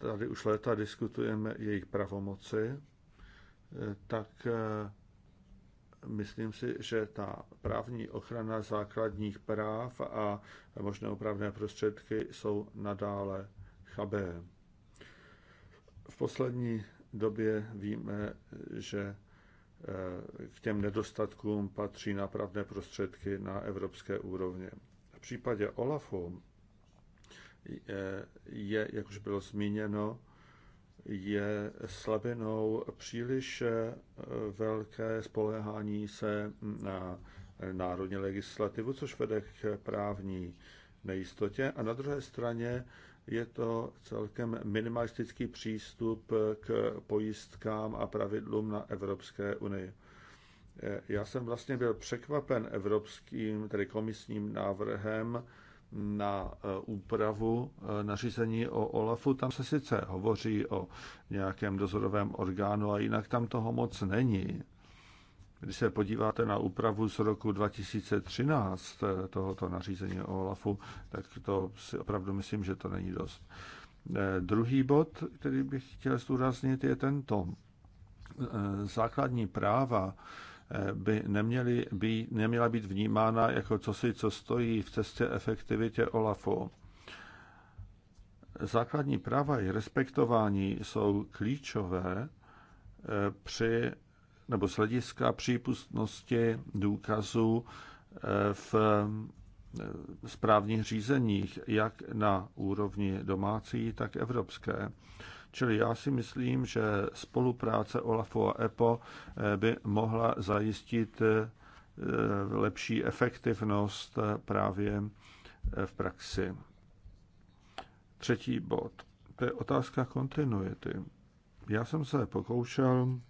tady už léta diskutujeme jejich pravomoci, tak myslím si, že ta právní ochrana základních práv a možné opravné prostředky jsou nadále chabé. V poslední době víme, že eh, k těm nedostatkům patří napravné prostředky na evropské úrovně. V případě OLAFu eh, je, jak už bylo zmíněno, je slabinou příliš eh, velké spolehání se na národní legislativu, což vede k právní nejistotě. A na druhé straně je to celkem minimalistický přístup k pojistkám a pravidlům na Evropské unii. Eh, já jsem vlastně byl překvapen evropským, tedy komisním návrhem na e, úpravu e, nařízení o OLAFu. Tam se sice hovoří o nějakém dozorovém orgánu, a jinak tam toho moc není. Když se podíváte na úpravu z roku 2013 e, tohoto nařízení o OLAFu, tak to si opravdu myslím, že to není dost. Druhý bod, který bych chtěl zdůraznit, je tento. Základní práva by neměly být, neměla být vnímána jako cosi, co stojí v cestě efektivitě OLAFu. Základní práva i respektování jsou klíčové eh, při nebo z hlediska přípustnosti důkazů eh, v eh, správních řízeních, jak na úrovni domácí, tak evropské. Čili já si myslím, že spolupráce OLAFu a EPO eh, by mohla zajistit eh, lepší efektivnost eh, právě v praxi. Třetí bod. To je otázka kontinuity. Já jsem se pokoušel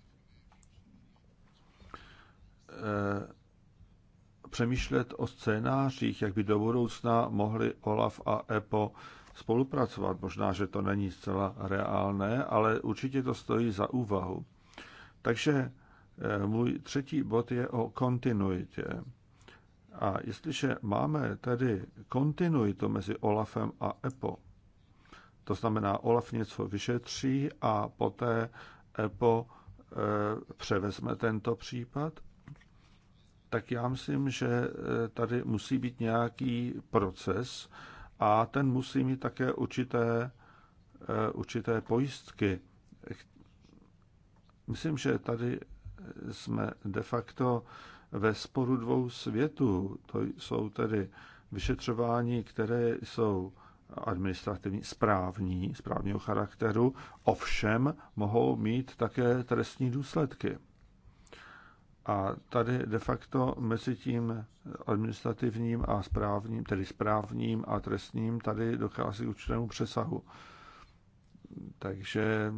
přemýšlet o scénářích, jak by do budoucna mohli OLAF a EPO spolupracovat. Možná, že to není zcela reálné, ale určitě to stojí za úvahu. Takže eh, můj třetí bod je o kontinuitě. A jestliže máme tedy kontinuitu mezi Olafem a EPO, to znamená, Olaf něco vyšetří a poté EPO eh, převezme tento případ, tak já myslím, že eh, tady musí být nějaký proces, a ten musí mít také určité, eh, určité pojistky. Myslím, že tady jsme de facto ve sporu dvou světů. To jsou tedy vyšetřování, které jsou administrativní, správní, správního charakteru, ovšem mohou mít také trestní důsledky. A tady de facto mezi tím administrativním a správním, tedy správním a trestním, tady dochází k určitému přesahu. Takže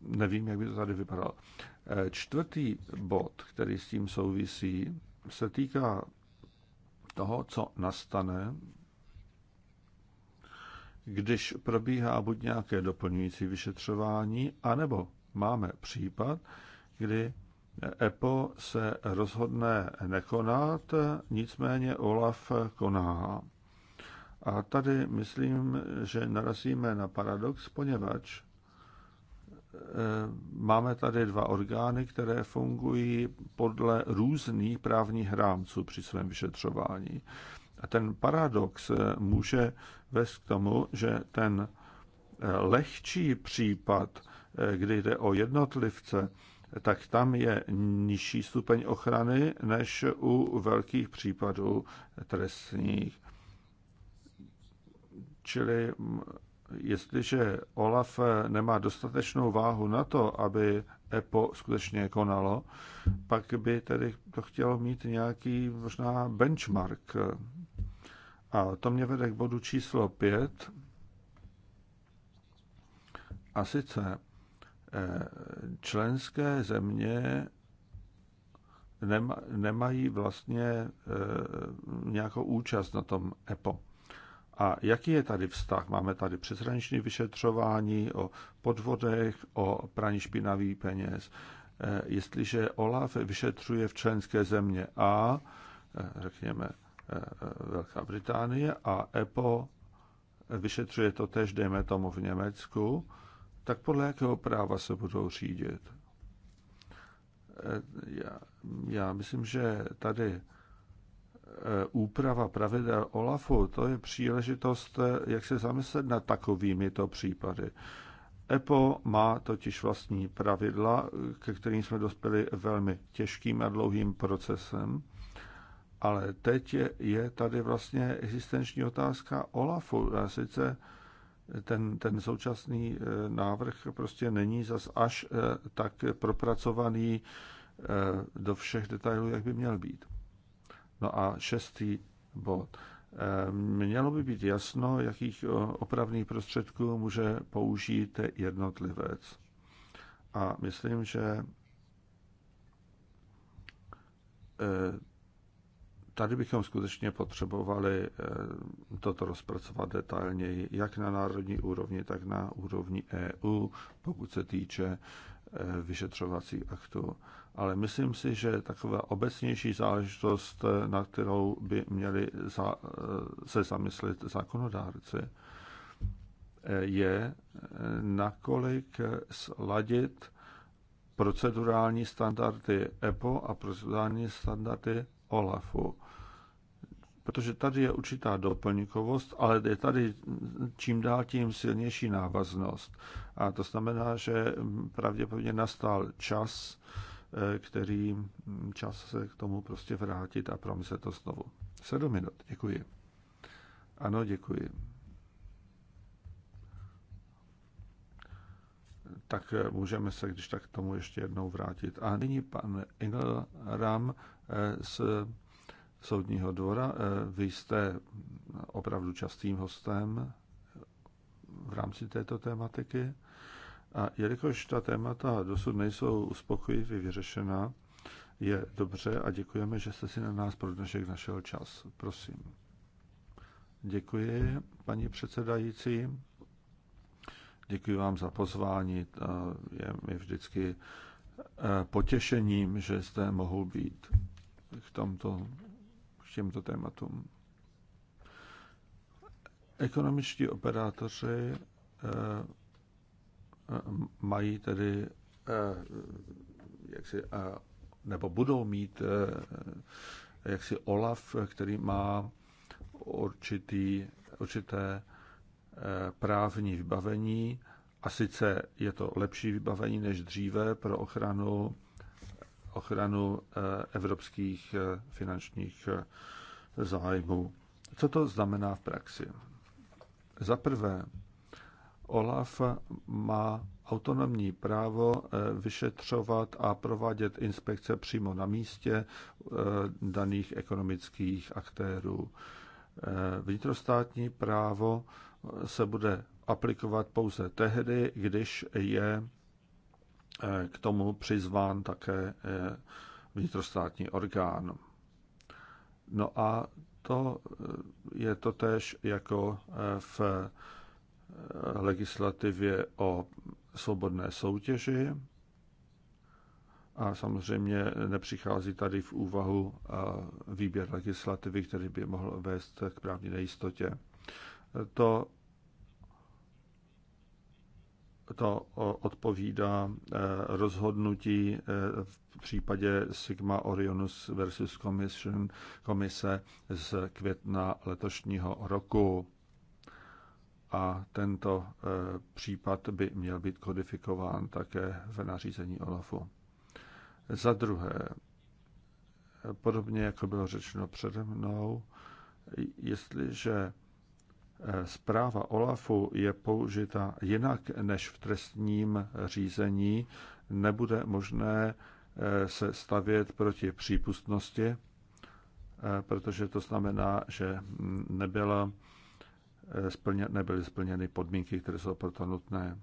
nevím, jak by to tady vypadalo. E, čtvrtý bod, který s tím souvisí, se týká toho, co nastane, když probíhá buď nějaké doplňující vyšetřování, anebo máme případ, kdy EPO se rozhodne nekonat, nicméně OLAF koná. A tady myslím, že narazíme na paradox, poněvadž eh, máme tady dva orgány, které fungují podle různých právních rámců při svém vyšetřování. A ten paradox eh, může vést k tomu, že ten eh, lehčí případ, kdy jde o jednotlivce, tak tam je nižší stupeň ochrany než u velkých případů trestních. Čili jestliže OLAF nemá dostatečnou váhu na to, aby EPO skutečně konalo, pak by tedy to chtělo mít nějaký možná benchmark. A to mě vede k bodu číslo 5. A sice členské země nemají vlastně e, nějakou účast na tom EPO. A jaký je tady vztah? Máme tady přeshraniční vyšetřování o podvodech, o praní špinavých peněz. E, jestliže OLAF vyšetřuje v členské země A, e, řekněme Velká Británie, a EPO vyšetřuje to tež, dejme tomu, v Německu, tak podle jakého práva se budou řídit? Eh, já, já myslím, že tady eh, úprava pravidel OLAFu, to je příležitost, eh, jak se zamyslet nad takovými to případy. EPO má totiž vlastní pravidla, ke kterým jsme dospěli velmi těžkým a dlouhým procesem, ale teď je, je tady vlastně existenční otázka OLAFu, a sice ten, ten současný eh, návrh prostě není zas až eh, tak propracovaný eh, do všech detailů, jak by měl být. No a šestý bod. Mělo by být jasno, jakých opravných prostředků může použít jednotlivec. A myslím, že tady bychom skutečně potřebovali eh, toto rozpracovat detailněji, jak na národní úrovni, tak na úrovni EU, pokud se týče eh, vyšetřovacích aktů. Ale myslím si, že taková obecnější záležitost, eh, na kterou by měli se zamyslet zákonodárci, je, nakolik sladit procedurální standardy EPO a procedurální standardy OLAFu protože tady je určitá doplňkovost, ale je tady čím dál tím silnější návaznost. A to znamená, že pravděpodobně nastal čas, eh, který mm, čas se k tomu prostě vrátit a promyslet to znovu. Sedm minut, děkuji. Ano, děkuji. tak eh, můžeme se když tak k tomu ještě jednou vrátit. A nyní pan Ingram Ram eh, z soudního dvora. Eh, vy jste opravdu častým hostem v rámci této tématiky. A jelikož ta témata dosud nejsou uspokojivě vyřešena, je dobře a děkujeme, že jste si na nás pro dnešek našel čas. Prosím. Děkuji, paní předsedající. Děkuji vám za pozvání. Je mi vždycky eh, potěšením, že jste mohou být v tomto těmto tématům. Ekonomičtí operátoři eh, eh, mají tedy eh, eh, nebo budou mít jaksi OLAF, který má určitý, určité právní vybavení, a sice je to lepší vybavení než dříve pro ochranu ochranu eh, evropských eh, finančních eh, zájmů. Co to znamená v praxi? Za prvé, OLAF má autonomní právo vyšetřovat a provádět inspekce přímo na místě daných ekonomických aktérů. Vnitrostátní právo se bude aplikovat pouze tehdy, když je Eh, k tomu přizván také eh, vnitrostátní orgán. No a to eh, je to tež jako v legislativě o svobodné soutěži. A samozřejmě nepřichází tady v úvahu výběr legislativy, který by mohl vést k právní nejistotě. To to odpovídá e, rozhodnutí e, v případě Sigma Orionus versus Commission, komise z května letošního roku. A tento e, případ by měl být kodifikován také v nařízení OLAFu. Za druhé, podobně jako bylo řečeno přede mnou, jestliže Eh, zpráva OLAFu je použita jinak než v trestním řízení, nebude možné eh, se stavět proti přípustnosti, eh, protože to znamená, že hm, nebyla splně, nebyly splněny podmínky, které jsou proto nutné.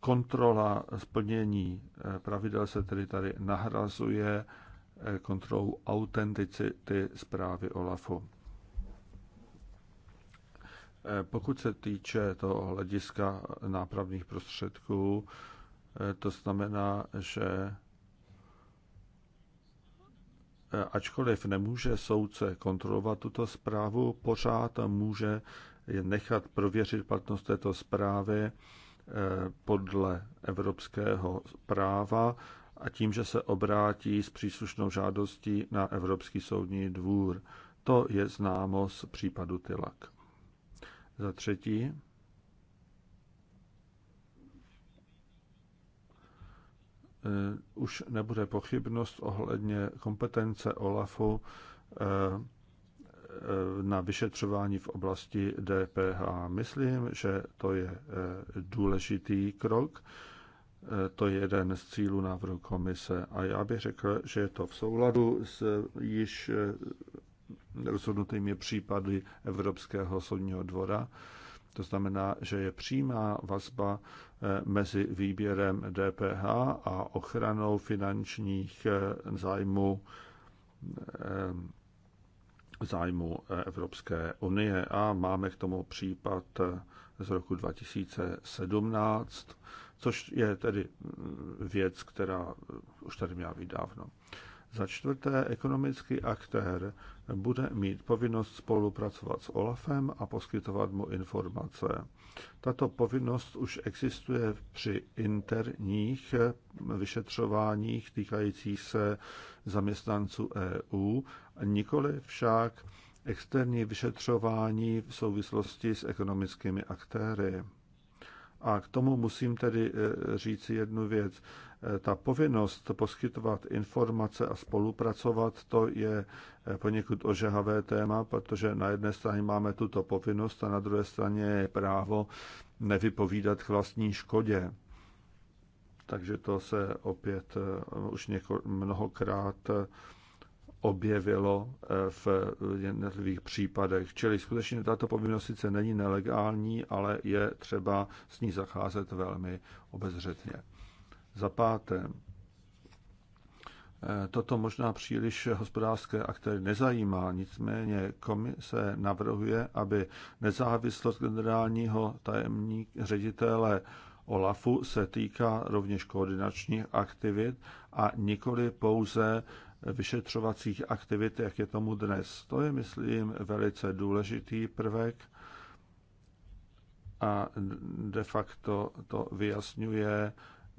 Kontrola splnění pravidel se tedy tady nahrazuje Eh, kontrolou autenticity zprávy OLAFu. Eh, pokud se týče toho hlediska nápravných prostředků, eh, to znamená, že ačkoliv nemůže soudce kontrolovat tuto zprávu, pořád může nechat prověřit platnost této zprávy podle evropského práva a tím, že se obrátí s příslušnou žádostí na Evropský soudní dvůr. To je známo z případu Tilak. Za třetí, eh, už nebude pochybnost ohledně kompetence OLAFu eh, eh, na vyšetřování v oblasti DPH. Myslím, že to je důležitý krok Eh, to je jeden z cílů návrhu komise a já bych řekl, že je to v souladu s již eh, rozhodnutými případy Evropského soudního dvora. To znamená, že je přímá vazba eh, mezi výběrem DPH a ochranou finančních zájmů zájmu Evropské unie a máme k tomu případ z roku 2017, což je tedy mm, věc, která eh, už tady měla být dávno. Za čtvrté, ekonomický aktér bude mít povinnost spolupracovat s OLAFem a poskytovat mu informace. Tato povinnost už existuje při interních eh, vyšetřováních týkajících se zaměstnanců EU, nikoli však externí vyšetřování v souvislosti s ekonomickými aktéry. A k tomu musím tedy eh, říci jednu věc. Eh, ta povinnost poskytovat informace a spolupracovat, to je eh, poněkud ožehavé téma, protože na jedné straně máme tuto povinnost a na druhé straně je právo nevypovídat k vlastní škodě. Takže to se opět už něko, mnohokrát objevilo eh, v eh, jednotlivých případech. Čili skutečně tato povinnost sice není nelegální, ale je třeba s ní zacházet velmi obezřetně. Za páté, eh, toto možná příliš hospodářské aktéry nezajímá, nicméně komise navrhuje, aby nezávislost generálního tajemník ředitele OLAFu se týká rovněž koordinačních aktivit a nikoli pouze vyšetřovacích aktivit, jak je tomu dnes. To je, myslím, velice důležitý prvek a de facto to vyjasňuje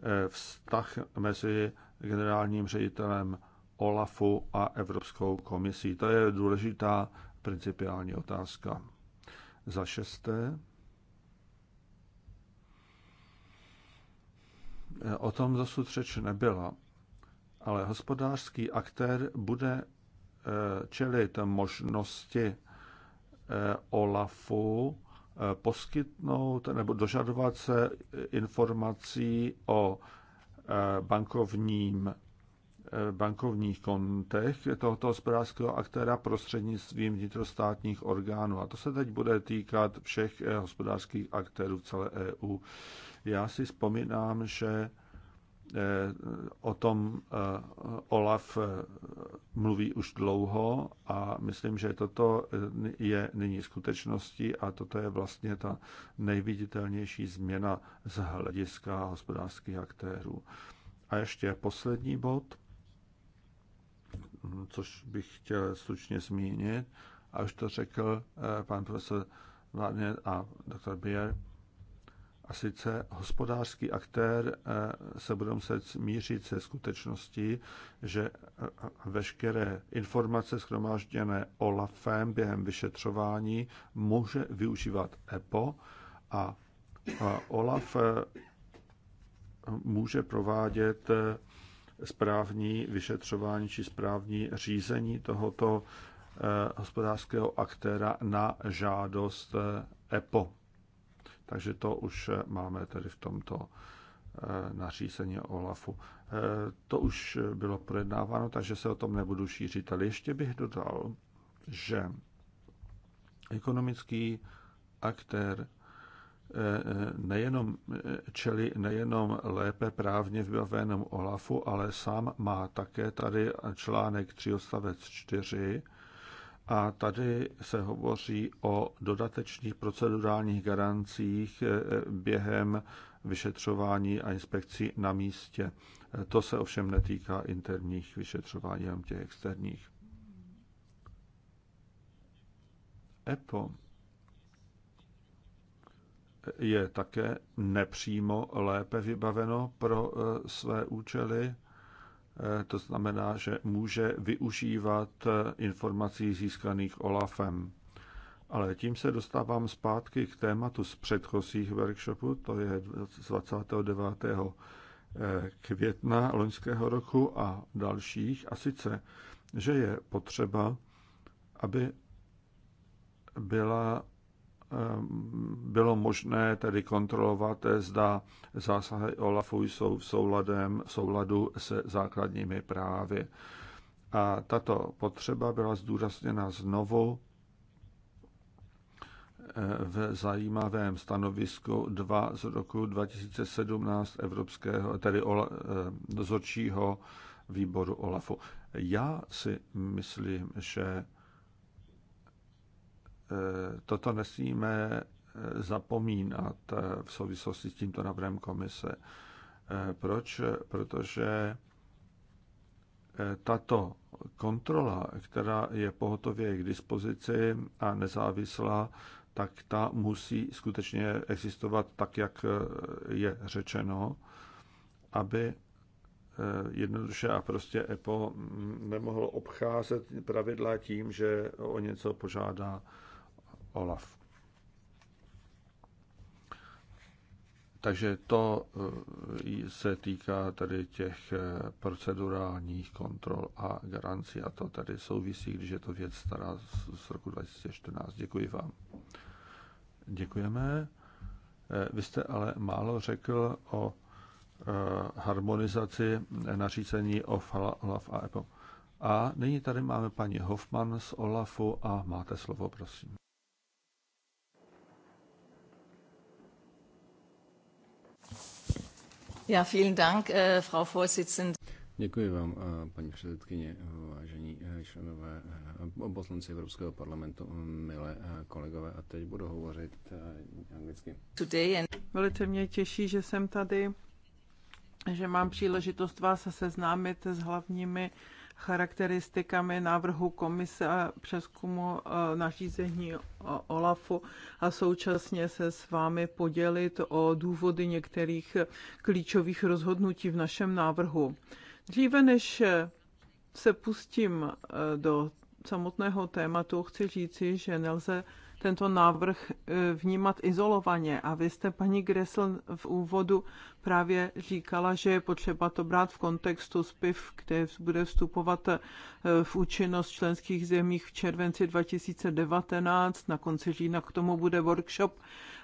eh, vztah mezi generálním ředitelem OLAFu a Evropskou komisí. To je důležitá principiální otázka. Za šesté, eh, o tom dosud řeč nebyla, ale hospodářský aktér bude eh, čelit možnosti eh, OLAFu eh, poskytnout nebo dožadovat se informací o bankovním, bankovních kontech tohoto hospodářského aktéra prostřednictvím vnitrostátních orgánů. A to se teď bude týkat všech hospodářských aktérů celé EU. Já si vzpomínám, že Eh, o tom eh, Olaf eh, mluví už dlouho a myslím, že toto je nyní skutečností a toto je vlastně ta nejviditelnější změna z hlediska hospodářských aktérů. A ještě poslední bod, hm, což bych chtěl stručně zmínit, a už to řekl pan profesor Vladimir a doktor Bier, a sice hospodářský aktér eh, se bude muset smířit se skutečností, že eh, eh, veškeré informace schromážděné OLAFem během vyšetřování může využívat EPO a OLAF může provádět správní vyšetřování či správní řízení tohoto hospodářského aktéra na žádost EPO. E takže to už eh, máme tedy v tomto eh, nařízení OLAFu. Eh, to už bylo projednáváno, takže se o tom nebudu šířit. Ale ještě bych dodal, že ekonomický aktér nejenom čeli nejenom lépe právně vybavenému OLAFu, ale sám má také tady článek 3 odstavec 4, a tady se hovoří o dodatečných procedurálních garancích eh, během vyšetřování a inspekcí na místě. Eh, to se ovšem netýká interních vyšetřování, jenom těch externích. EPO je také nepřímo lépe vybaveno pro eh, své účely Eh, to znamená, že může využívat eh, informací získaných OLAFem. Ale tím se dostávám zpátky k tématu z předchozích workshopů, to je z 29. Eh, května loňského roku a dalších, a sice, že je potřeba, aby byla Ehm, bylo možné tedy kontrolovat, eh, zda zásahy OLAFu jsou v souladem, souladu se základními právy. A tato potřeba byla zdůrazněna znovu eh, v zajímavém stanovisku 2 z roku 2017 Evropského, tedy Ola, eh, dozorčího výboru OLAFu. Já si myslím, že Eh, toto nesmíme eh, zapomínat eh, v souvislosti s tímto návrhem komise. Proč? Protože tato kontrola, která je pohotově k dispozici a nezávislá, tak ta musí skutečně existovat tak, jak je řečeno, aby jednoduše a prostě EPO mm, nemohlo obcházet pravidla tím, že o něco požádá OLAF. Takže to eh, se týká tady těch eh, procedurálních kontrol a garancí a to tady souvisí, když je to věc stará z roku 2014. Děkuji vám. Děkujeme. Eh, vy jste ale málo řekl o harmonizaci nařízení o OLAF a EPO. A nyní tady máme paní Hoffman z OLAFu a máte slovo, prosím. vielen Dank, eh, Frau Vorsitzende. Děkuji vám, eh, paní předsedkyně, vážení eh, členové poslanci Evropského parlamentu, milé kolegové. A teď budu hovořit anglicky. Velice mě těší, že jsem tady, že mám příležitost vás seznámit s hlavními charakteristikami návrhu komise a přeskumu e, nařízení OLAFu a současně se s vámi podělit o důvody některých klíčových rozhodnutí v našem návrhu. Dříve než se pustím e, do samotného tématu, chci říci, že nelze tento návrh e, vnímat izolovaně. A vy jste, paní Gressel, v úvodu právě říkala, že je potřeba to brát v kontextu PIV, kde bude vstupovat e, v účinnost členských zemích v červenci 2019. Na konci října k tomu bude workshop.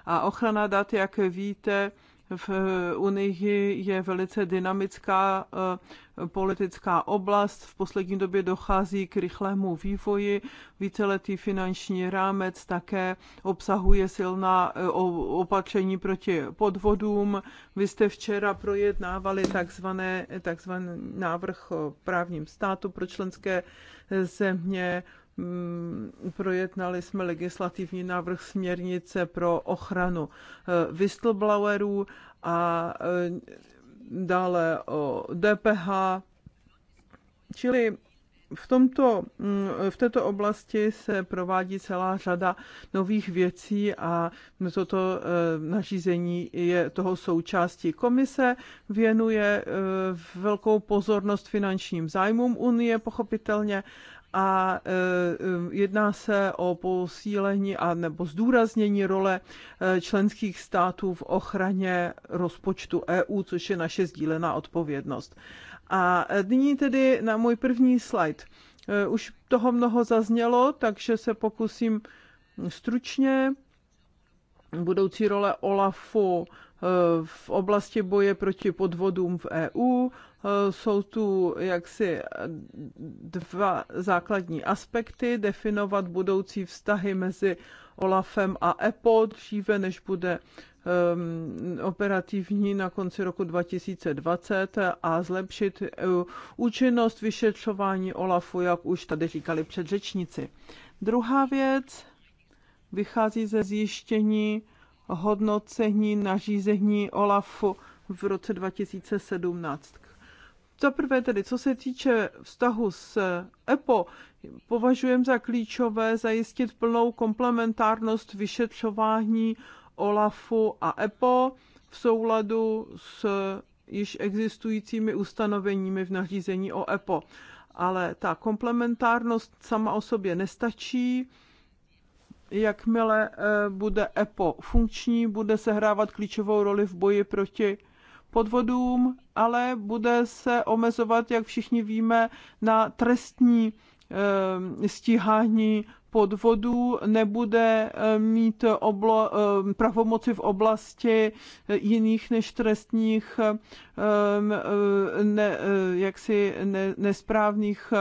A ochrana dat, jak víte, v eh, Unii je velice dynamická eh, politická oblast. V poslední době dochází k rychlému vývoji. Víceletý finanční rámec také obsahuje silná eh, opatření proti podvodům. Vy jste včera projednávali takzvané, takzvaný návrh o právním státu pro členské země Mm, projednali jsme legislativní návrh směrnice pro ochranu eh, whistleblowerů a eh, dále o DPH. Čili v, tomto, mm, v této oblasti se provádí celá řada nových věcí a toto eh, nařízení je toho součástí. Komise věnuje velkou pozornost finančním zájmům Unie, pochopitelně, a e, e, jedná se o posílení a nebo zdůraznění role e, členských států v ochraně rozpočtu EU, což je naše sdílená odpovědnost. A nyní tedy na můj první slide. Už toho mnoho zaznělo, takže se pokusím stručně. Budoucí role OLAFu v oblasti boje proti podvodům v EU, Eh, jsou tu jaksi eh, dva základní aspekty, definovat budoucí vztahy mezi Olafem a EPO dříve, než bude um, operativní na konci roku 2020 a zlepšit uh, účinnost vyšetřování OLAFu, jak už tady říkali předřečníci. Druhá věc vychází ze zjištění hodnocení nařízení OLAFu v roce 2017. Za prvé tedy, co se týče vztahu s EPO, považujeme za klíčové zajistit plnou komplementárnost vyšetřování OLAFu a EPO v souladu s již existujícími ustanoveními v nařízení o EPO. Ale ta komplementárnost sama o sobě nestačí. Jakmile eh, bude EPO funkční, bude sehrávat klíčovou roli v boji proti podvodům, ale bude se omezovat, jak všichni víme, na trestní eh, stíhání podvodů, nebude eh, mít oblo, eh, pravomoci v oblasti jiných než trestních ne, jaksi ne, nesprávných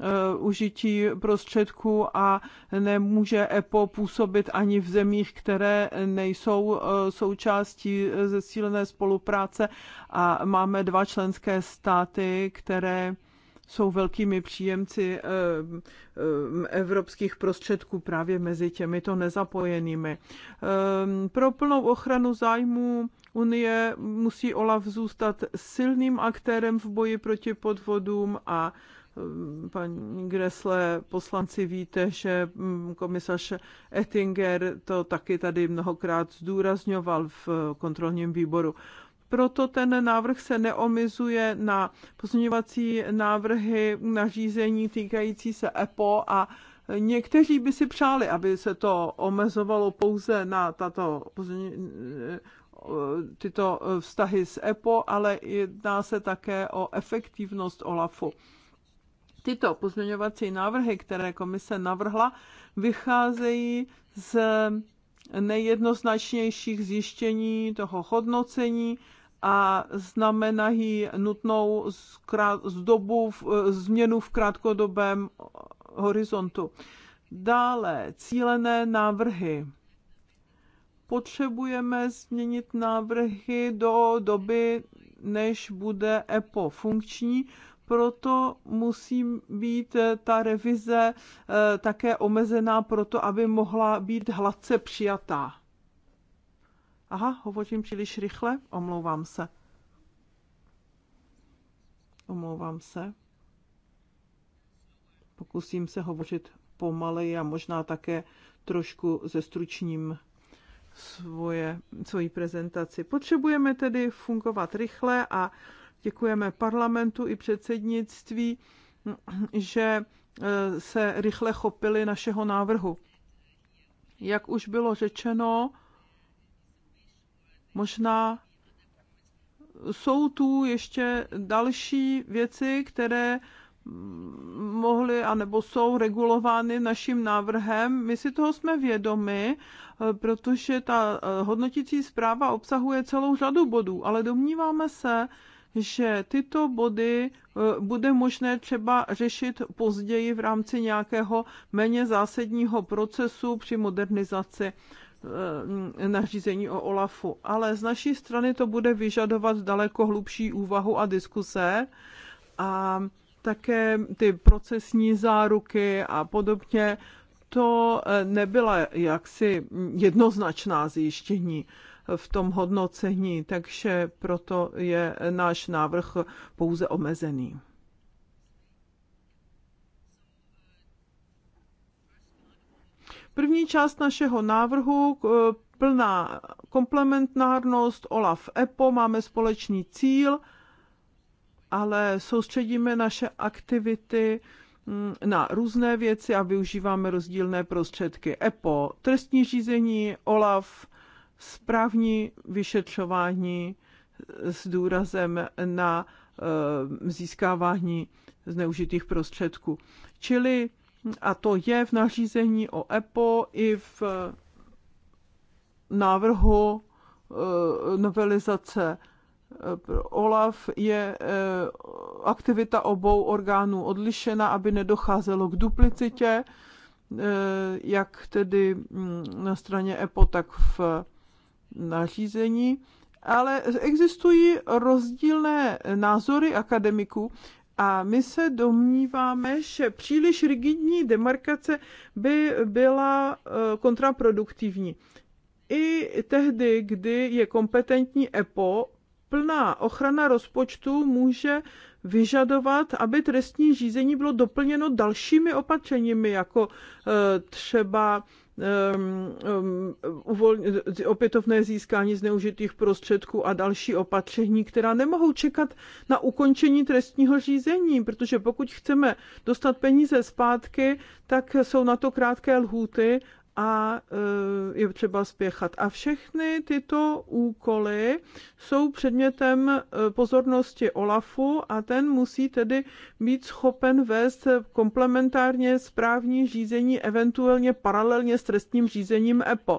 Eh, užití prostředků a nemůže EPO působit ani v zemích, které nejsou eh, součástí eh, zesílené spolupráce a máme dva členské státy, které jsou velkými příjemci evropských prostředků právě mezi těmito nezapojenými. Pro plnou ochranu zájmů Unie musí OLAF zůstat silným aktérem v boji proti podvodům a paní Gresle, poslanci víte, že mm, komisař Ettinger to taky tady mnohokrát zdůrazňoval v kontrolním výboru. Proto ten návrh se neomizuje na pozměňovací návrhy nařízení týkající se EPO a Někteří by si přáli, aby se to omezovalo pouze na tato, e, tyto e, vztahy s EPO, ale jedná se také o efektivnost OLAFu. Tyto pozměňovací návrhy, které komise navrhla, vycházejí z nejjednoznačnějších zjištění toho hodnocení a znamenají nutnou zdobu, eh, změnu v krátkodobém horizontu. Dále cílené návrhy. Potřebujeme změnit návrhy do doby, než bude EPO funkční, proto musí být eh, ta revize eh, také omezená proto, aby mohla být hladce přijatá. Aha, hovořím příliš rychle, omlouvám se. Omlouvám se. Pokusím se hovořit pomaleji a možná také trošku zestručním svoje, svoji prezentaci. Potřebujeme tedy fungovat rychle a děkujeme parlamentu i předsednictví, že eh, se rychle chopili našeho návrhu. Jak už bylo řečeno, možná jsou tu ještě další věci, které mm, mohly a nebo jsou regulovány naším návrhem. My si toho jsme vědomi, eh, protože ta eh, hodnotící zpráva obsahuje celou řadu bodů, ale domníváme se, že tyto body eh, bude možné třeba řešit později v rámci nějakého méně zásadního procesu při modernizaci eh, nařízení o OLAFu. Ale z naší strany to bude vyžadovat daleko hlubší úvahu a diskuse a také ty procesní záruky a podobně. To eh, nebyla jaksi jednoznačná zjištění v tom hodnocení, takže proto je náš návrh pouze omezený. První část našeho návrhu plná komplementárnost OLAF EPO, máme společný cíl, ale soustředíme naše aktivity mm, na různé věci a využíváme rozdílné prostředky. EPO, trestní řízení, OLAF, správní vyšetřování s důrazem na eh, získávání zneužitých prostředků. Čili, a to je v nařízení o EPO i v návrhu eh, novelizace eh, pro OLAF je aktivita obou orgánů odlišena, aby nedocházelo k duplicitě, jak tedy hm, na straně EPO, tak v nařízení, ale existují rozdílné názory akademiků a my se domníváme, že příliš rigidní demarkace by byla eh, kontraproduktivní. I tehdy, kdy je kompetentní EPO, plná ochrana rozpočtu může vyžadovat, aby trestní řízení bylo doplněno dalšími opatřeními, jako eh, třeba Ehm, ehm, opětovné získání zneužitých prostředků a další opatření, která nemohou čekat na ukončení trestního řízení, protože pokud chceme dostat peníze zpátky, tak jsou na to krátké lhůty a e, je třeba spěchat. A všechny tyto úkoly jsou předmětem e, pozornosti OLAFu a ten musí tedy být schopen vést komplementárně správní řízení, eventuálně paralelně s trestním řízením EPO.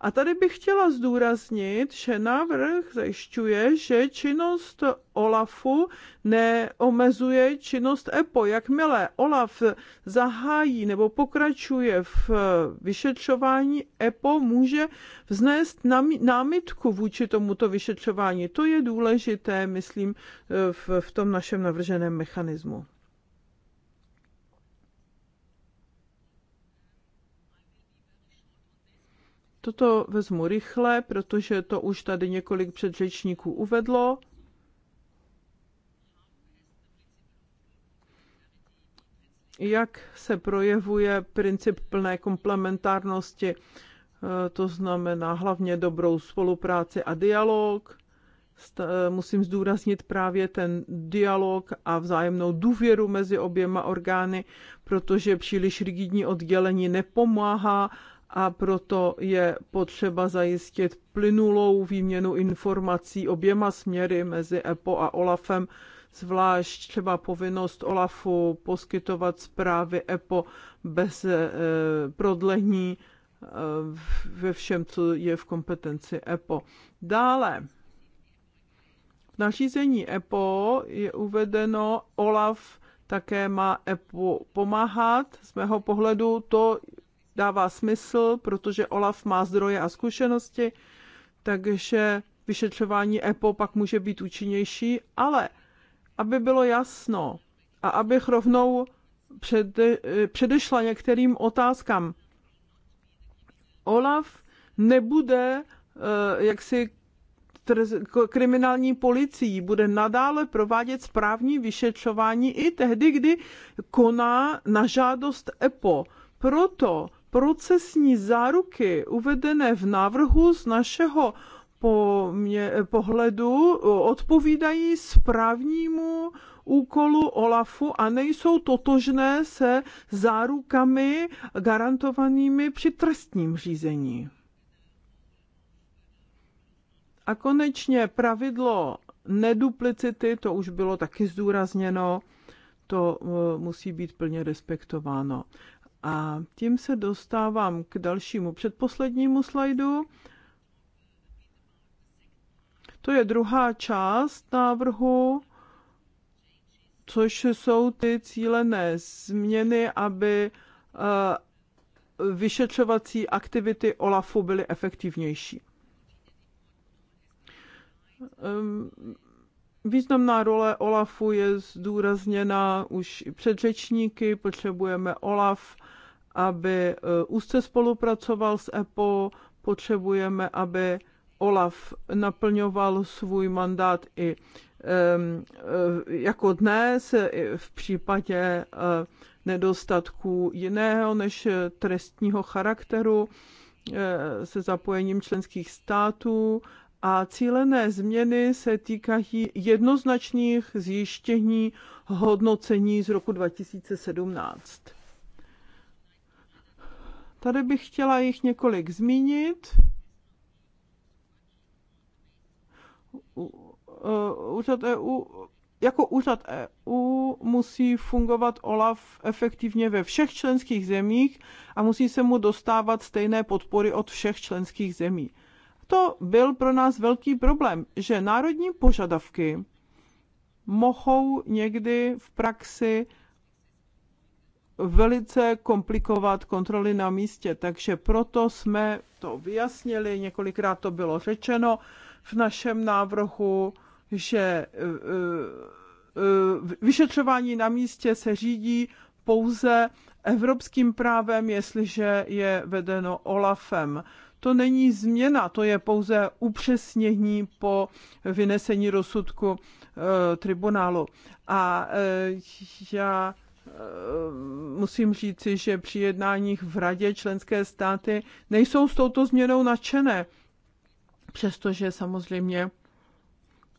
A tady bych chtěla zdůraznit, že návrh zajišťuje, že činnost OLAFu neomezuje činnost EPO. Jakmile OLAF zahájí nebo pokračuje v vyšetřování, EPO může vznést námitku vůči tomuto vyšetřování. To je důležité, myslím, v, v tom našem navrženém mechanismu. Toto vezmu rychle, protože to už tady několik předřečníků uvedlo. Jak se projevuje princip plné komplementárnosti, eh, to znamená hlavně dobrou spolupráci a dialog. Eh, musím zdůraznit právě ten dialog a vzájemnou důvěru mezi oběma orgány, protože příliš rigidní oddělení nepomáhá a proto je potřeba zajistit plynulou výměnu informací oběma směry mezi EPO a OLAFem, zvlášť třeba povinnost OLAFu poskytovat zprávy EPO bez e, prodlení e, ve všem, co je v kompetenci EPO. Dále, v nařízení EPO je uvedeno, OLAF také má EPO pomáhat. Z mého pohledu to dává smysl, protože OLAF má zdroje a zkušenosti, takže vyšetřování EPO pak může být účinnější, ale aby bylo jasno a abych rovnou přede, předešla některým otázkám. OLAF nebude eh, jaksi kriminální policií bude nadále provádět správní vyšetřování i tehdy, kdy koná na žádost EPO. Proto procesní záruky uvedené v návrhu z našeho pohledu odpovídají správnímu úkolu OLAFu a nejsou totožné se zárukami garantovanými při trestním řízení. A konečně pravidlo neduplicity, to už bylo taky zdůrazněno, to e, musí být plně respektováno. A tím se dostávám k dalšímu předposlednímu slajdu. To je druhá část návrhu, což jsou ty cílené změny, aby eh, vyšetřovací aktivity OLAFu byly efektivnější. Ehm, významná role OLAFu je zdůrazněna už i řečníky. Potřebujeme OLAF, aby eh, úzce spolupracoval s EPO, potřebujeme, aby OLAF naplňoval svůj mandát i eh, jako dnes v případě eh, nedostatků jiného než trestního charakteru se zapojením členských států a cílené změny se týkají jednoznačných zjištění hodnocení z roku 2017. Tady bych chtěla jich několik zmínit. Uh, úřad EU, jako úřad EU musí fungovat OLAF efektivně ve všech členských zemích a musí se mu dostávat stejné podpory od všech členských zemí. To byl pro nás velký problém, že národní požadavky mohou někdy v praxi velice komplikovat kontroly na místě, takže proto jsme to vyjasnili, několikrát to bylo řečeno v našem návrhu, že eh, eh, vyšetřování na místě se řídí pouze evropským právem, jestliže je vedeno OLAFem. To není změna, to je pouze upřesnění po vynesení rozsudku e, tribunálu. A e, já Eh, musím říci, že při jednáních v radě členské státy nejsou s touto změnou nadšené, přestože samozřejmě eh,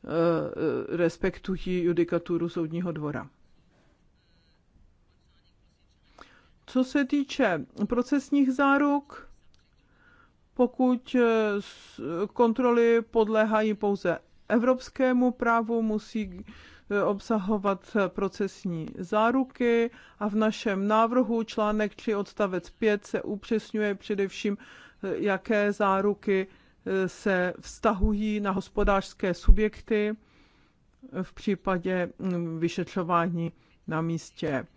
eh, respektují judikaturu soudního dvora. Co se týče procesních záruk, pokud kontroly podléhají pouze evropskému právu, musí Eh, obsahovat procesní záruky a v našem návrhu článek 3 odstavec 5 se upřesňuje především, eh, jaké záruky eh, se vztahují na hospodářské subjekty v případě mm, vyšetřování na místě.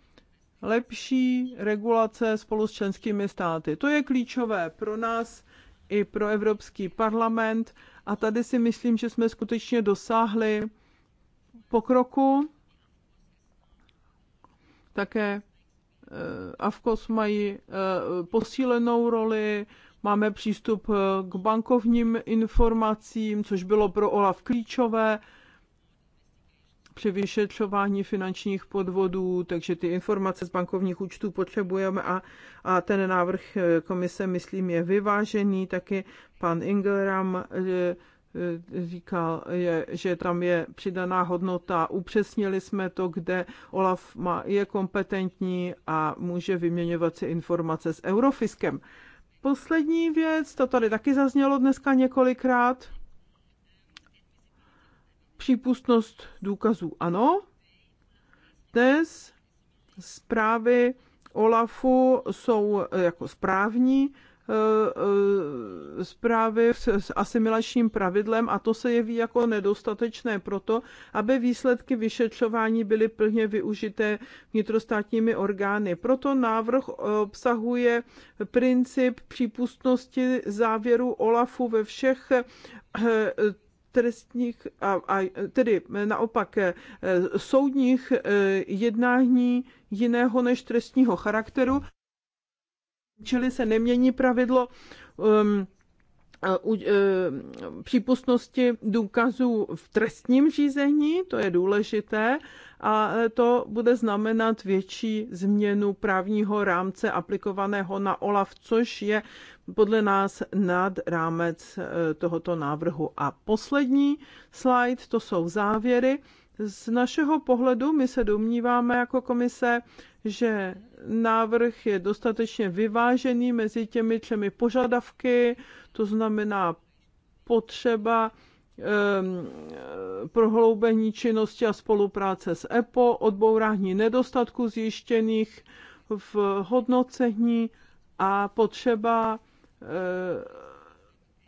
Lepší regulace spolu s členskými státy. To je klíčové pro nás i pro Evropský parlament a tady si myslím, že jsme skutečně dosáhli pokroku. Také eh, AFKOS mají eh, posílenou roli, máme přístup eh, k bankovním informacím, což bylo pro OLAF klíčové při vyšetřování finančních podvodů, takže ty informace z bankovních účtů potřebujeme a, a ten návrh komise, myslím, je vyvážený. Taky pan Ingelram Eh, říkal, je, že tam je přidaná hodnota. Upřesnili jsme to, kde Olaf má, je kompetentní a může vyměňovat si informace s Eurofiskem. Poslední věc, to tady taky zaznělo dneska několikrát. Přípustnost důkazů, ano. Dnes zprávy Olafu jsou eh, jako správní, Eh, eh, zprávy s asimilačním pravidlem a to se jeví jako nedostatečné proto, aby výsledky vyšetřování byly plně využité vnitrostátními orgány. Proto návrh obsahuje princip přípustnosti závěru OLAFu ve všech eh, trestních, a, a tedy naopak soudních jednání jiného než trestního charakteru čili se nemění pravidlo um, u, uh, přípustnosti důkazů v trestním řízení, to je důležité, a eh, to bude znamenat větší změnu právního rámce aplikovaného na OLAF, což je podle nás nad rámec eh, tohoto návrhu. A poslední slide, to jsou závěry. Z našeho pohledu my se domníváme jako komise, že návrh je dostatečně vyvážený mezi těmi třemi požadavky, to znamená potřeba prohloubení činnosti a spolupráce s EPO, odbourání nedostatků zjištěných v hodnocení a potřeba eh,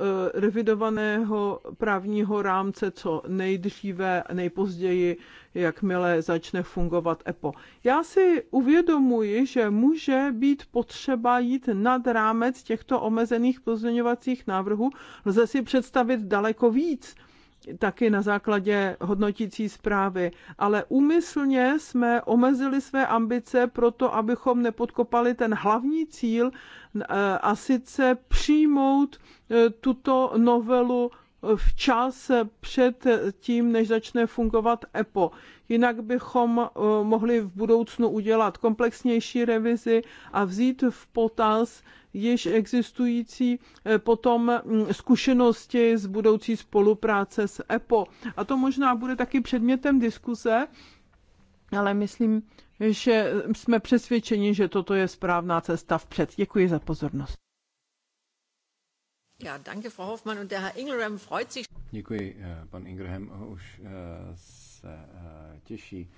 Eh, revidovaného právního rámce co nejdříve, nejpozději, jakmile začne fungovat EPO. Já si uvědomuji, že může být potřeba jít nad rámec těchto omezených pozměňovacích návrhů. Lze si představit daleko víc taky na základě hodnotící zprávy. Ale úmyslně jsme omezili své ambice proto, abychom nepodkopali ten hlavní cíl eh, a sice přijmout eh, tuto novelu včas před tím, než začne fungovat EPO. Jinak bychom eh, mohli v budoucnu udělat komplexnější revizi a vzít v potaz již existující eh, potom mm, zkušenosti z budoucí spolupráce s EPO. A to možná bude taky předmětem diskuse, ale myslím, že jsme přesvědčeni, že toto je správná cesta vpřed. Děkuji za pozornost. Ja, danke, Frau Hoffmann. Und der Herr Ingram freut sich. Děkuji, eh, pan Ingram už eh, se eh, těší.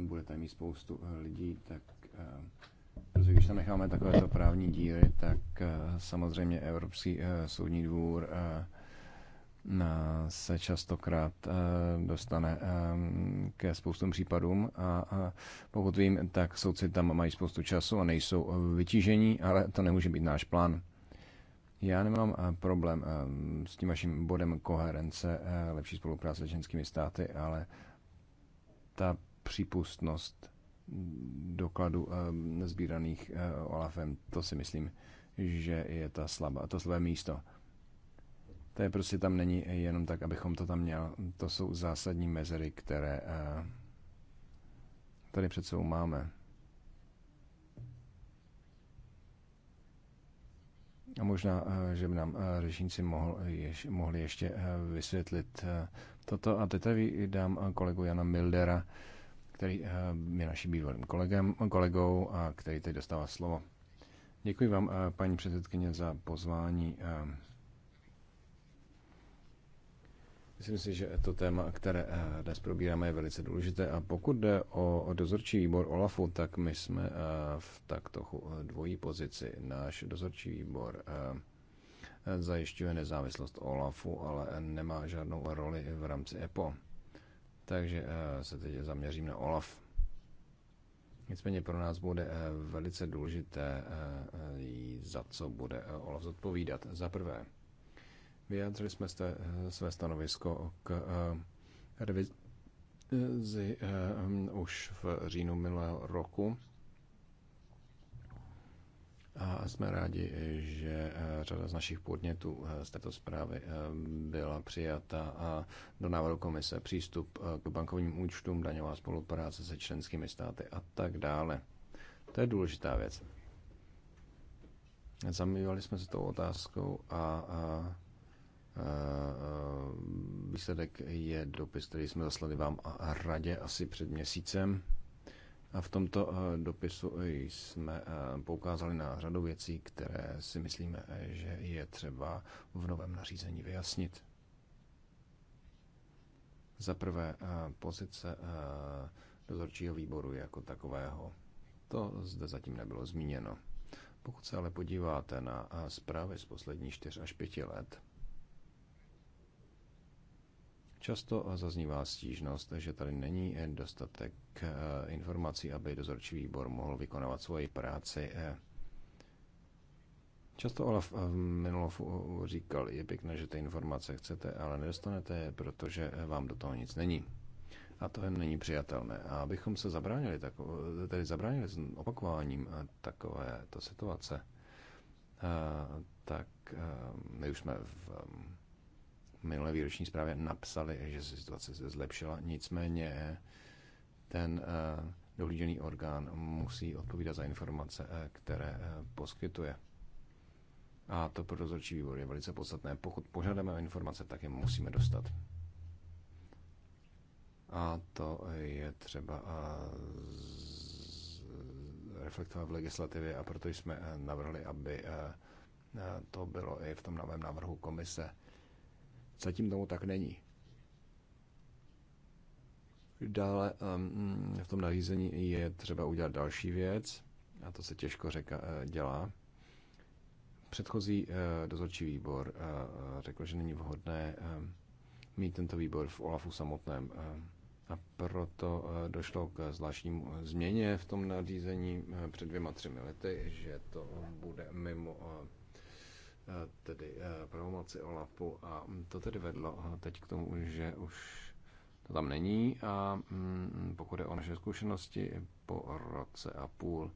Bude tam mít spoustu lidí, tak Protože když tam necháme takovéto právní díry, tak samozřejmě Evropský soudní dvůr se častokrát dostane ke spoustům případům a pokud vím, tak soudci tam mají spoustu času a nejsou vytížení, ale to nemůže být náš plán. Já nemám eh, problém eh, s tím vaším bodem koherence, eh, lepší spolupráce s ženskými státy, ale ta přípustnost dokladu sbíraných Olafem, to si myslím, že je ta slabá, to slabé místo. To je prostě tam není jenom tak, abychom to tam měl. To jsou zásadní mezery, které tady před sebou máme. A možná, eh, že by nám eh, řečníci mohl, ješ, mohli ještě eh, vysvětlit toto. A teď tady dám kolegu Jana Mildera, který je naším bývalým kolegem, kolegou a který teď dostává slovo. Děkuji vám, paní předsedkyně, za pozvání Myslím si, že to téma, které eh, dnes probíráme, je velice důležité. A pokud jde o dozorčí výbor OLAFu, tak my jsme eh, v tak trochu eh, dvojí pozici. Náš dozorčí výbor zajišťuje nezávislost OLAFu, ale nemá žádnou roli v rámci EPO. Takže se teď zaměřím na OLAF. Nicméně pro nás bude velice důležité, za co bude OLAF zodpovídat. Za prvé, Vyjádřili jsme se eh, své stanovisko k eh, revizi eh, už v říjnu minulého roku. A jsme rádi, že řada z našich podnětů z této zprávy byla přijata do návrhu komise přístup k bankovním účtům, daňová spolupráce se členskými státy a tak dále. To je důležitá věc. Zamývali jsme se tou otázkou a, a Eh, eh, výsledek je dopis, který jsme zaslali vám a radě asi před měsícem. A v tomto eh, dopisu jsme poukázali na řadu věcí, které si myslíme, že je třeba v novém nařízení vyjasnit. Za prvé pozice dozorčího výboru jako takového. To zde zatím nebylo zmíněno. Pokud se ale podíváte na zprávy z posledních 4 až 5 let, Často zaznívá stížnost, že tady není dostatek eh, informací, aby dozorčí výbor mohl vykonávat svoji práci. Eh, často Olaf eh, Minulov říkal, je pěkné, že ty informace chcete, ale nedostanete je, protože vám do toho nic není. A to není přijatelné. A abychom se zabránili, tedy zabránili s opakováním takovéto situace, tak my už jsme v minulé výroční zprávě napsali, že se situace se zlepšila. Nicméně ten eh, dohlížený orgán musí odpovídat za informace, eh, které eh, poskytuje. A to pro dozorčí výbor je velice podstatné. Pokud požádáme o informace, tak je musíme dostat. A to je třeba reflektovat v legislativě a proto jsme navrhli, aby to bylo i v tom novém návrhu komise Zatím tomu tak není. Dále um, v tom nařízení je třeba udělat další věc, a to se těžko řeka, eh, dělá. Předchozí eh, dozorčí výbor eh, řekl, že není vhodné mít tento výbor v OLAFu samotném. A proto došlo k zvláštní změně v tom nařízení před dvěma, třemi lety, že to bude mimo Eh, tedy eh, pravomoci OLAFu a mm, to tedy vedlo eh, teď k tomu, že už to tam není a mm, pokud je o naše zkušenosti po roce a půl,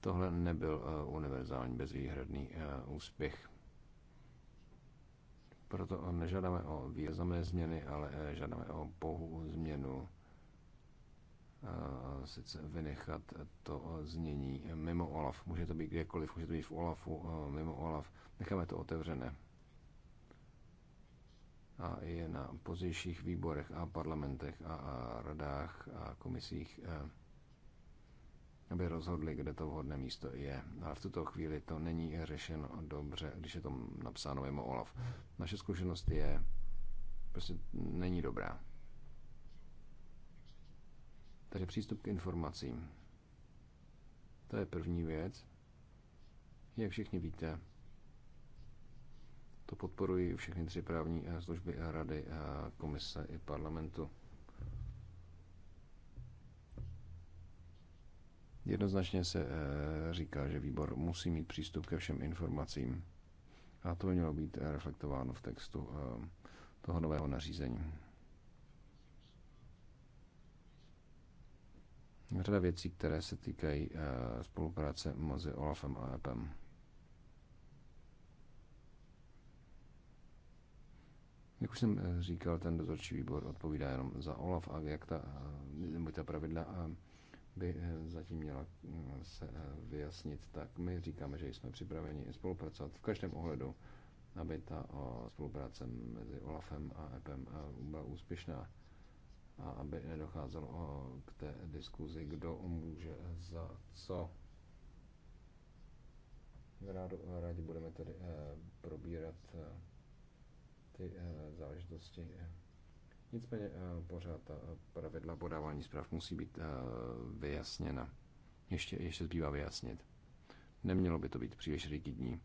tohle nebyl univerzální bezvýhradný úspěch. Proto nežádáme o významné změny, ale žádáme o bohu změnu sice vynechat to znění mimo OLAF. Může to být kdekoliv, může to být v OLAFu, eh, mimo OLAF. Necháme to otevřené. A je na pozdějších výborech a parlamentech a, radách a komisích, eh, aby rozhodli, kde to vhodné místo je. Ale v tuto chvíli to není řešeno dobře, když je to napsáno mimo OLAF. Naše zkušenost je, prostě není dobrá. Takže přístup k informacím. To je první věc. Jak všichni víte, to podporují všechny tři právní eh, služby a eh, rady, a eh, komise i parlamentu. Jednoznačně se říká, že výbor musí mít přístup ke všem informacím. A to by mělo být reflektováno v textu toho nového nařízení. řada věcí, které se týkají eh, spolupráce mezi Olafem a EPem. Jak už jsem eh, říkal, ten dozorčí výbor odpovídá jenom za OLAF a jak ta, eh, nebo ta pravidla by zatím měla se vyjasnit, tak my říkáme, že jsme připraveni spolupracovat v každém ohledu, aby ta spolupráce mezi OLAFem a EPem byla úspěšná a aby nedocházelo eh, k té diskuzi, kdo může za co. Rádo, rádi budeme tedy eh, probírat eh, ty záležitosti. Nicméně pořád ta pravidla podávání zpráv musí být vyjasněna. Ještě, ještě zbývá vyjasnit. Nemělo by to být příliš rigidní.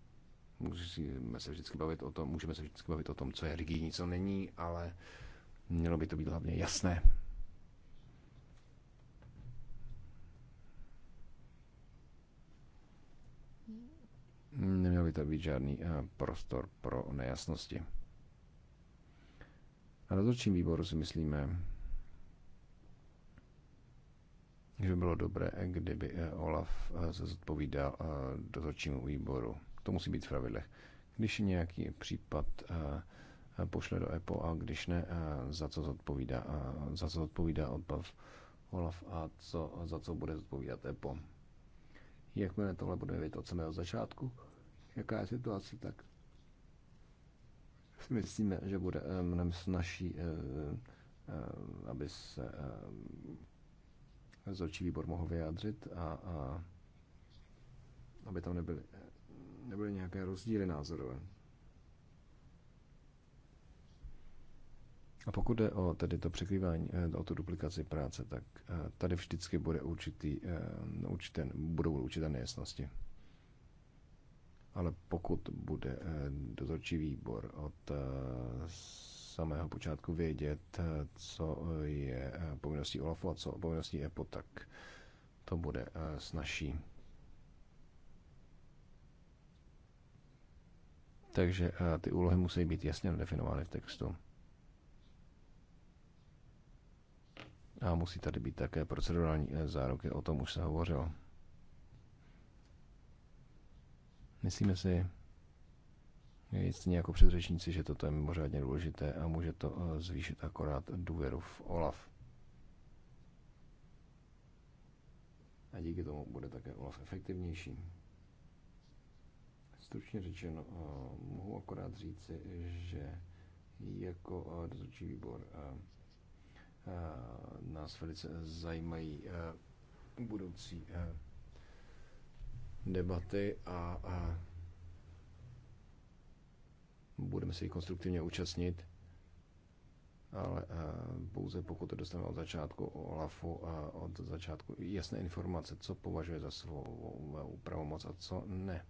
Musíme se vždycky bavit o tom, můžeme se vždycky bavit o tom, co je rigidní, co není, ale uh, Mělo by to být hlavně jasné. Nemělo by to být žádný eh, prostor pro nejasnosti. A Na dozorčím výboru si myslíme, že bylo dobré, kdyby eh, Olaf eh, se zodpovídal dozorčímu výboru. To musí být v pravidlech. Když je nějaký případ Eh, pošle do EPO a když ne, eh, za co zodpovídá, eh, za co zodpovídá odpav Olaf a co, za co bude zodpovídat EPO. Jakmile tohle bude vědět od samého začátku, jaká je situace, tak si myslíme, že bude mnohem snažší, aby se zorčí výbor mohl vyjádřit a, a aby tam nebyly, nebyly nějaké rozdíly názorové. A pokud jde o tedy to překrývání, eh, o tu duplikaci práce, tak eh, tady vždycky bude určitý, eh, určité, budou určité nejasnosti. Ale pokud bude dozorčí výbor od samého počátku vědět, co je povinností OLAFu a co povinností EPO, tak to bude snažší. Takže ty úlohy musí být jasně definovány v textu. A musí tady být také procedurální eh, záruky, o tom už se hovořilo. Myslíme si, jistě jako předřečníci, že toto je mimořádně důležité a může to eh, zvýšit akorát důvěru v OLAF. A díky tomu bude také OLAF efektivnější. Stručně řečeno, eh, mohu akorát říci, že jako dozorčí výbor Eh, nás velice zajímají eh, budoucí eh, debaty a, budeme se jich konstruktivně účastnit, ale pouze pokud to dostaneme od začátku OLAFu, a od začátku jasné informace, co považuje za svou pravomoc a co ne.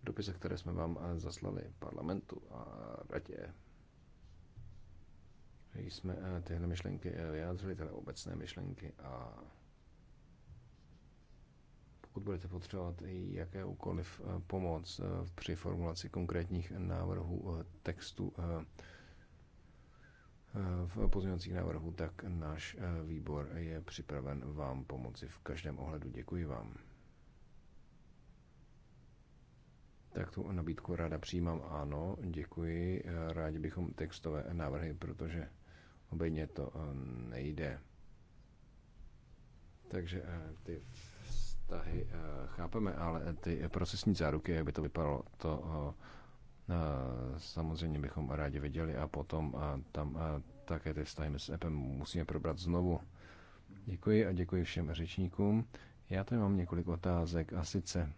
V dopise, které jsme vám zaslali parlamentu a radě, jsme eh, tyhle myšlenky eh, vyjádřili, tyhle obecné myšlenky a pokud budete potřebovat i jakéhokoliv eh, pomoc při formulaci konkrétních návrhů textu v pozměňovacích návrhů, tak náš výbor je připraven vám pomoci v každém ohledu. Děkuji vám. Tak tu nabídku ráda přijímám, ano, děkuji. Rádi bychom textové návrhy, protože Obejně to eh, nejde. Takže eh, ty vztahy eh, chápeme, ale ty procesní záruky, jak by to vypadalo, to samozřejmě bychom rádi viděli a potom tam také ty vztahy s EPem musíme probrat znovu. Děkuji a děkuji všem řečníkům. Já tady mám několik otázek a sice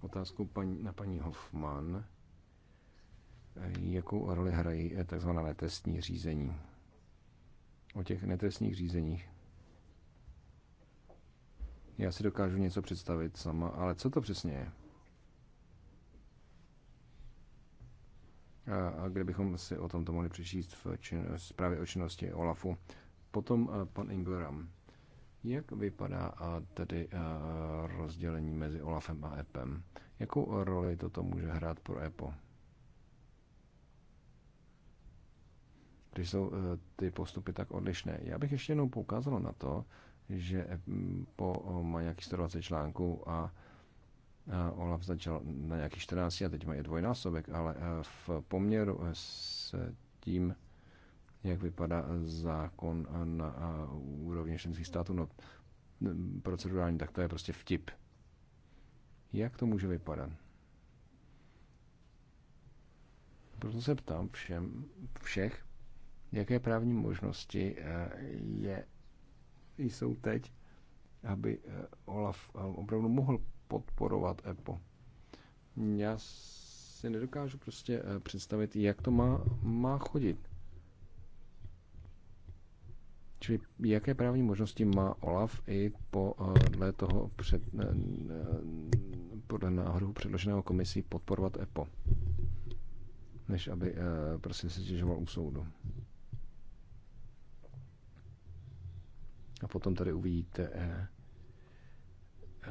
otázku paní, na paní Hoffman jakou roli hrají tzv. netrestní řízení. O těch netrestních řízeních. Já si dokážu něco představit sama, ale co to přesně je? A kdybychom si o tom to mohli přečíst v čin, zprávě o činnosti OLAFu. Potom eh, pan Ingleram. Jak vypadá tedy eh, rozdělení mezi OLAFem a EPem? Jakou roli toto může hrát pro EPO? když jsou eh, ty postupy tak odlišné. Já bych ještě jednou poukázal na to, že eh, po eh, má nějakých 120 článků a Olaf začal na nějakých 14 a teď má je dvojnásobek, ale v poměru s tím, jak vypadá zákon na úrovni členských států, no mm, procedurální, tak to je prostě vtip. Jak to může vypadat? Proto se ptám všem, všech, Jaké právní možnosti eh, je, jsou teď, aby eh, Olaf eh, opravdu mohl podporovat EPO? Já si nedokážu prostě představit, jak to má, má chodit. Čili jaké právní možnosti má OLAF i podle toho před, podle náhodou předloženého komisí podporovat EPO, než aby prostě se stěžoval u soudu? A potom tady uvidíte eh, eh,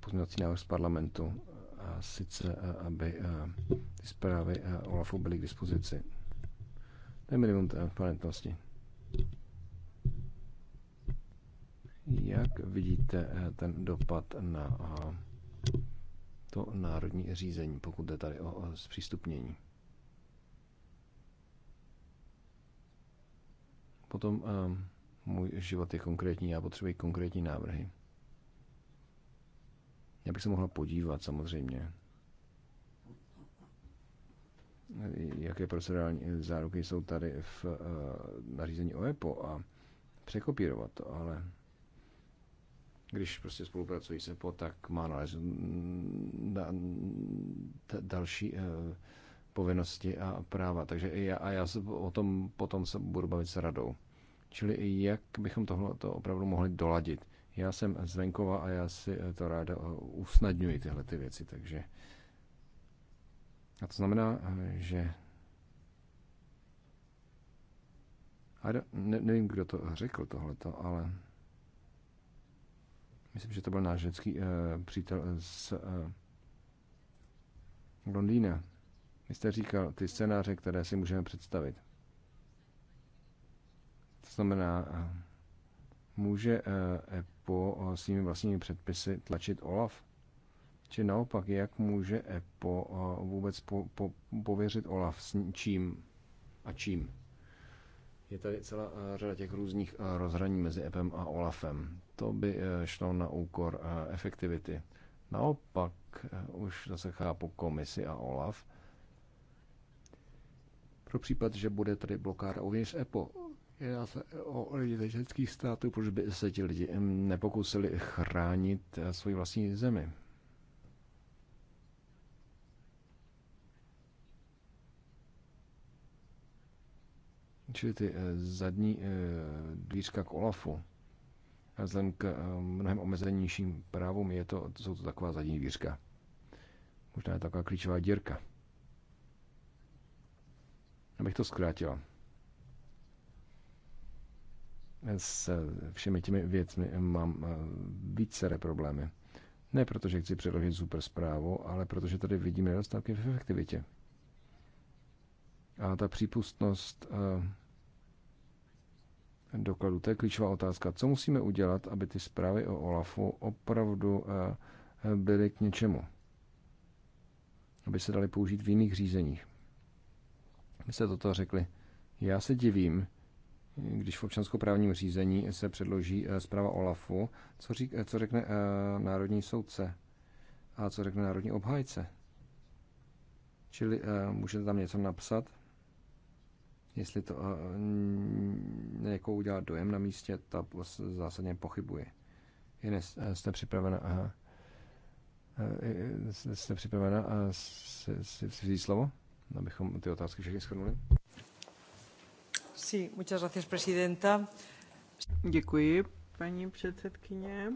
pozměňovací návrh z parlamentu, a sice eh, aby ty zprávy OLAFu byly k dispozici. To je minimum transparentnosti. Jak vidíte ten dopad na to národní řízení, pokud jde tady o zpřístupnění? Potom můj život je konkrétní, já potřebuji konkrétní návrhy. Já bych se mohla podívat samozřejmě, jaké procedurální záruky jsou tady v eh, nařízení OEPO e a překopírovat to, ale když prostě spolupracují se po, tak má nalez na další eh, povinnosti a práva. Takže i já, a já se o tom potom se budu bavit s radou. Čili jak bychom tohle to opravdu mohli doladit. Já jsem z venkova a já si eh, to ráda eh, usnadňuji tyhle ty věci, takže a to znamená, eh, že a ne, nevím, kdo to řekl tohleto, ale myslím, že to byl náš řecký uh, přítel z uh, Londýna. Vy jste říkal ty scénáře, které si můžeme představit. To znamená, eh, může EPO eh, eh, svými vlastními předpisy tlačit OLAF? Či naopak, jak může EPO vůbec po, po, pověřit OLAF s čím a čím? Je tady celá řada těch různých rozhraní mezi EPem a OLAFem. To by šlo na úkor efektivity. Naopak, už zase chápu komisi a OLAF. Pro případ, že bude tady blokáda uvnitř EPO, Jedná se o lidi ženských států, proč by se ti lidi nepokusili chránit eh, svoji vlastní zemi. Čili ty eh, zadní eh, dvířka k Olafu, vzhledem k mnohem omezenějším právům, je to, jsou to taková zadní dvířka. Možná je taková klíčová dírka. Abych to zkrátila s eh, všemi těmi věcmi mám eh, vícere problémy. Ne protože chci předložit super zprávu, ale protože tady vidíme nedostatky v efektivitě. A ta přípustnost eh, dokladu to je klíčová otázka. Co musíme udělat, aby ty zprávy o OLAFu opravdu byly k něčemu? Aby se daly použít v jiných řízeních. My jste toto řekli. Já se divím, když v občanskoprávním řízení se předloží eh, zpráva OLAFu, co, řík, eh, co řekne eh, národní soudce a co řekne národní obhájce. Čili můžete tam něco napsat, jestli to jako udělá dojem na místě, ta zásadně pochybuje. Ines, jste připravena? Aha. Jste připravena si, si, vzít slovo, abychom ty otázky všechny shrnuli? Děkuji, paní předsedkyně.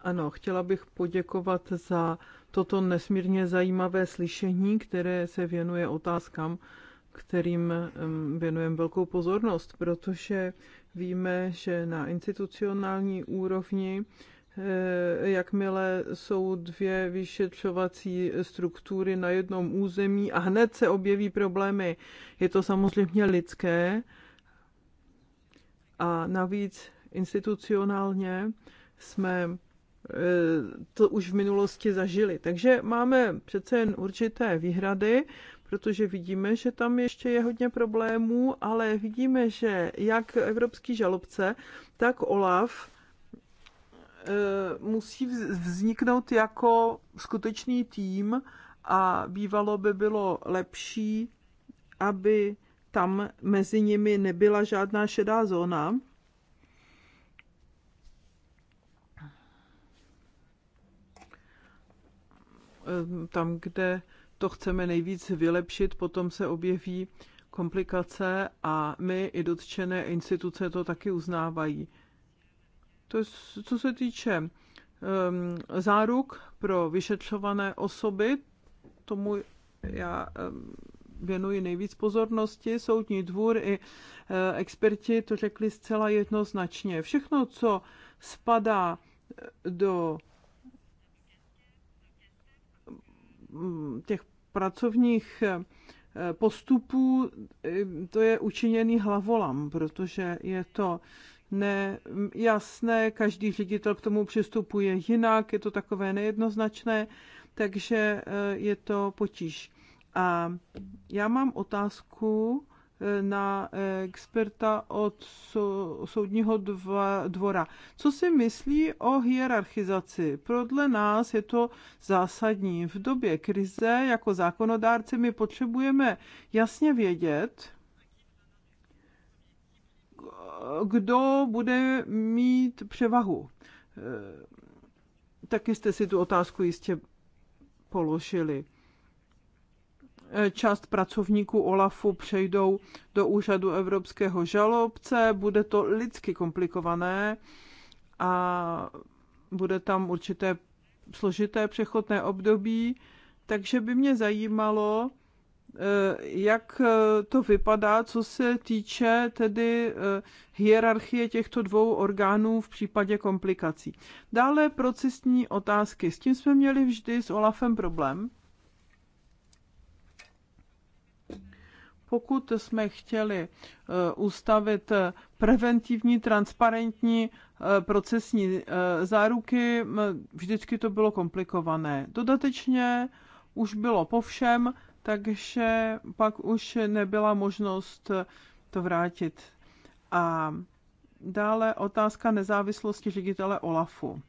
Ano, chtěla bych poděkovat za toto nesmírně zajímavé slyšení, které se věnuje otázkám, kterým věnujeme velkou pozornost, protože víme, že na institucionální úrovni Eh, jakmile jsou dvě vyšetřovací struktury na jednom území a hned se objeví problémy. Je to samozřejmě lidské a navíc institucionálně jsme eh, to už v minulosti zažili. Takže máme přece jen určité výhrady, protože vidíme, že tam ještě je hodně problémů, ale vidíme, že jak evropský žalobce, tak OLAF Eh, musí vzniknout jako skutečný tým a bývalo by bylo lepší, aby tam mezi nimi nebyla žádná šedá zóna. Eh, tam, kde to chceme nejvíc vylepšit, potom se objeví komplikace a my i dotčené instituce to taky uznávají. To je, co se týče um, záruk pro vyšetřované osoby, tomu já um, věnuji nejvíc pozornosti. Soudní dvůr i e, experti to řekli zcela jednoznačně. Všechno, co spadá eh, do mm, těch pracovních eh, postupů, to je učiněný hlavolam, protože je to ne, jasné, každý ředitel k tomu přistupuje jinak, je to takové nejednoznačné, takže eh, je to potíž. A já mám otázku eh, na eh, experta od soudního dvora. Co si myslí o hierarchizaci? Podle nás je to zásadní. V době krize jako zákonodárci my potřebujeme jasně vědět, kdo bude mít převahu. Eh, taky jste si tu otázku jistě položili. Eh, část pracovníků OLAFu přejdou do úřadu evropského žalobce, bude to lidsky komplikované a bude tam určité složité přechodné období, takže by mě zajímalo, Eh, jak eh, to vypadá, co se týče tedy eh, hierarchie těchto dvou orgánů v případě komplikací. Dále procesní otázky. S tím jsme měli vždy s Olafem problém. Pokud jsme chtěli ustavit preventivní, transparentní procesní záruky, vždycky to bylo komplikované. Dodatečně už bylo po všem, takže pak už nebyla možnost to vrátit. A dále otázka nezávislosti ředitele Olafu.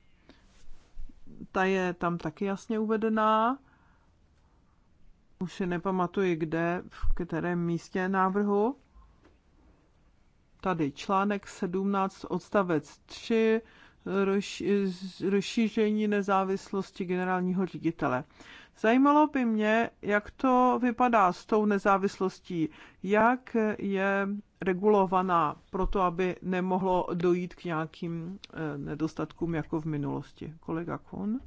Ta je tam taky jasně uvedená. Už si nepamatuji, kde, v kterém místě návrhu. Tady článek 17 odstavec 3 rozšíření nezávislosti generálního ředitele. Zajímalo by mě, jak to vypadá s tou nezávislostí, jak je regulovaná proto, aby nemohlo dojít k nějakým eh, nedostatkům jako v minulosti. Kolega Kuhn.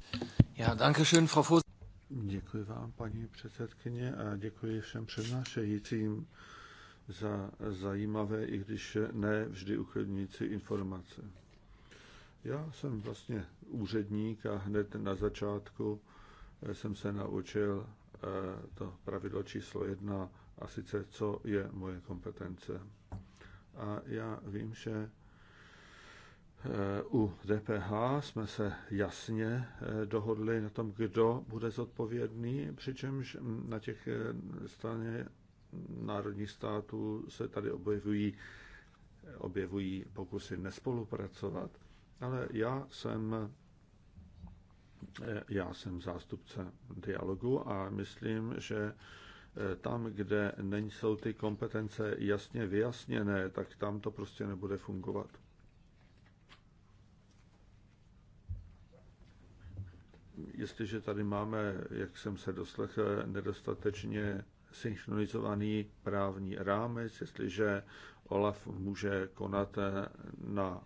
Já, danke schön, Frau Vos. Děkuji vám, paní předsedkyně, a děkuji všem přednášejícím za zajímavé, i když ne vždy uklidňující informace. Já jsem vlastně úředník a hned na začátku Eh, jsem se naučil eh, to pravidlo číslo jedna, a sice co je moje kompetence. A já vím, že eh, u DPH jsme se jasně dohodli na tom, kdo bude zodpovědný, přičemž na těch straně národních států se tady objevují, objevují pokusy nespolupracovat. Ale já jsem já jsem zástupce dialogu a myslím, že eh, tam, kde nejsou ty kompetence jasně vyjasněné, tak tam to prostě nebude fungovat. Jestliže tady máme, jak jsem se doslechl, nedostatečně synchronizovaný právní rámec, jestliže OLAF může konat eh, na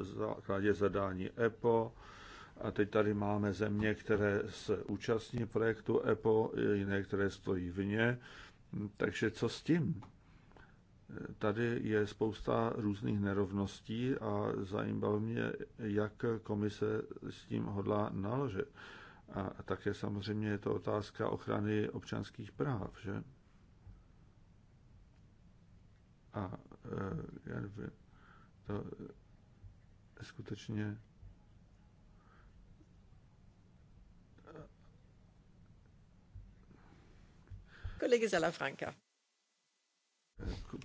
základě zadání EPO, a teď tady máme země, které se účastní projektu EPO, jiné, které stojí vně. Takže co s tím? Tady je spousta různých nerovností a zajímalo mě, jak komise s tím hodlá naložit. A také samozřejmě je to otázka ochrany občanských práv, že? A eh, já nevím, to skutečně Kolegy Salafranka.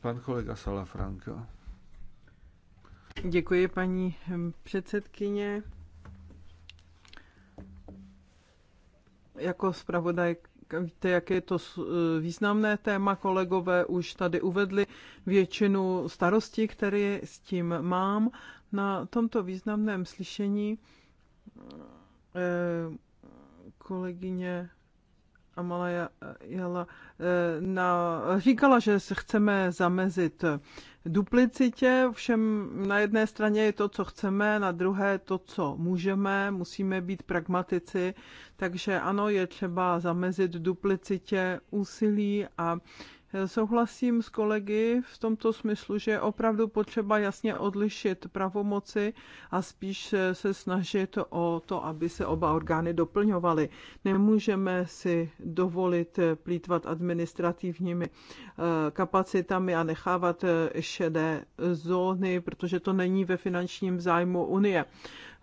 Pan kolega Salafranka. Děkuji, paní předsedkyně. Jako zpravodaj víte, jak je to e, významné téma. Kolegové už tady uvedli většinu starostí, které s tím mám. Na tomto významném slyšení e, kolegyně Amala eh, Jala eh, na, říkala, že se chceme zamezit duplicitě, všem na jedné straně je to, co chceme, na druhé to, co můžeme, musíme být pragmatici, takže ano, je třeba zamezit duplicitě úsilí a Souhlasím s kolegy v tomto smyslu, že je opravdu potřeba jasně odlišit pravomoci a spíš se snažit o to, aby se oba orgány doplňovaly. Nemůžeme si dovolit plítvat administrativními eh, kapacitami a nechávat eh, šedé zóny, protože to není ve finančním zájmu Unie.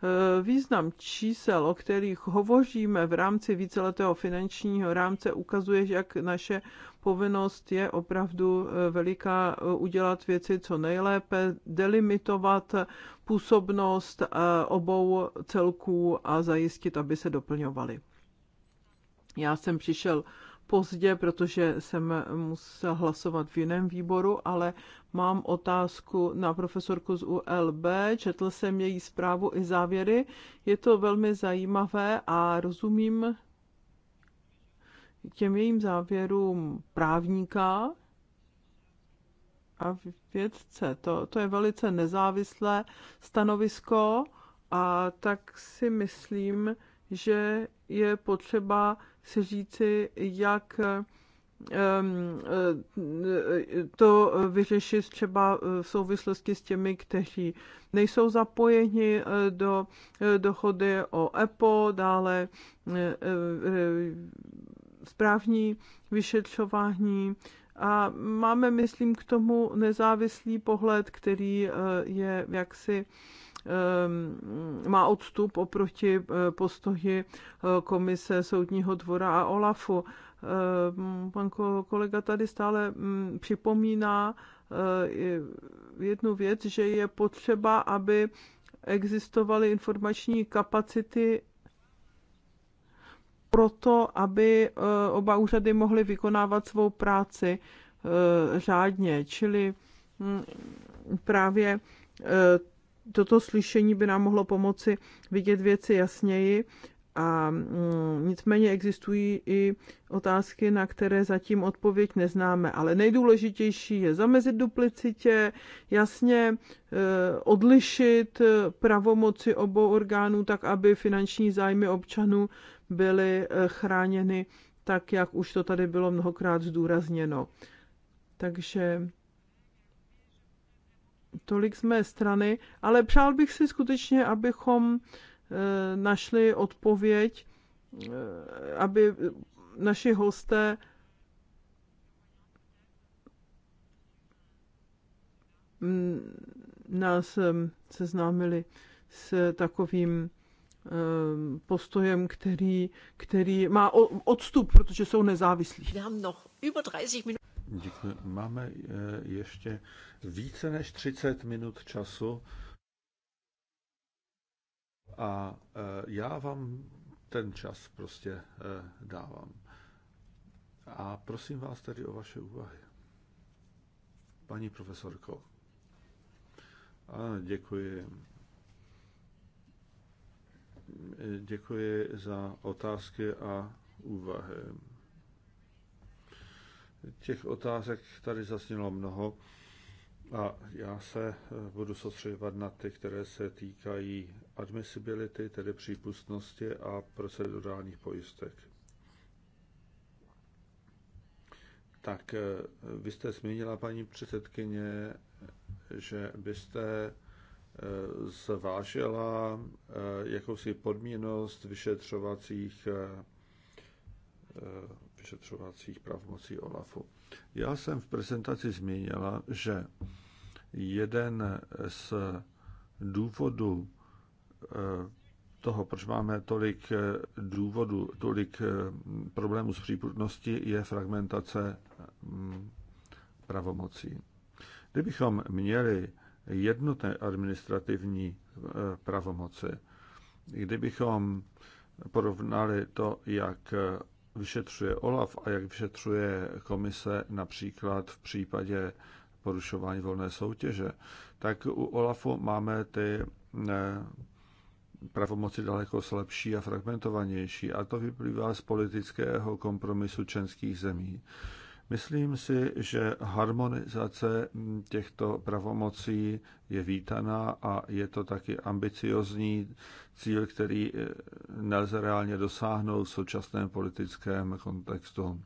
Eh, význam čísel, o kterých hovoříme v rámci víceletého finančního rámce, ukazuje, že jak naše povinnost je opravdu eh, veliká eh, udělat věci co nejlépe, delimitovat působnost obou celků a zajistit, aby se doplňovaly. Já jsem přišel pozdě, protože jsem musel hlasovat v jiném výboru, ale mám otázku na profesorku z ULB. Četl jsem její zprávu i závěry. Je to velmi zajímavé a rozumím těm jejím závěrům právníka a vědce. To, to je velice nezávislé stanovisko a tak si myslím, že je potřeba si říci, jak eh, to vyřešit třeba v souvislosti s těmi, kteří nejsou zapojeni eh, do eh, dohody o EPO, dále správní vyšetřování a máme, myslím, k tomu nezávislý pohled, který je jaksi Ehm, má odstup oproti eh, postoji eh, komise Soudního dvora a OLAFu. Ehm, pan kolega tady stále mm, připomíná eh, jednu věc, že je potřeba, aby existovaly informační kapacity proto, aby oba úřady mohly vykonávat svou práci řádně. Čili mm, právě toto slyšení by nám mohlo pomoci vidět věci jasněji. A mm, nicméně existují i otázky, na které zatím odpověď neznáme. Ale nejdůležitější je zamezit duplicitě, jasně e, odlišit e, pravomoci obou orgánů tak, aby finanční zájmy občanů byly e, chráněny tak, jak už to tady bylo mnohokrát zdůrazněno. Takže Tolik z mé strany, ale přál bych si skutečně, abychom eh, našli odpověď, eh, aby naši hosté mm, nás eh, seznámili s takovým postojem, který, který má odstup, protože jsou nezávislí. Děkuji. Máme eh, ještě více než 30 minut času a eh, já vám ten čas prostě eh, dávám. A prosím vás tedy o vaše úvahy. Paní profesorko. Ano, děkuji. Děkuji za otázky a úvahy. Těch otázek tady zasnělo mnoho a já se eh, budu soustředovat na ty, které se týkají admisibility, tedy přípustnosti a procedurálních pojistek. Tak eh, vy jste zmínila, paní předsedkyně, že byste eh, zvážila jakousi podmínost vyšetřovacích vyšetřovacích pravomocí OLAFu. Já jsem v prezentaci zmínila, že jeden z důvodů eh, toho, proč máme tolik eh, důvodů, tolik eh, problémů s příputností, je fragmentace mm, pravomocí. Kdybychom měli jednotné administrativní pravomoci, kdybychom porovnali to, jak vyšetřuje OLAF a jak vyšetřuje komise například v případě porušování volné soutěže, tak u OLAFu máme ty eh, pravomoci daleko slabší a fragmentovanější a to vyplývá z politického kompromisu členských zemí. Myslím si, že harmonizace těchto pravomocí je vítaná a je to taky ambiciozní cíl, který eh, nelze reálně dosáhnout v současném politickém kontextu.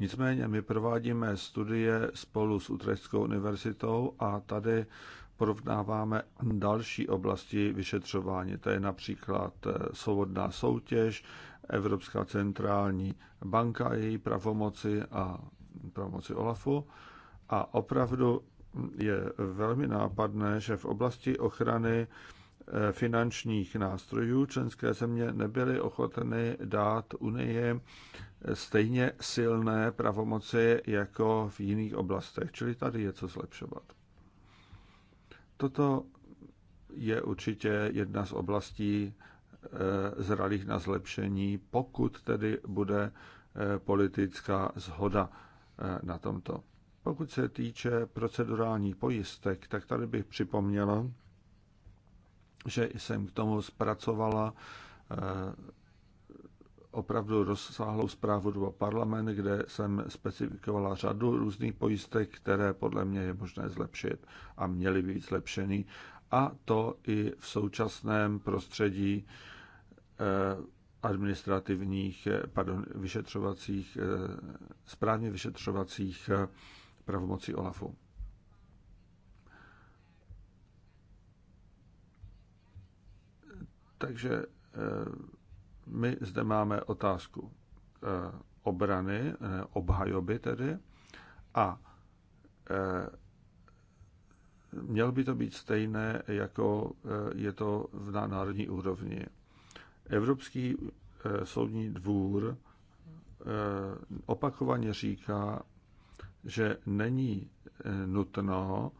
Nicméně my provádíme studie spolu s Utrechtskou univerzitou a tady porovnáváme další oblasti vyšetřování. To je například eh, svobodná soutěž, Evropská centrální banka, její pravomoci a pravomoci OLAFu. A opravdu je velmi nápadné, že v oblasti ochrany eh, finančních nástrojů členské země nebyly ochotny dát Unii eh, stejně silné pravomoci jako v jiných oblastech, čili tady je co zlepšovat. Toto je určitě jedna z oblastí, Eh, zralých na zlepšení, pokud tedy bude eh, politická zhoda eh, na tomto. Pokud se týče procedurální pojistek, tak tady bych připomněla, že jsem k tomu zpracovala opravdu rozsáhlou zprávu do parlament, kde jsem specifikovala řadu různých pojistek, které podle mě je možné zlepšit a měly být zlepšeny. A to i v současném prostředí Eh, administrativních, eh, pardon, vyšetřovacích, eh, správně vyšetřovacích pravomocí OLAFu. Takže my zde máme otázku obrany, obhajoby tedy, a měl by to být stejné, jako je to na národní úrovni. Evropský eh, soudní dvůr eh, opakovaně říká, že není eh, nutno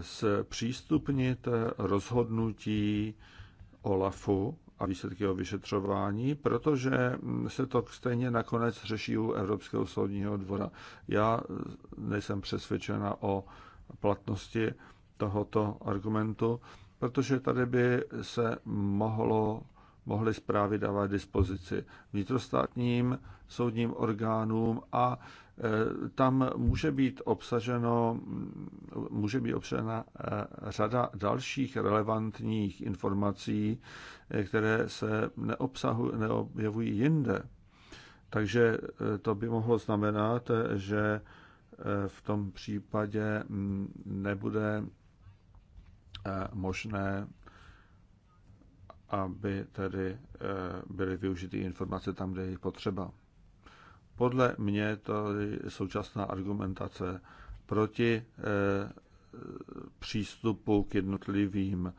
zpřístupnit rozhodnutí OLAFu a výsledky o vyšetřování, protože hm, se to stejně nakonec řeší u Evropského soudního dvora. Já nejsem přesvědčena o platnosti tohoto argumentu, protože tady by se mohlo mohly zprávy dávat dispozici vnitrostátním soudním orgánům a e, tam může být obsaženo, může být obsažena e, řada dalších relevantních informací, e, které se neobsahují, neobjevují jinde. Takže to by mohlo znamenat, že v tom případě nebude možné aby tedy eh, byly využity informace tam, kde je potřeba. Podle mě to je současná argumentace proti eh, přístupu k jednotlivým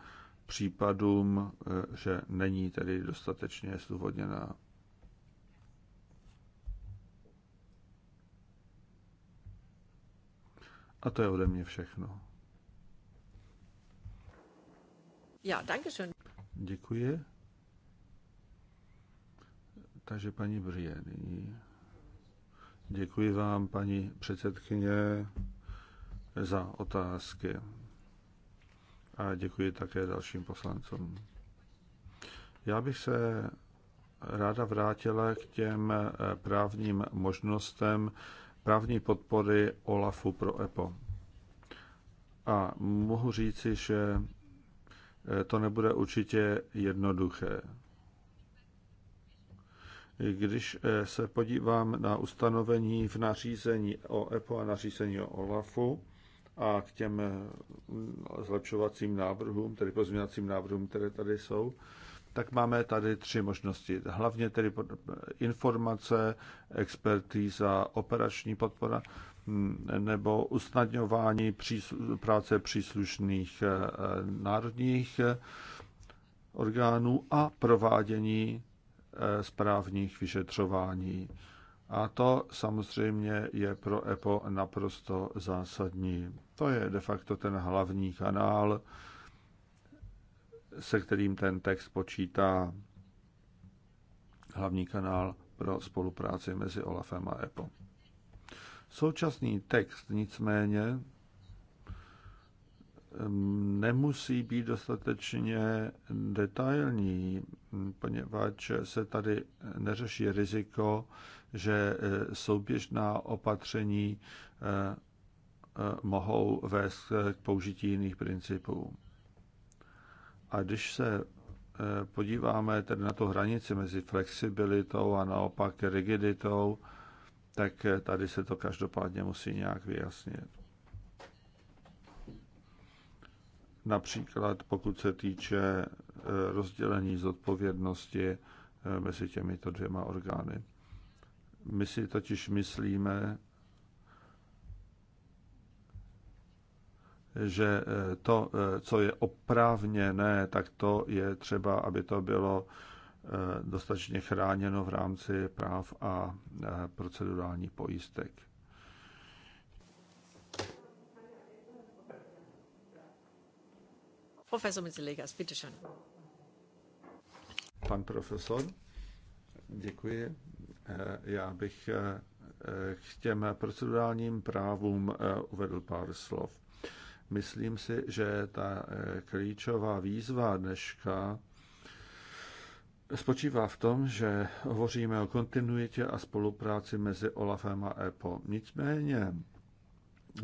případům, eh, že není tedy dostatečně zdůvodněná. A to je ode mě všechno. Ja, danke schön. Děkuji. Takže paní Brieny. Děkuji vám, paní předsedkyně, za otázky. A děkuji také dalším poslancům. Já bych se ráda vrátila k těm eh, právním možnostem právní podpory OLAFu pro EPO. A mohu říci, že Eh, to nebude určitě jednoduché. Když eh, se podívám na ustanovení v nařízení o EPO a nařízení o OLAFu a k těm eh, zlepšovacím návrhům, tedy pozměňovacím návrhům, které tady jsou, tak máme tady tři možnosti. Hlavně tedy informace, expertíza, operační podpora nebo usnadňování práce příslušných eh, národních eh, orgánů a provádění eh, správních vyšetřování. A to samozřejmě je pro EPO naprosto zásadní. To je de facto ten hlavní kanál, se kterým ten text počítá. Hlavní kanál pro spolupráci mezi OLAFem a EPO. Současný text nicméně nemusí být dostatečně detailní, poněvadž se tady neřeší riziko, že e, souběžná opatření e, e, mohou vést k použití jiných principů. A když se podíváme tedy na tu hranici mezi flexibilitou a naopak rigiditou, tak eh, tady se to každopádně musí nějak vyjasnit. Například pokud se týče eh, rozdělení zodpovědnosti eh, mezi těmito dvěma orgány. My si totiž myslíme, že to, co je oprávněné, tak to je třeba, aby to bylo Eh, dostatečně chráněno v rámci práv a eh, procedurálních pojistek. Profesor Mitzelegas, bitte schön. Pan profesor, děkuji. Eh, já bych k těm procedurálním právům uvedl pár slov. Myslím si, že ta klíčová výzva dneška spočívá v tom, že hovoříme o kontinuitě a spolupráci mezi OLAFem a EPO. Nicméně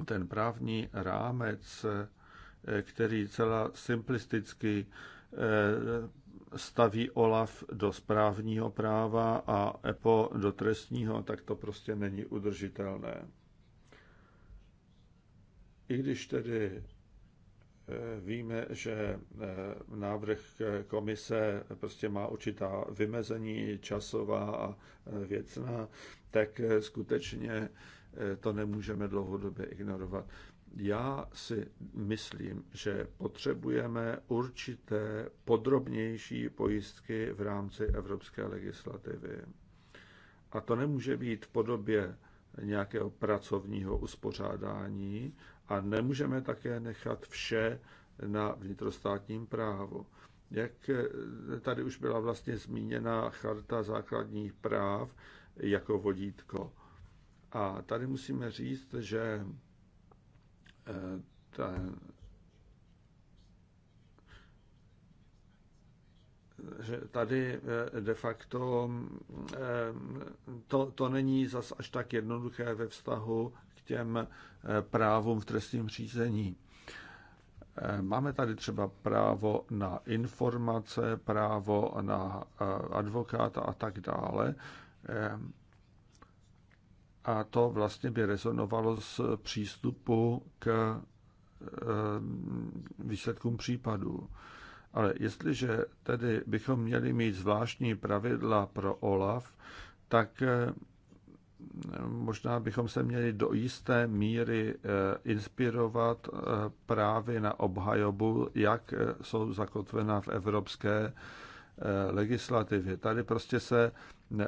ten právní rámec, eh, který celá simplisticky eh, staví OLAF do správního práva a EPO do trestního, tak to prostě není udržitelné. I když tedy Víme, že eh, návrh komise prostě má určitá vymezení časová a eh, věcná, tak eh, skutečně to nemůžeme dlouhodobě ignorovat. Já si myslím, že potřebujeme určité podrobnější pojistky v rámci evropské legislativy. A to nemůže být v podobě nějakého pracovního uspořádání, a nemůžeme také nechat vše na vnitrostátním právu. Jak eh, tady už byla vlastně zmíněna charta základních práv jako vodítko. A tady musíme říct, že eh, ta, že tady eh, de facto to, to není zas až tak jednoduché ve vztahu těm eh, právům v trestním řízení. Eh, máme tady třeba právo na informace, právo na eh, advokáta a tak dále. A to vlastně by rezonovalo s přístupu k výsledkům případů. Ale jestliže tedy bychom měli mít zvláštní pravidla pro OLAF, tak možná bychom se měli do jisté míry eh, inspirovat eh, právě na obhajobu, jak eh, jsou zakotvena v evropské legislativě. Tady prostě se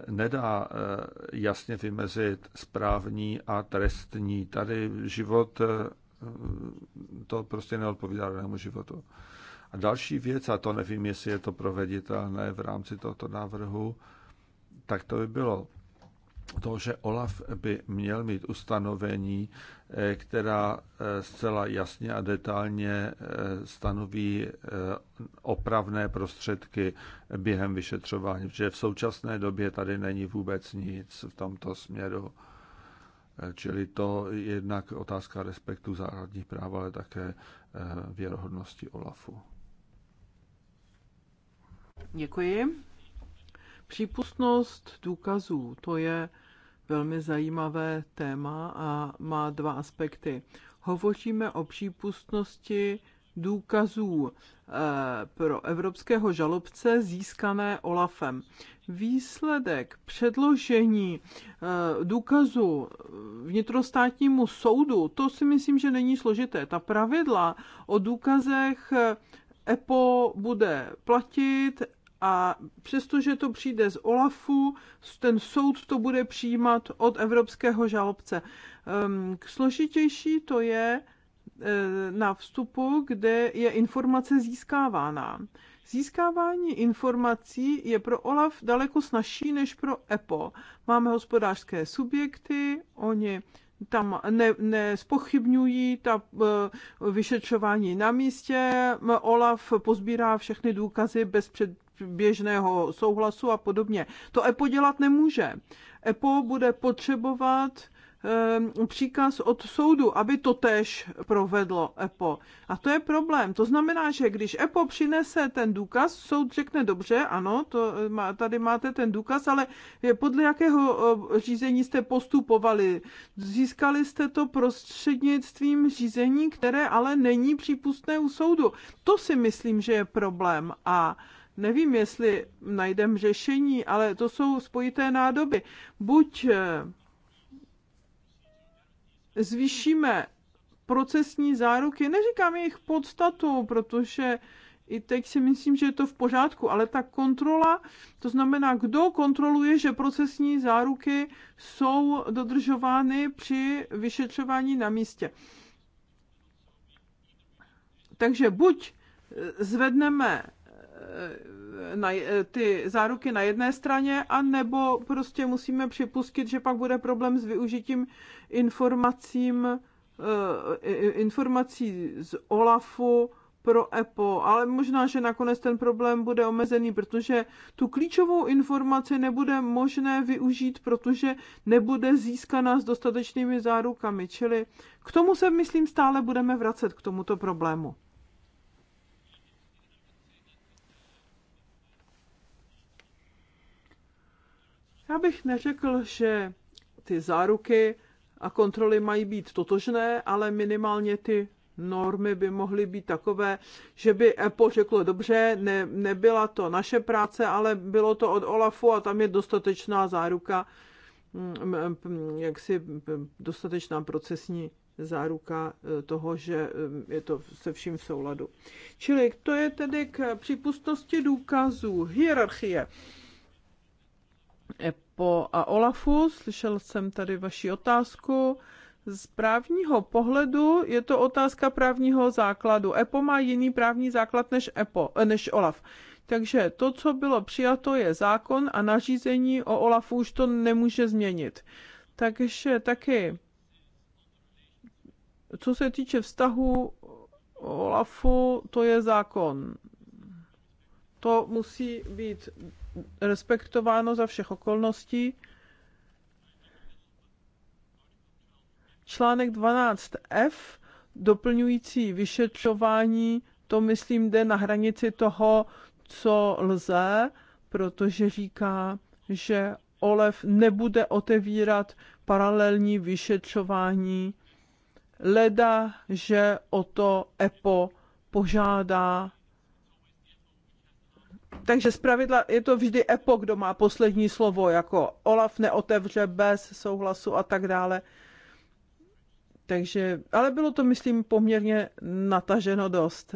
nedá jasně vymezit správní a trestní. Tady život to prostě neodpovídá danému životu. A další věc, a to nevím, jestli je to proveditelné v rámci tohoto návrhu, tak to by bylo to, že OLAF by měl mít ustanovení, eh, která eh, zcela jasně a detailně eh, stanoví opravné prostředky během vyšetřování, protože v současné době tady není vůbec nic v tomto směru. Čili to je jednak otázka respektu základních práv, ale také věrohodnosti OLAFu. Děkuji. Přípustnost důkazů, to je velmi zajímavé téma a má dva aspekty. Hovoříme o přípustnosti důkazů eh, pro evropského žalobce získané Olafem. Výsledek předložení eh, důkazu vnitrostátnímu soudu, to si myslím, že není složité. Ta pravidla o důkazech EPO eh, e bude platit a přestože to přijde z OLAFu, ten soud to bude přijímat od evropského žalobce. Ehm, složitější to je eh, na vstupu, kde je informace získávána. Získávání informací je pro OLAF daleko snažší než pro EPO. Máme hospodářské subjekty, oni tam ne, ta eh, vyšetřování na místě. Olaf pozbírá všechny důkazy bez před, běžného souhlasu a podobně. To EPO dělat nemůže. EPO bude potřebovat eh, příkaz od soudu, aby to tež provedlo EPO. A to je problém. To znamená, že když EPO přinese ten důkaz, soud řekne dobře, ano, to eh, má, tady máte ten důkaz, ale eh, podle jakého řízení jste postupovali? Získali jste to prostřednictvím řízení, které ale není přípustné u soudu. To si myslím, že je problém. A Nevím, jestli najdem řešení, ale to jsou spojité nádoby. Buď eh, zvýšíme procesní záruky, neříkám jejich podstatu, protože i teď si myslím, že je to v pořádku, ale ta kontrola, to znamená, kdo kontroluje, že procesní záruky jsou dodržovány při vyšetřování na místě. Takže buď eh, zvedneme na, ty záruky na jedné straně, a nebo prostě musíme připustit, že pak bude problém s využitím informacím, eh, informací z OLAFu pro EPO, ale možná, že nakonec ten problém bude omezený, protože tu klíčovou informaci nebude možné využít, protože nebude získaná s dostatečnými zárukami. Čili k tomu se, myslím, stále budeme vracet, k tomuto problému. Já bych neřekl, že ty záruky a kontroly mají být totožné, ale minimálně ty normy by mohly být takové, že by EPO řeklo, dobře, ne, nebyla to naše práce, ale bylo to od OLAFu a tam je dostatečná záruka, mm, jaksi dostatečná procesní záruka e, toho, že e, je to se vším v souladu. Čili to je tedy k přípustnosti důkazů, hierarchie. EPO a OLAFu. Slyšel jsem tady vaši otázku. Z právního pohledu je to otázka právního základu. EPO má jiný právní základ než, EPO, než OLAF. Takže to, co bylo přijato, je zákon a nařízení o OLAFu už to nemůže změnit. Takže taky, co se týče vztahu OLAFu, to je zákon. To musí být respektováno za všech okolností. Článek 12f doplňující vyšetřování, to myslím jde na hranici toho, co lze, protože říká, že OLEF nebude otevírat paralelní vyšetřování, leda, že o to EPO požádá takže zpravidla je to vždy EPO, kdo má poslední slovo, jako Olaf neotevře bez souhlasu a tak dále. Takže, ale bylo to, myslím, poměrně nataženo dost.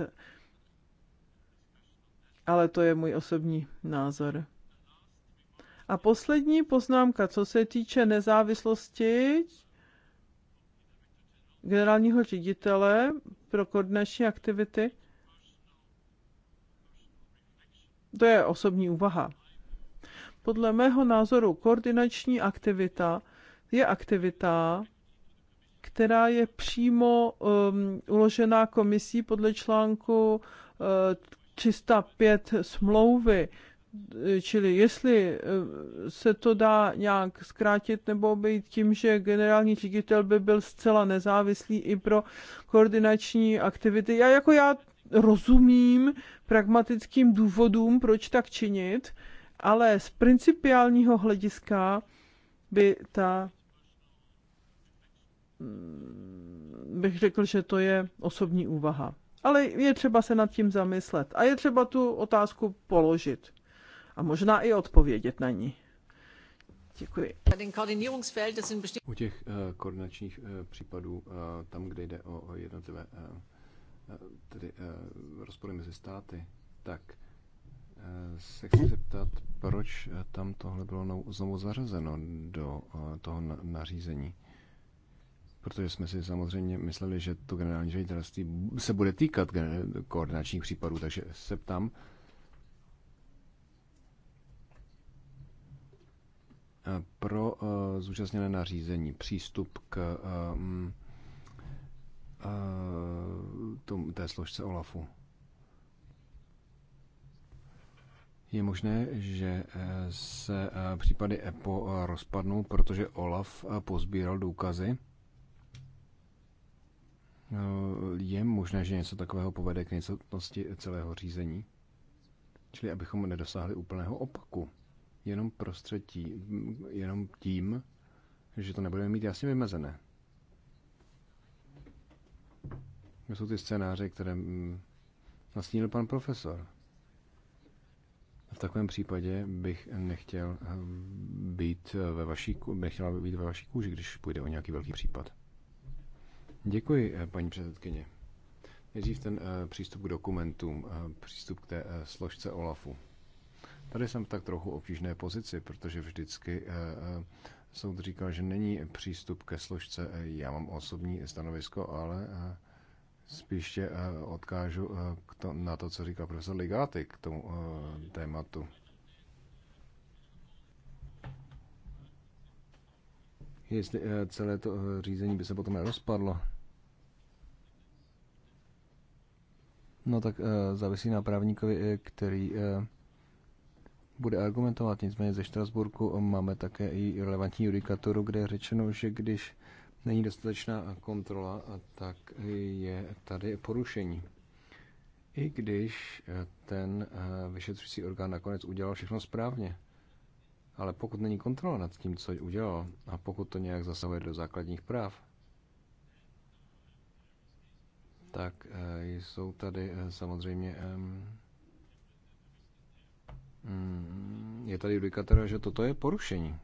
Ale to je můj osobní názor. A poslední poznámka, co se týče nezávislosti generálního ředitele pro koordinační aktivity. To je osobní úvaha. Podle mého názoru koordinační aktivita je aktivita, která je přímo um, uložená komisí podle článku uh, 305 smlouvy. Čili jestli uh, se to dá nějak zkrátit nebo být tím, že generální ředitel by byl zcela nezávislý i pro koordinační aktivity. Já jako já rozumím pragmatickým důvodům, proč tak činit, ale z principiálního hlediska by ta mm, bych řekl, že to je osobní úvaha. Ale je třeba se nad tím zamyslet a je třeba tu otázku položit a možná i odpovědět na ní. Děkuji. U těch eh, koordinačních eh, případů, eh, tam, kde jde o jednotlivé Eh, tedy eh, rozpory mezi státy, tak eh, se chci zeptat, proč tam tohle bylo znovu zařazeno do toho nařízení. Protože jsme si samozřejmě mysleli, že to generální ředitelství se bude týkat koordinačních případů, takže se ptám, pro zúčastněné nařízení přístup k mm, tom, té složce OLAFu. Je možné, že eh, se eh, případy EPO eh, rozpadnou, protože OLAF pozbíral důkazy? Je možné, že něco takového povede k nicotnosti celého řízení? Čili abychom nedosáhli úplného opaku. Jenom prostředí, jenom tím, že to nebudeme mít jasně vymezené. To jsou ty scénáře, které mm, nastínil pan profesor. V takovém případě bych nechtěl eh, být eh, ve vaší, nechtěla být ve vaší kůži, když půjde o nějaký velký případ. Děkuji, eh, paní předsedkyně. Nejdřív ten přístup k dokumentům, přístup k té složce OLAFu. Tady jsem v tak trochu obtížné pozici, protože vždycky soud říkal, že není přístup ke složce. Já mám osobní stanovisko, ale spíše eh, odkážu eh, na to, co říká profesor Ligáty k tomu eh, tématu. Jestli celé to řízení by se potom rozpadlo, No tak závisí na právníkovi, který bude argumentovat. Nicméně ze Štrasburku máme také i relevantní judikaturu, kde je řečeno, že když není dostatečná kontrola, tak je tady porušení. I když eh, ten eh, vyšetřující orgán nakonec udělal všechno správně, ale pokud není kontrola nad tím, co udělal, a pokud to nějak zasahuje do základních práv, tak eh, jsou tady samozřejmě mm, je tady judikatora, že toto je porušení.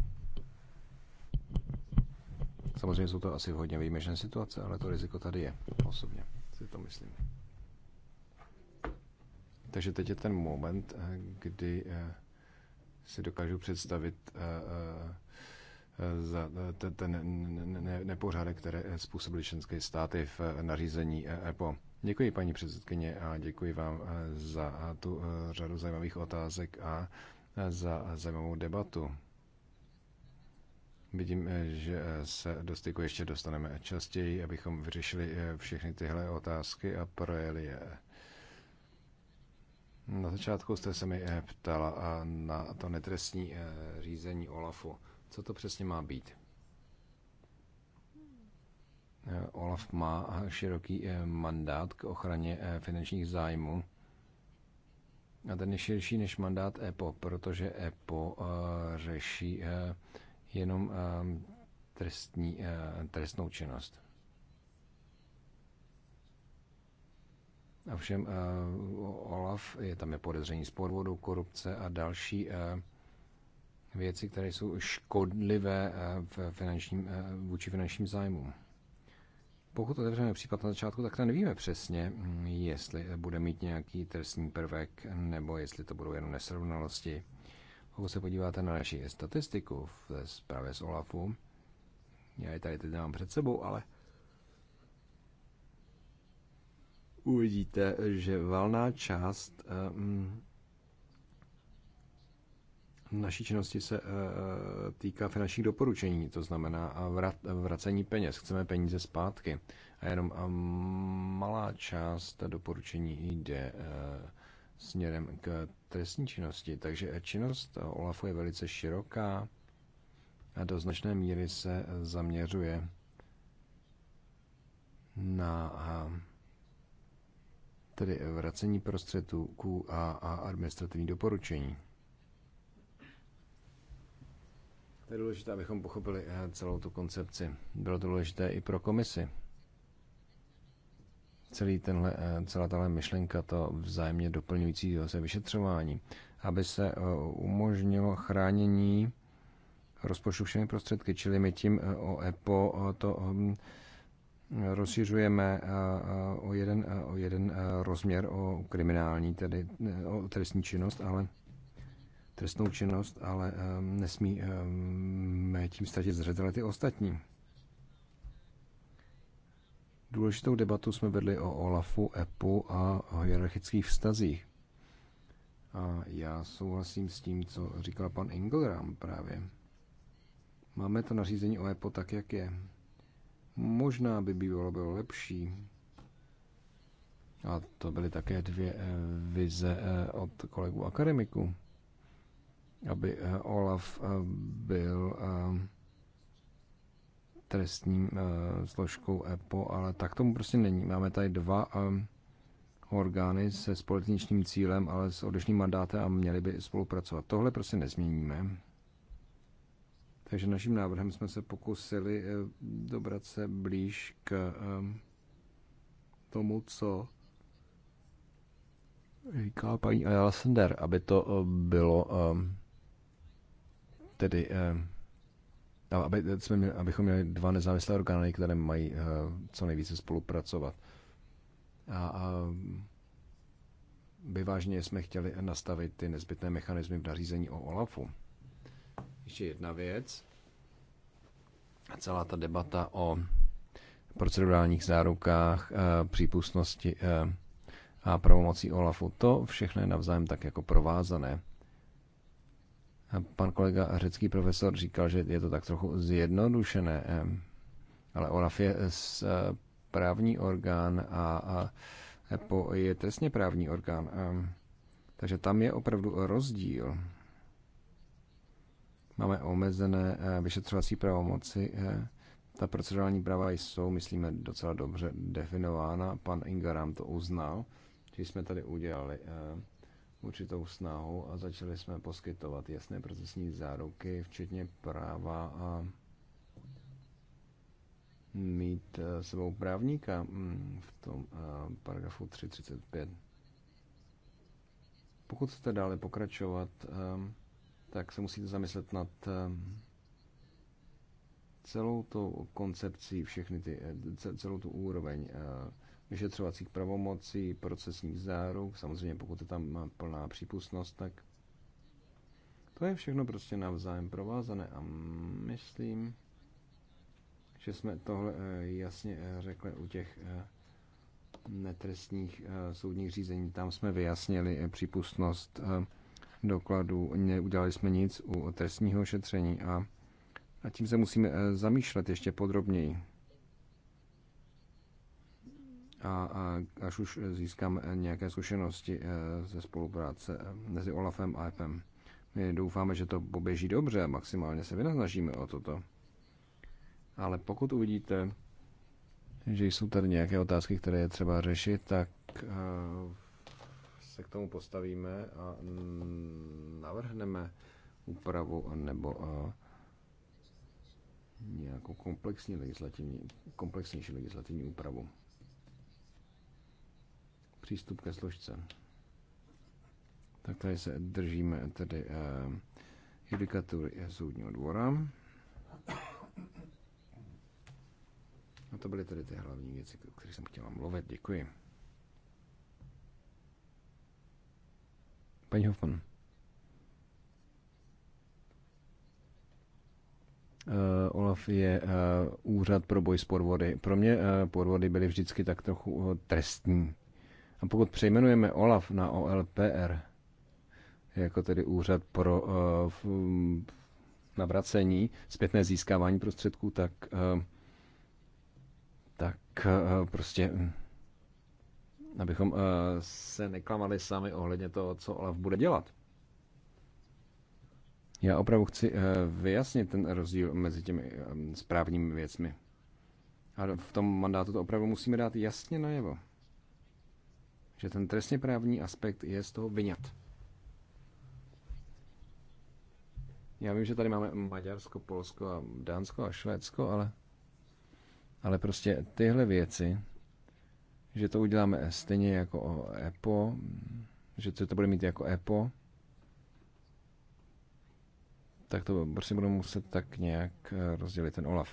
Samozřejmě jsou to asi hodně výjimečné situace, ale to riziko tady je. Osobně si to myslím. Takže teď je ten moment, eh, kdy eh, si dokážu představit eh, za ten, nepořádek, které způsobily členské státy v nařízení EPO. Děkuji, paní předsedkyně, a děkuji vám za tu řadu zajímavých otázek a za zajímavou debatu. Vidím, eh, že eh, se do styku ještě dostaneme častěji, abychom vyřešili eh, všechny tyhle otázky a projeli je. Na začátku jste se mi ptala na to netrestní řízení OLAFu. Co to přesně má být? OLAF má široký mandát k ochraně finančních zájmů. A ten je širší než mandát EPO, protože EPO řeší jenom ehm, trestní, eh, trestnou činnost. Ovšem eh, Olaf, je tam je podezření z podvodu, korupce a další eh, věci, které jsou škodlivé v finančním, vůči finančním zájmům. Pokud otevřeme případ na začátku, tak nevíme přesně, hm, jestli bude mít nějaký trestní prvek, nebo jestli to budou jenom nesrovnalosti pokud se podíváte na naši statistiku ve zprávě z OLAFu, já je tady teď mám před sebou, ale uvidíte, že valná část um, naší činnosti se uh, týká finančních doporučení, to znamená vrat, vracení peněz. Chceme peníze zpátky. A jenom um, malá část doporučení jde uh, směrem k trestní činnosti. Takže činnost OLAFu je velice široká a do značné míry se zaměřuje na tedy vracení prostředků a, a administrativní doporučení. To je důležité, abychom pochopili eh, celou tu koncepci. Bylo to důležité i pro komisi celý tenhle, eh, celá tahle myšlenka to vzájemně doplňujícího se vyšetřování, aby se eh, umožnilo chránění rozpočtu všemi prostředky, čili my tím eh, o EPO to hm, rozšiřujeme o jeden, o jeden rozměr, o kriminální, tedy o trestní činnost, ale trestnou činnost, ale nesmíme tím ztratit zřetele ty ostatní. Důležitou debatu jsme vedli o OLAFu, EPU a o hierarchických vztazích. A já souhlasím s tím, co říkal pan Ingelram právě. Máme to nařízení o EPO tak, jak je. Možná by bývalo bylo lepší. A to byly také dvě eh, vize eh, od kolegů akademiku, aby eh, OLAF byl trestním eh, složkou EPO, ale tak tomu prostě není. Máme tady dva eh, orgány se společným cílem, ale s odlišným mandátem a měli by spolupracovat. Tohle prostě nezměníme. Takže naším návrhem jsme se pokusili eh, dobrat se blíž k tomu, co říká paní Ayala Sender, aby to bylo tedy aby jsme měli, abychom měli dva nezávislé orgány, které mají eh, co nejvíce spolupracovat. A, a vážně jsme chtěli nastavit ty nezbytné mechanismy v nařízení o OLAFu. Ještě jedna věc. Celá ta debata o procedurálních zárukách, eh, přípustnosti eh, a pravomocí OLAFu, to všechno je navzájem tak jako provázané. Pan kolega řecký profesor říkal, že je to tak trochu zjednodušené, ale OLAF je eh, právní orgán a EPO je trestně právní orgán. Takže tam je opravdu rozdíl. Máme omezené eh, vyšetřovací pravomoci. Eh, ta procedurální práva jsou, myslíme, docela dobře definována. Pan Ingaram to uznal, že jsme tady udělali určitou snahu a začali jsme poskytovat jasné procesní záruky, včetně práva a mít eh, sebou právníka mm, v tom eh, paragrafu 335. Pokud chcete dále pokračovat, eh, tak se musíte zamyslet nad celou tou koncepcí, všechny ty, celou tu úroveň vyšetřovacích pravomocí, procesních záruk, samozřejmě pokud je tam plná přípustnost, tak to je všechno prostě navzájem provázané a myslím, že jsme tohle eh, jasně eh, řekli u těch eh, netrestních soudních řízení. Tam jsme vyjasnili přípustnost dokladů, neudělali jsme nic u trestního šetření a, a tím se musíme zamýšlet ještě podrobněji a, a až už získám nějaké zkušenosti eh, ze spolupráce eh, mezi Olafem a EPem. My doufáme, že to poběží dobře a maximálně se vynaznažíme o toto. Ale pokud uvidíte, že jsou tady nějaké otázky, které je třeba řešit, tak eh, se k tomu postavíme a navrhneme úpravu nebo nějakou komplexní legislativní, komplexnější legislativní úpravu přístup ke složce. Tak tady se držíme tedy eh, judikatury soudního dvora. A to byly tedy ty hlavní věci, o kterých jsem chtěla mluvit. Děkuji. Paní Hoffman. uh, eh, OLAF je uh, úřad pro boj s podvody. Pro mě uh, podvody byly vždycky tak trochu uh, trestní. A pokud přejmenujeme OLAF na OLPR, jako tedy úřad pro uh, navracení, zpětné získávání prostředků, tak, uh, tak uh, prostě mm, abychom uh, se neklamali sami ohledně toho, co OLAF bude dělat. Já opravdu chci uh, vyjasnit ten rozdíl mezi těmi um, správními věcmi. A v tom mandátu to opravdu musíme dát jasně najevo že ten trestně právní aspekt je z toho vyňat. Já vím, že tady máme Maďarsko, Polsko a Dánsko a Švédsko, ale, ale prostě tyhle věci, že to uděláme stejně jako o EPO, že to, to bude mít jako EPO, tak to prostě budu muset tak nějak eh, rozdělit ten OLAF.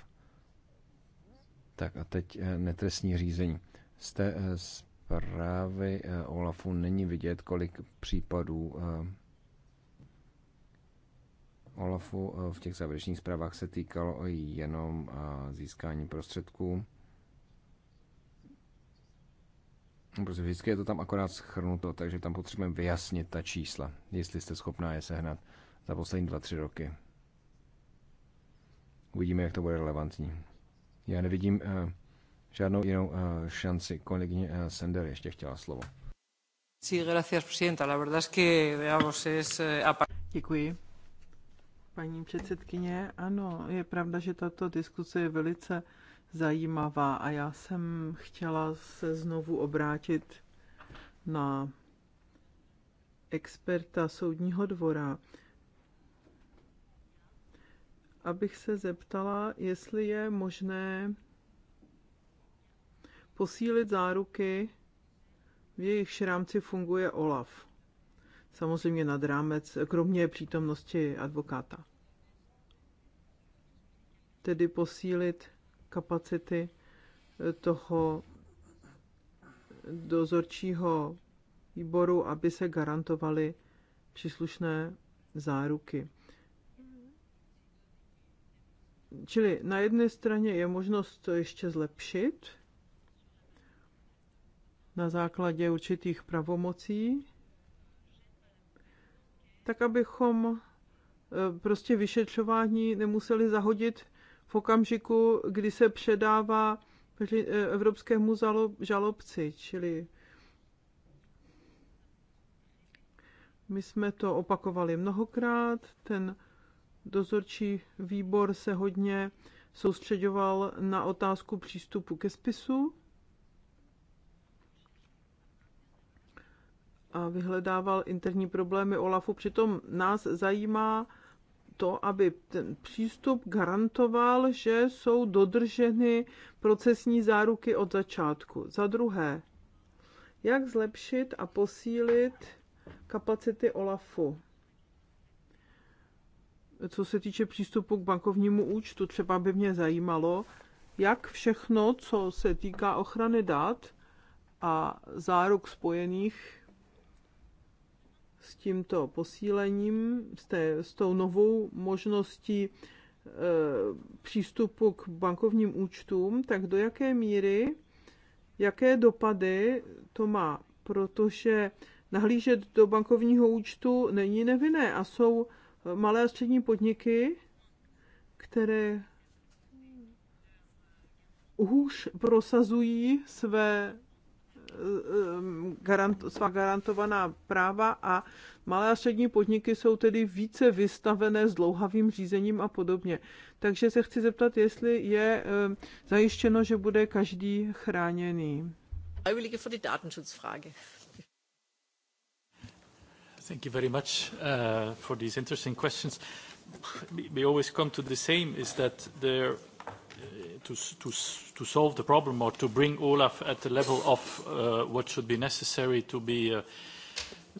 Tak a teď eh, netrestní řízení. Jste eh, zprávy eh, OLAFu není vidět, kolik případů eh, OLAFu eh, v těch závěrečných zprávách se týkalo jenom získání prostředků. Prostě vždycky je to tam akorát schrnuto, takže tam potřebujeme vyjasnit ta čísla, jestli jste schopná je sehnat za poslední dva, tři roky. Uvidíme, jak to bude relevantní. Já nevidím žádnou jinou eh, šanci. Kolegyně eh, Sender ještě chtěla slovo. Eh, Děkuji. Paní předsedkyně, ano, je pravda, že tato diskuse je velice zajímavá a já jsem chtěla se znovu obrátit na experta soudního dvora, abych se zeptala, jestli je možné posílit záruky, v jejich rámci funguje OLAF. Samozřejmě nad rámec, kromě přítomnosti advokáta. Tedy posílit kapacity eh, toho dozorčího výboru, aby se garantovaly příslušné záruky. Čili na jedné straně je možnost to ještě zlepšit, na základě určitých pravomocí, tak abychom e, prostě vyšetřování nemuseli zahodit v okamžiku, kdy se předává e, evropskému žalobci, čili my jsme to opakovali mnohokrát, ten dozorčí výbor se hodně soustředoval na otázku přístupu ke spisu a vyhledával interní problémy OLAFu. Přitom nás zajímá to, aby ten přístup garantoval, že jsou dodrženy procesní záruky od začátku. Za druhé, jak zlepšit a posílit kapacity OLAFu? Co se týče přístupu k bankovnímu účtu, třeba by mě zajímalo, jak všechno, co se týká ochrany dat a záruk spojených s tímto posílením, s, té, s tou novou možností e, přístupu k bankovním účtům, tak do jaké míry, jaké dopady to má, protože nahlížet do bankovního účtu není nevinné a jsou malé a střední podniky, které hůř prosazují své Eh, eh, garant, svá garantovaná práva a malé a střední podniky jsou tedy více vystavené zdlouhavým řízením a podobně. Takže se chci zeptat, jestli je eh, zajištěno, že bude každý chráněný. Freiwillige für datenschutz Datenschutzfrage. Thank you very much uh, for these interesting questions. We always come to the same, is that there to, to, to solve the problem or to bring Olaf at the level of uh, what should be necessary to be uh,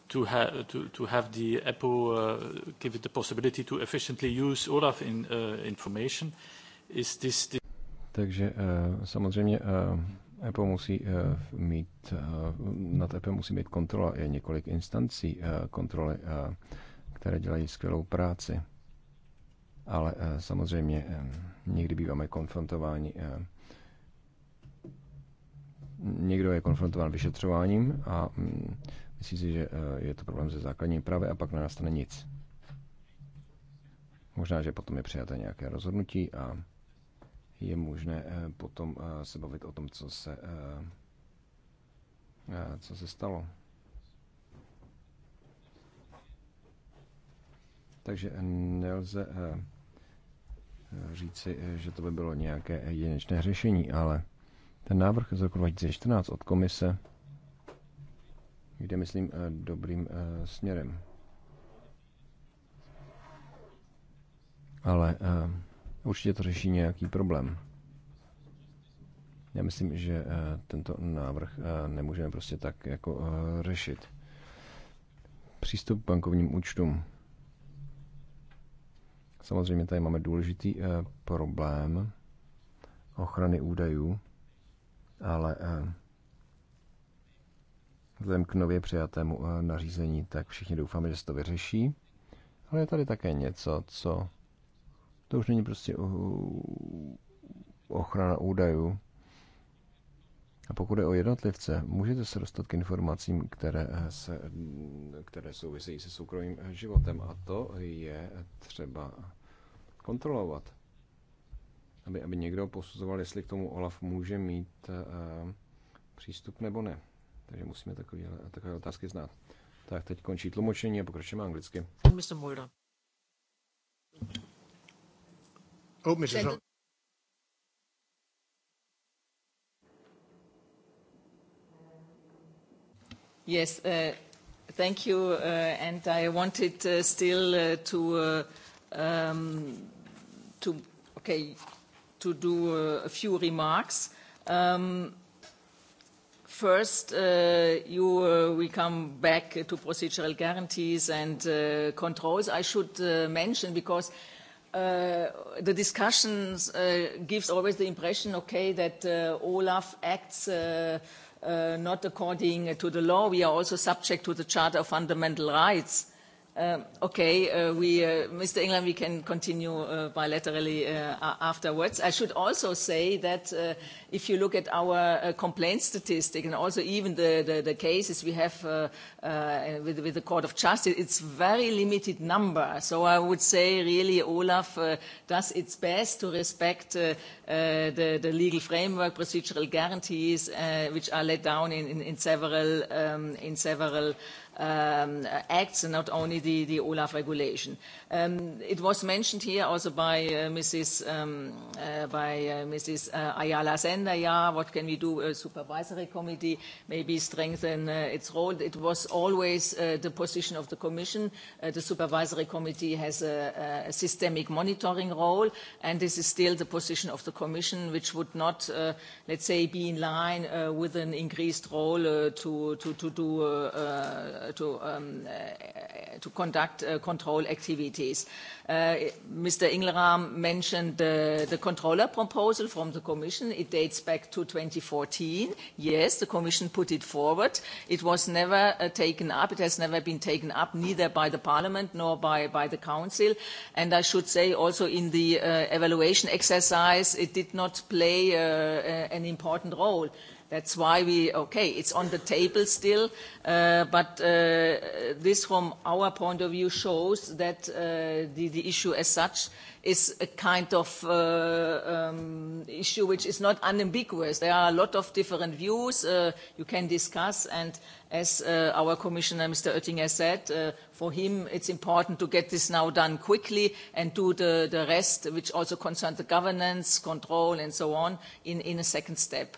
to, ha to, to have the EPO uh, give it the possibility to efficiently use Olaf in, uh, information. Is this, the Takže uh, samozřejmě uh, EPO musí uh, mít, uh, nad EPO musí mít kontrola, je několik instancí uh, kontroly, uh, které dělají skvělou práci ale eh, samozřejmě eh, někdy býváme konfrontováni. Eh, někdo je konfrontován vyšetřováním a mm, myslí si, že je to problém se základním právy a pak nenastane nic. Možná, že potom je přijaté nějaké rozhodnutí a je možné potom se bavit o tom, co se, co se stalo. Takže nelze říci, že to by bylo nějaké jedinečné řešení, ale ten návrh z roku 2014 od komise jde, myslím, eh, dobrým eh, směrem. Ale eh, určitě to řeší nějaký problém. Já myslím, že tento návrh nemůžeme prostě tak jako řešit. Přístup k bankovním účtům. Samozřejmě tady máme důležitý eh, problém ochrany údajů, ale eh, vzhledem k nově přijatému eh, nařízení, tak všichni doufáme, že se to vyřeší. Ale je tady také něco, co to už není prostě ochrana údajů, a pokud je o jednotlivce, můžete se dostat k informacím, které, eh, se, které souvisejí se soukromým eh, životem a to je třeba kontrolovat. Aby, aby někdo posuzoval, jestli k tomu OLAF může mít uh, přístup nebo ne. Takže musíme takové, takové otázky znát. Tak teď končí tlumočení a pokračujeme anglicky. Mr. Mulder. Oh, Mr. Yes, uh, thank you. Uh, I wanted uh, still um, to, do a few remarks. Um, first, we come back to procedural guarantees and controls. I should mention because the discussions gives always the impression, okay, that Olaf acts Uh, not according to the law. We are also subject to the Charter of Fundamental Rights Um, okay, uh, we, uh, Mr. England, we can continue uh, bilaterally uh, afterwards. I should also say that uh, if you look at our uh, complaint statistic and also even the, the, the cases we have with, with the Court of Justice, it's very limited number. So I would say really Olaf does its best to respect the, the legal framework, procedural guarantees, which are laid down in, in, in several, um, in several um, acts and not only the, the Olaf regulation. Um, it was mentioned here also by uh, Mrs. Um, uh, by uh, Mrs. Uh, Ayala Sender. Yeah, what can we do? A supervisory committee maybe strengthen uh, its role. It was always uh, the position of the Commission. the supervisory committee has a, a, systemic monitoring role, and this is still the position of the Commission, which would not, let's say, be in line with an increased role to, to, to do to, um, uh, to conduct uh, control activities. Uh, Mr. Ingleram mentioned the controller proposal from the Commission. It dates back to 2014. Yes, the Commission put it forward. It was never taken up. It has never been taken up, neither by the Parliament nor by, by the Council. And I should say also in the evaluation exercise, it did not play an important role. That's why we, okay, it's on the table still, uh, but uh, this from our point of view shows that uh, the, issue as such is a kind of um, issue which is not unambiguous. There are a lot of different views you can discuss, and as our Commissioner, Mr. Oettinger, said, for him it's important to get this now done quickly and do the, rest, which also concerns the governance, control, and so on, in a second step.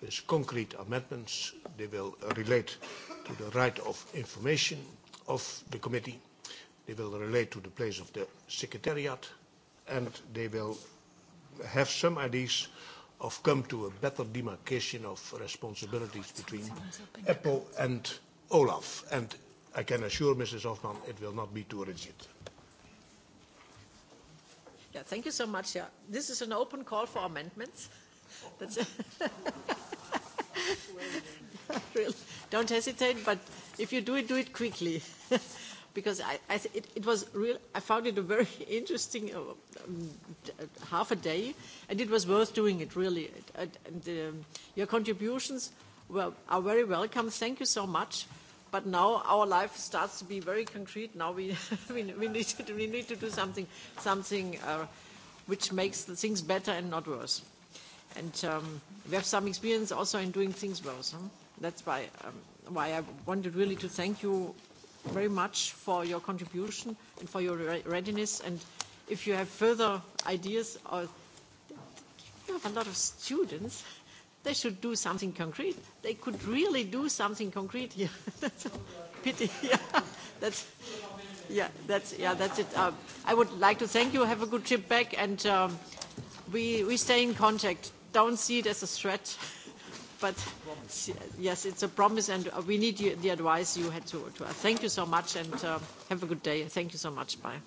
with concrete amendments. They will relate to the right of information of the committee. They will relate to the place of the secretariat, and they will have some ideas of come to a better demarcation of responsibilities between EPPO and Olaf. And I can assure Mrs. Hoffman it will not be too rigid. Yeah, thank you so much. Yeah. This is an open call for amendments. That's it. Don't hesitate, but if you do it, do it quickly. because I, I it, it was real, I found it a very interesting uh, um, uh, half a day, and it was worth doing it, really. it, uh, and um, your contributions were, are very welcome. Thank you so much. But now our life starts to be very concrete. Now we, we, we, need, to, we need to do something, something uh, which makes the things better and not worse. And um, we have some experience also in doing things well. So That's why, um, why I wanted really to thank you very much for your contribution and for your re readiness. And if you have further ideas, or you have a lot of students, they should do something concrete. They could really do something concrete here. that's a pity. Yeah, that's, yeah, that's, yeah, that's it. Uh, I would like to thank you. Have a good trip back, and um, we, we stay in contact don't see it as a threat, but yes, it's a promise, and we need the advice you had to. to. Thank you so much, and uh, have a good day. Thank you so much. Bye.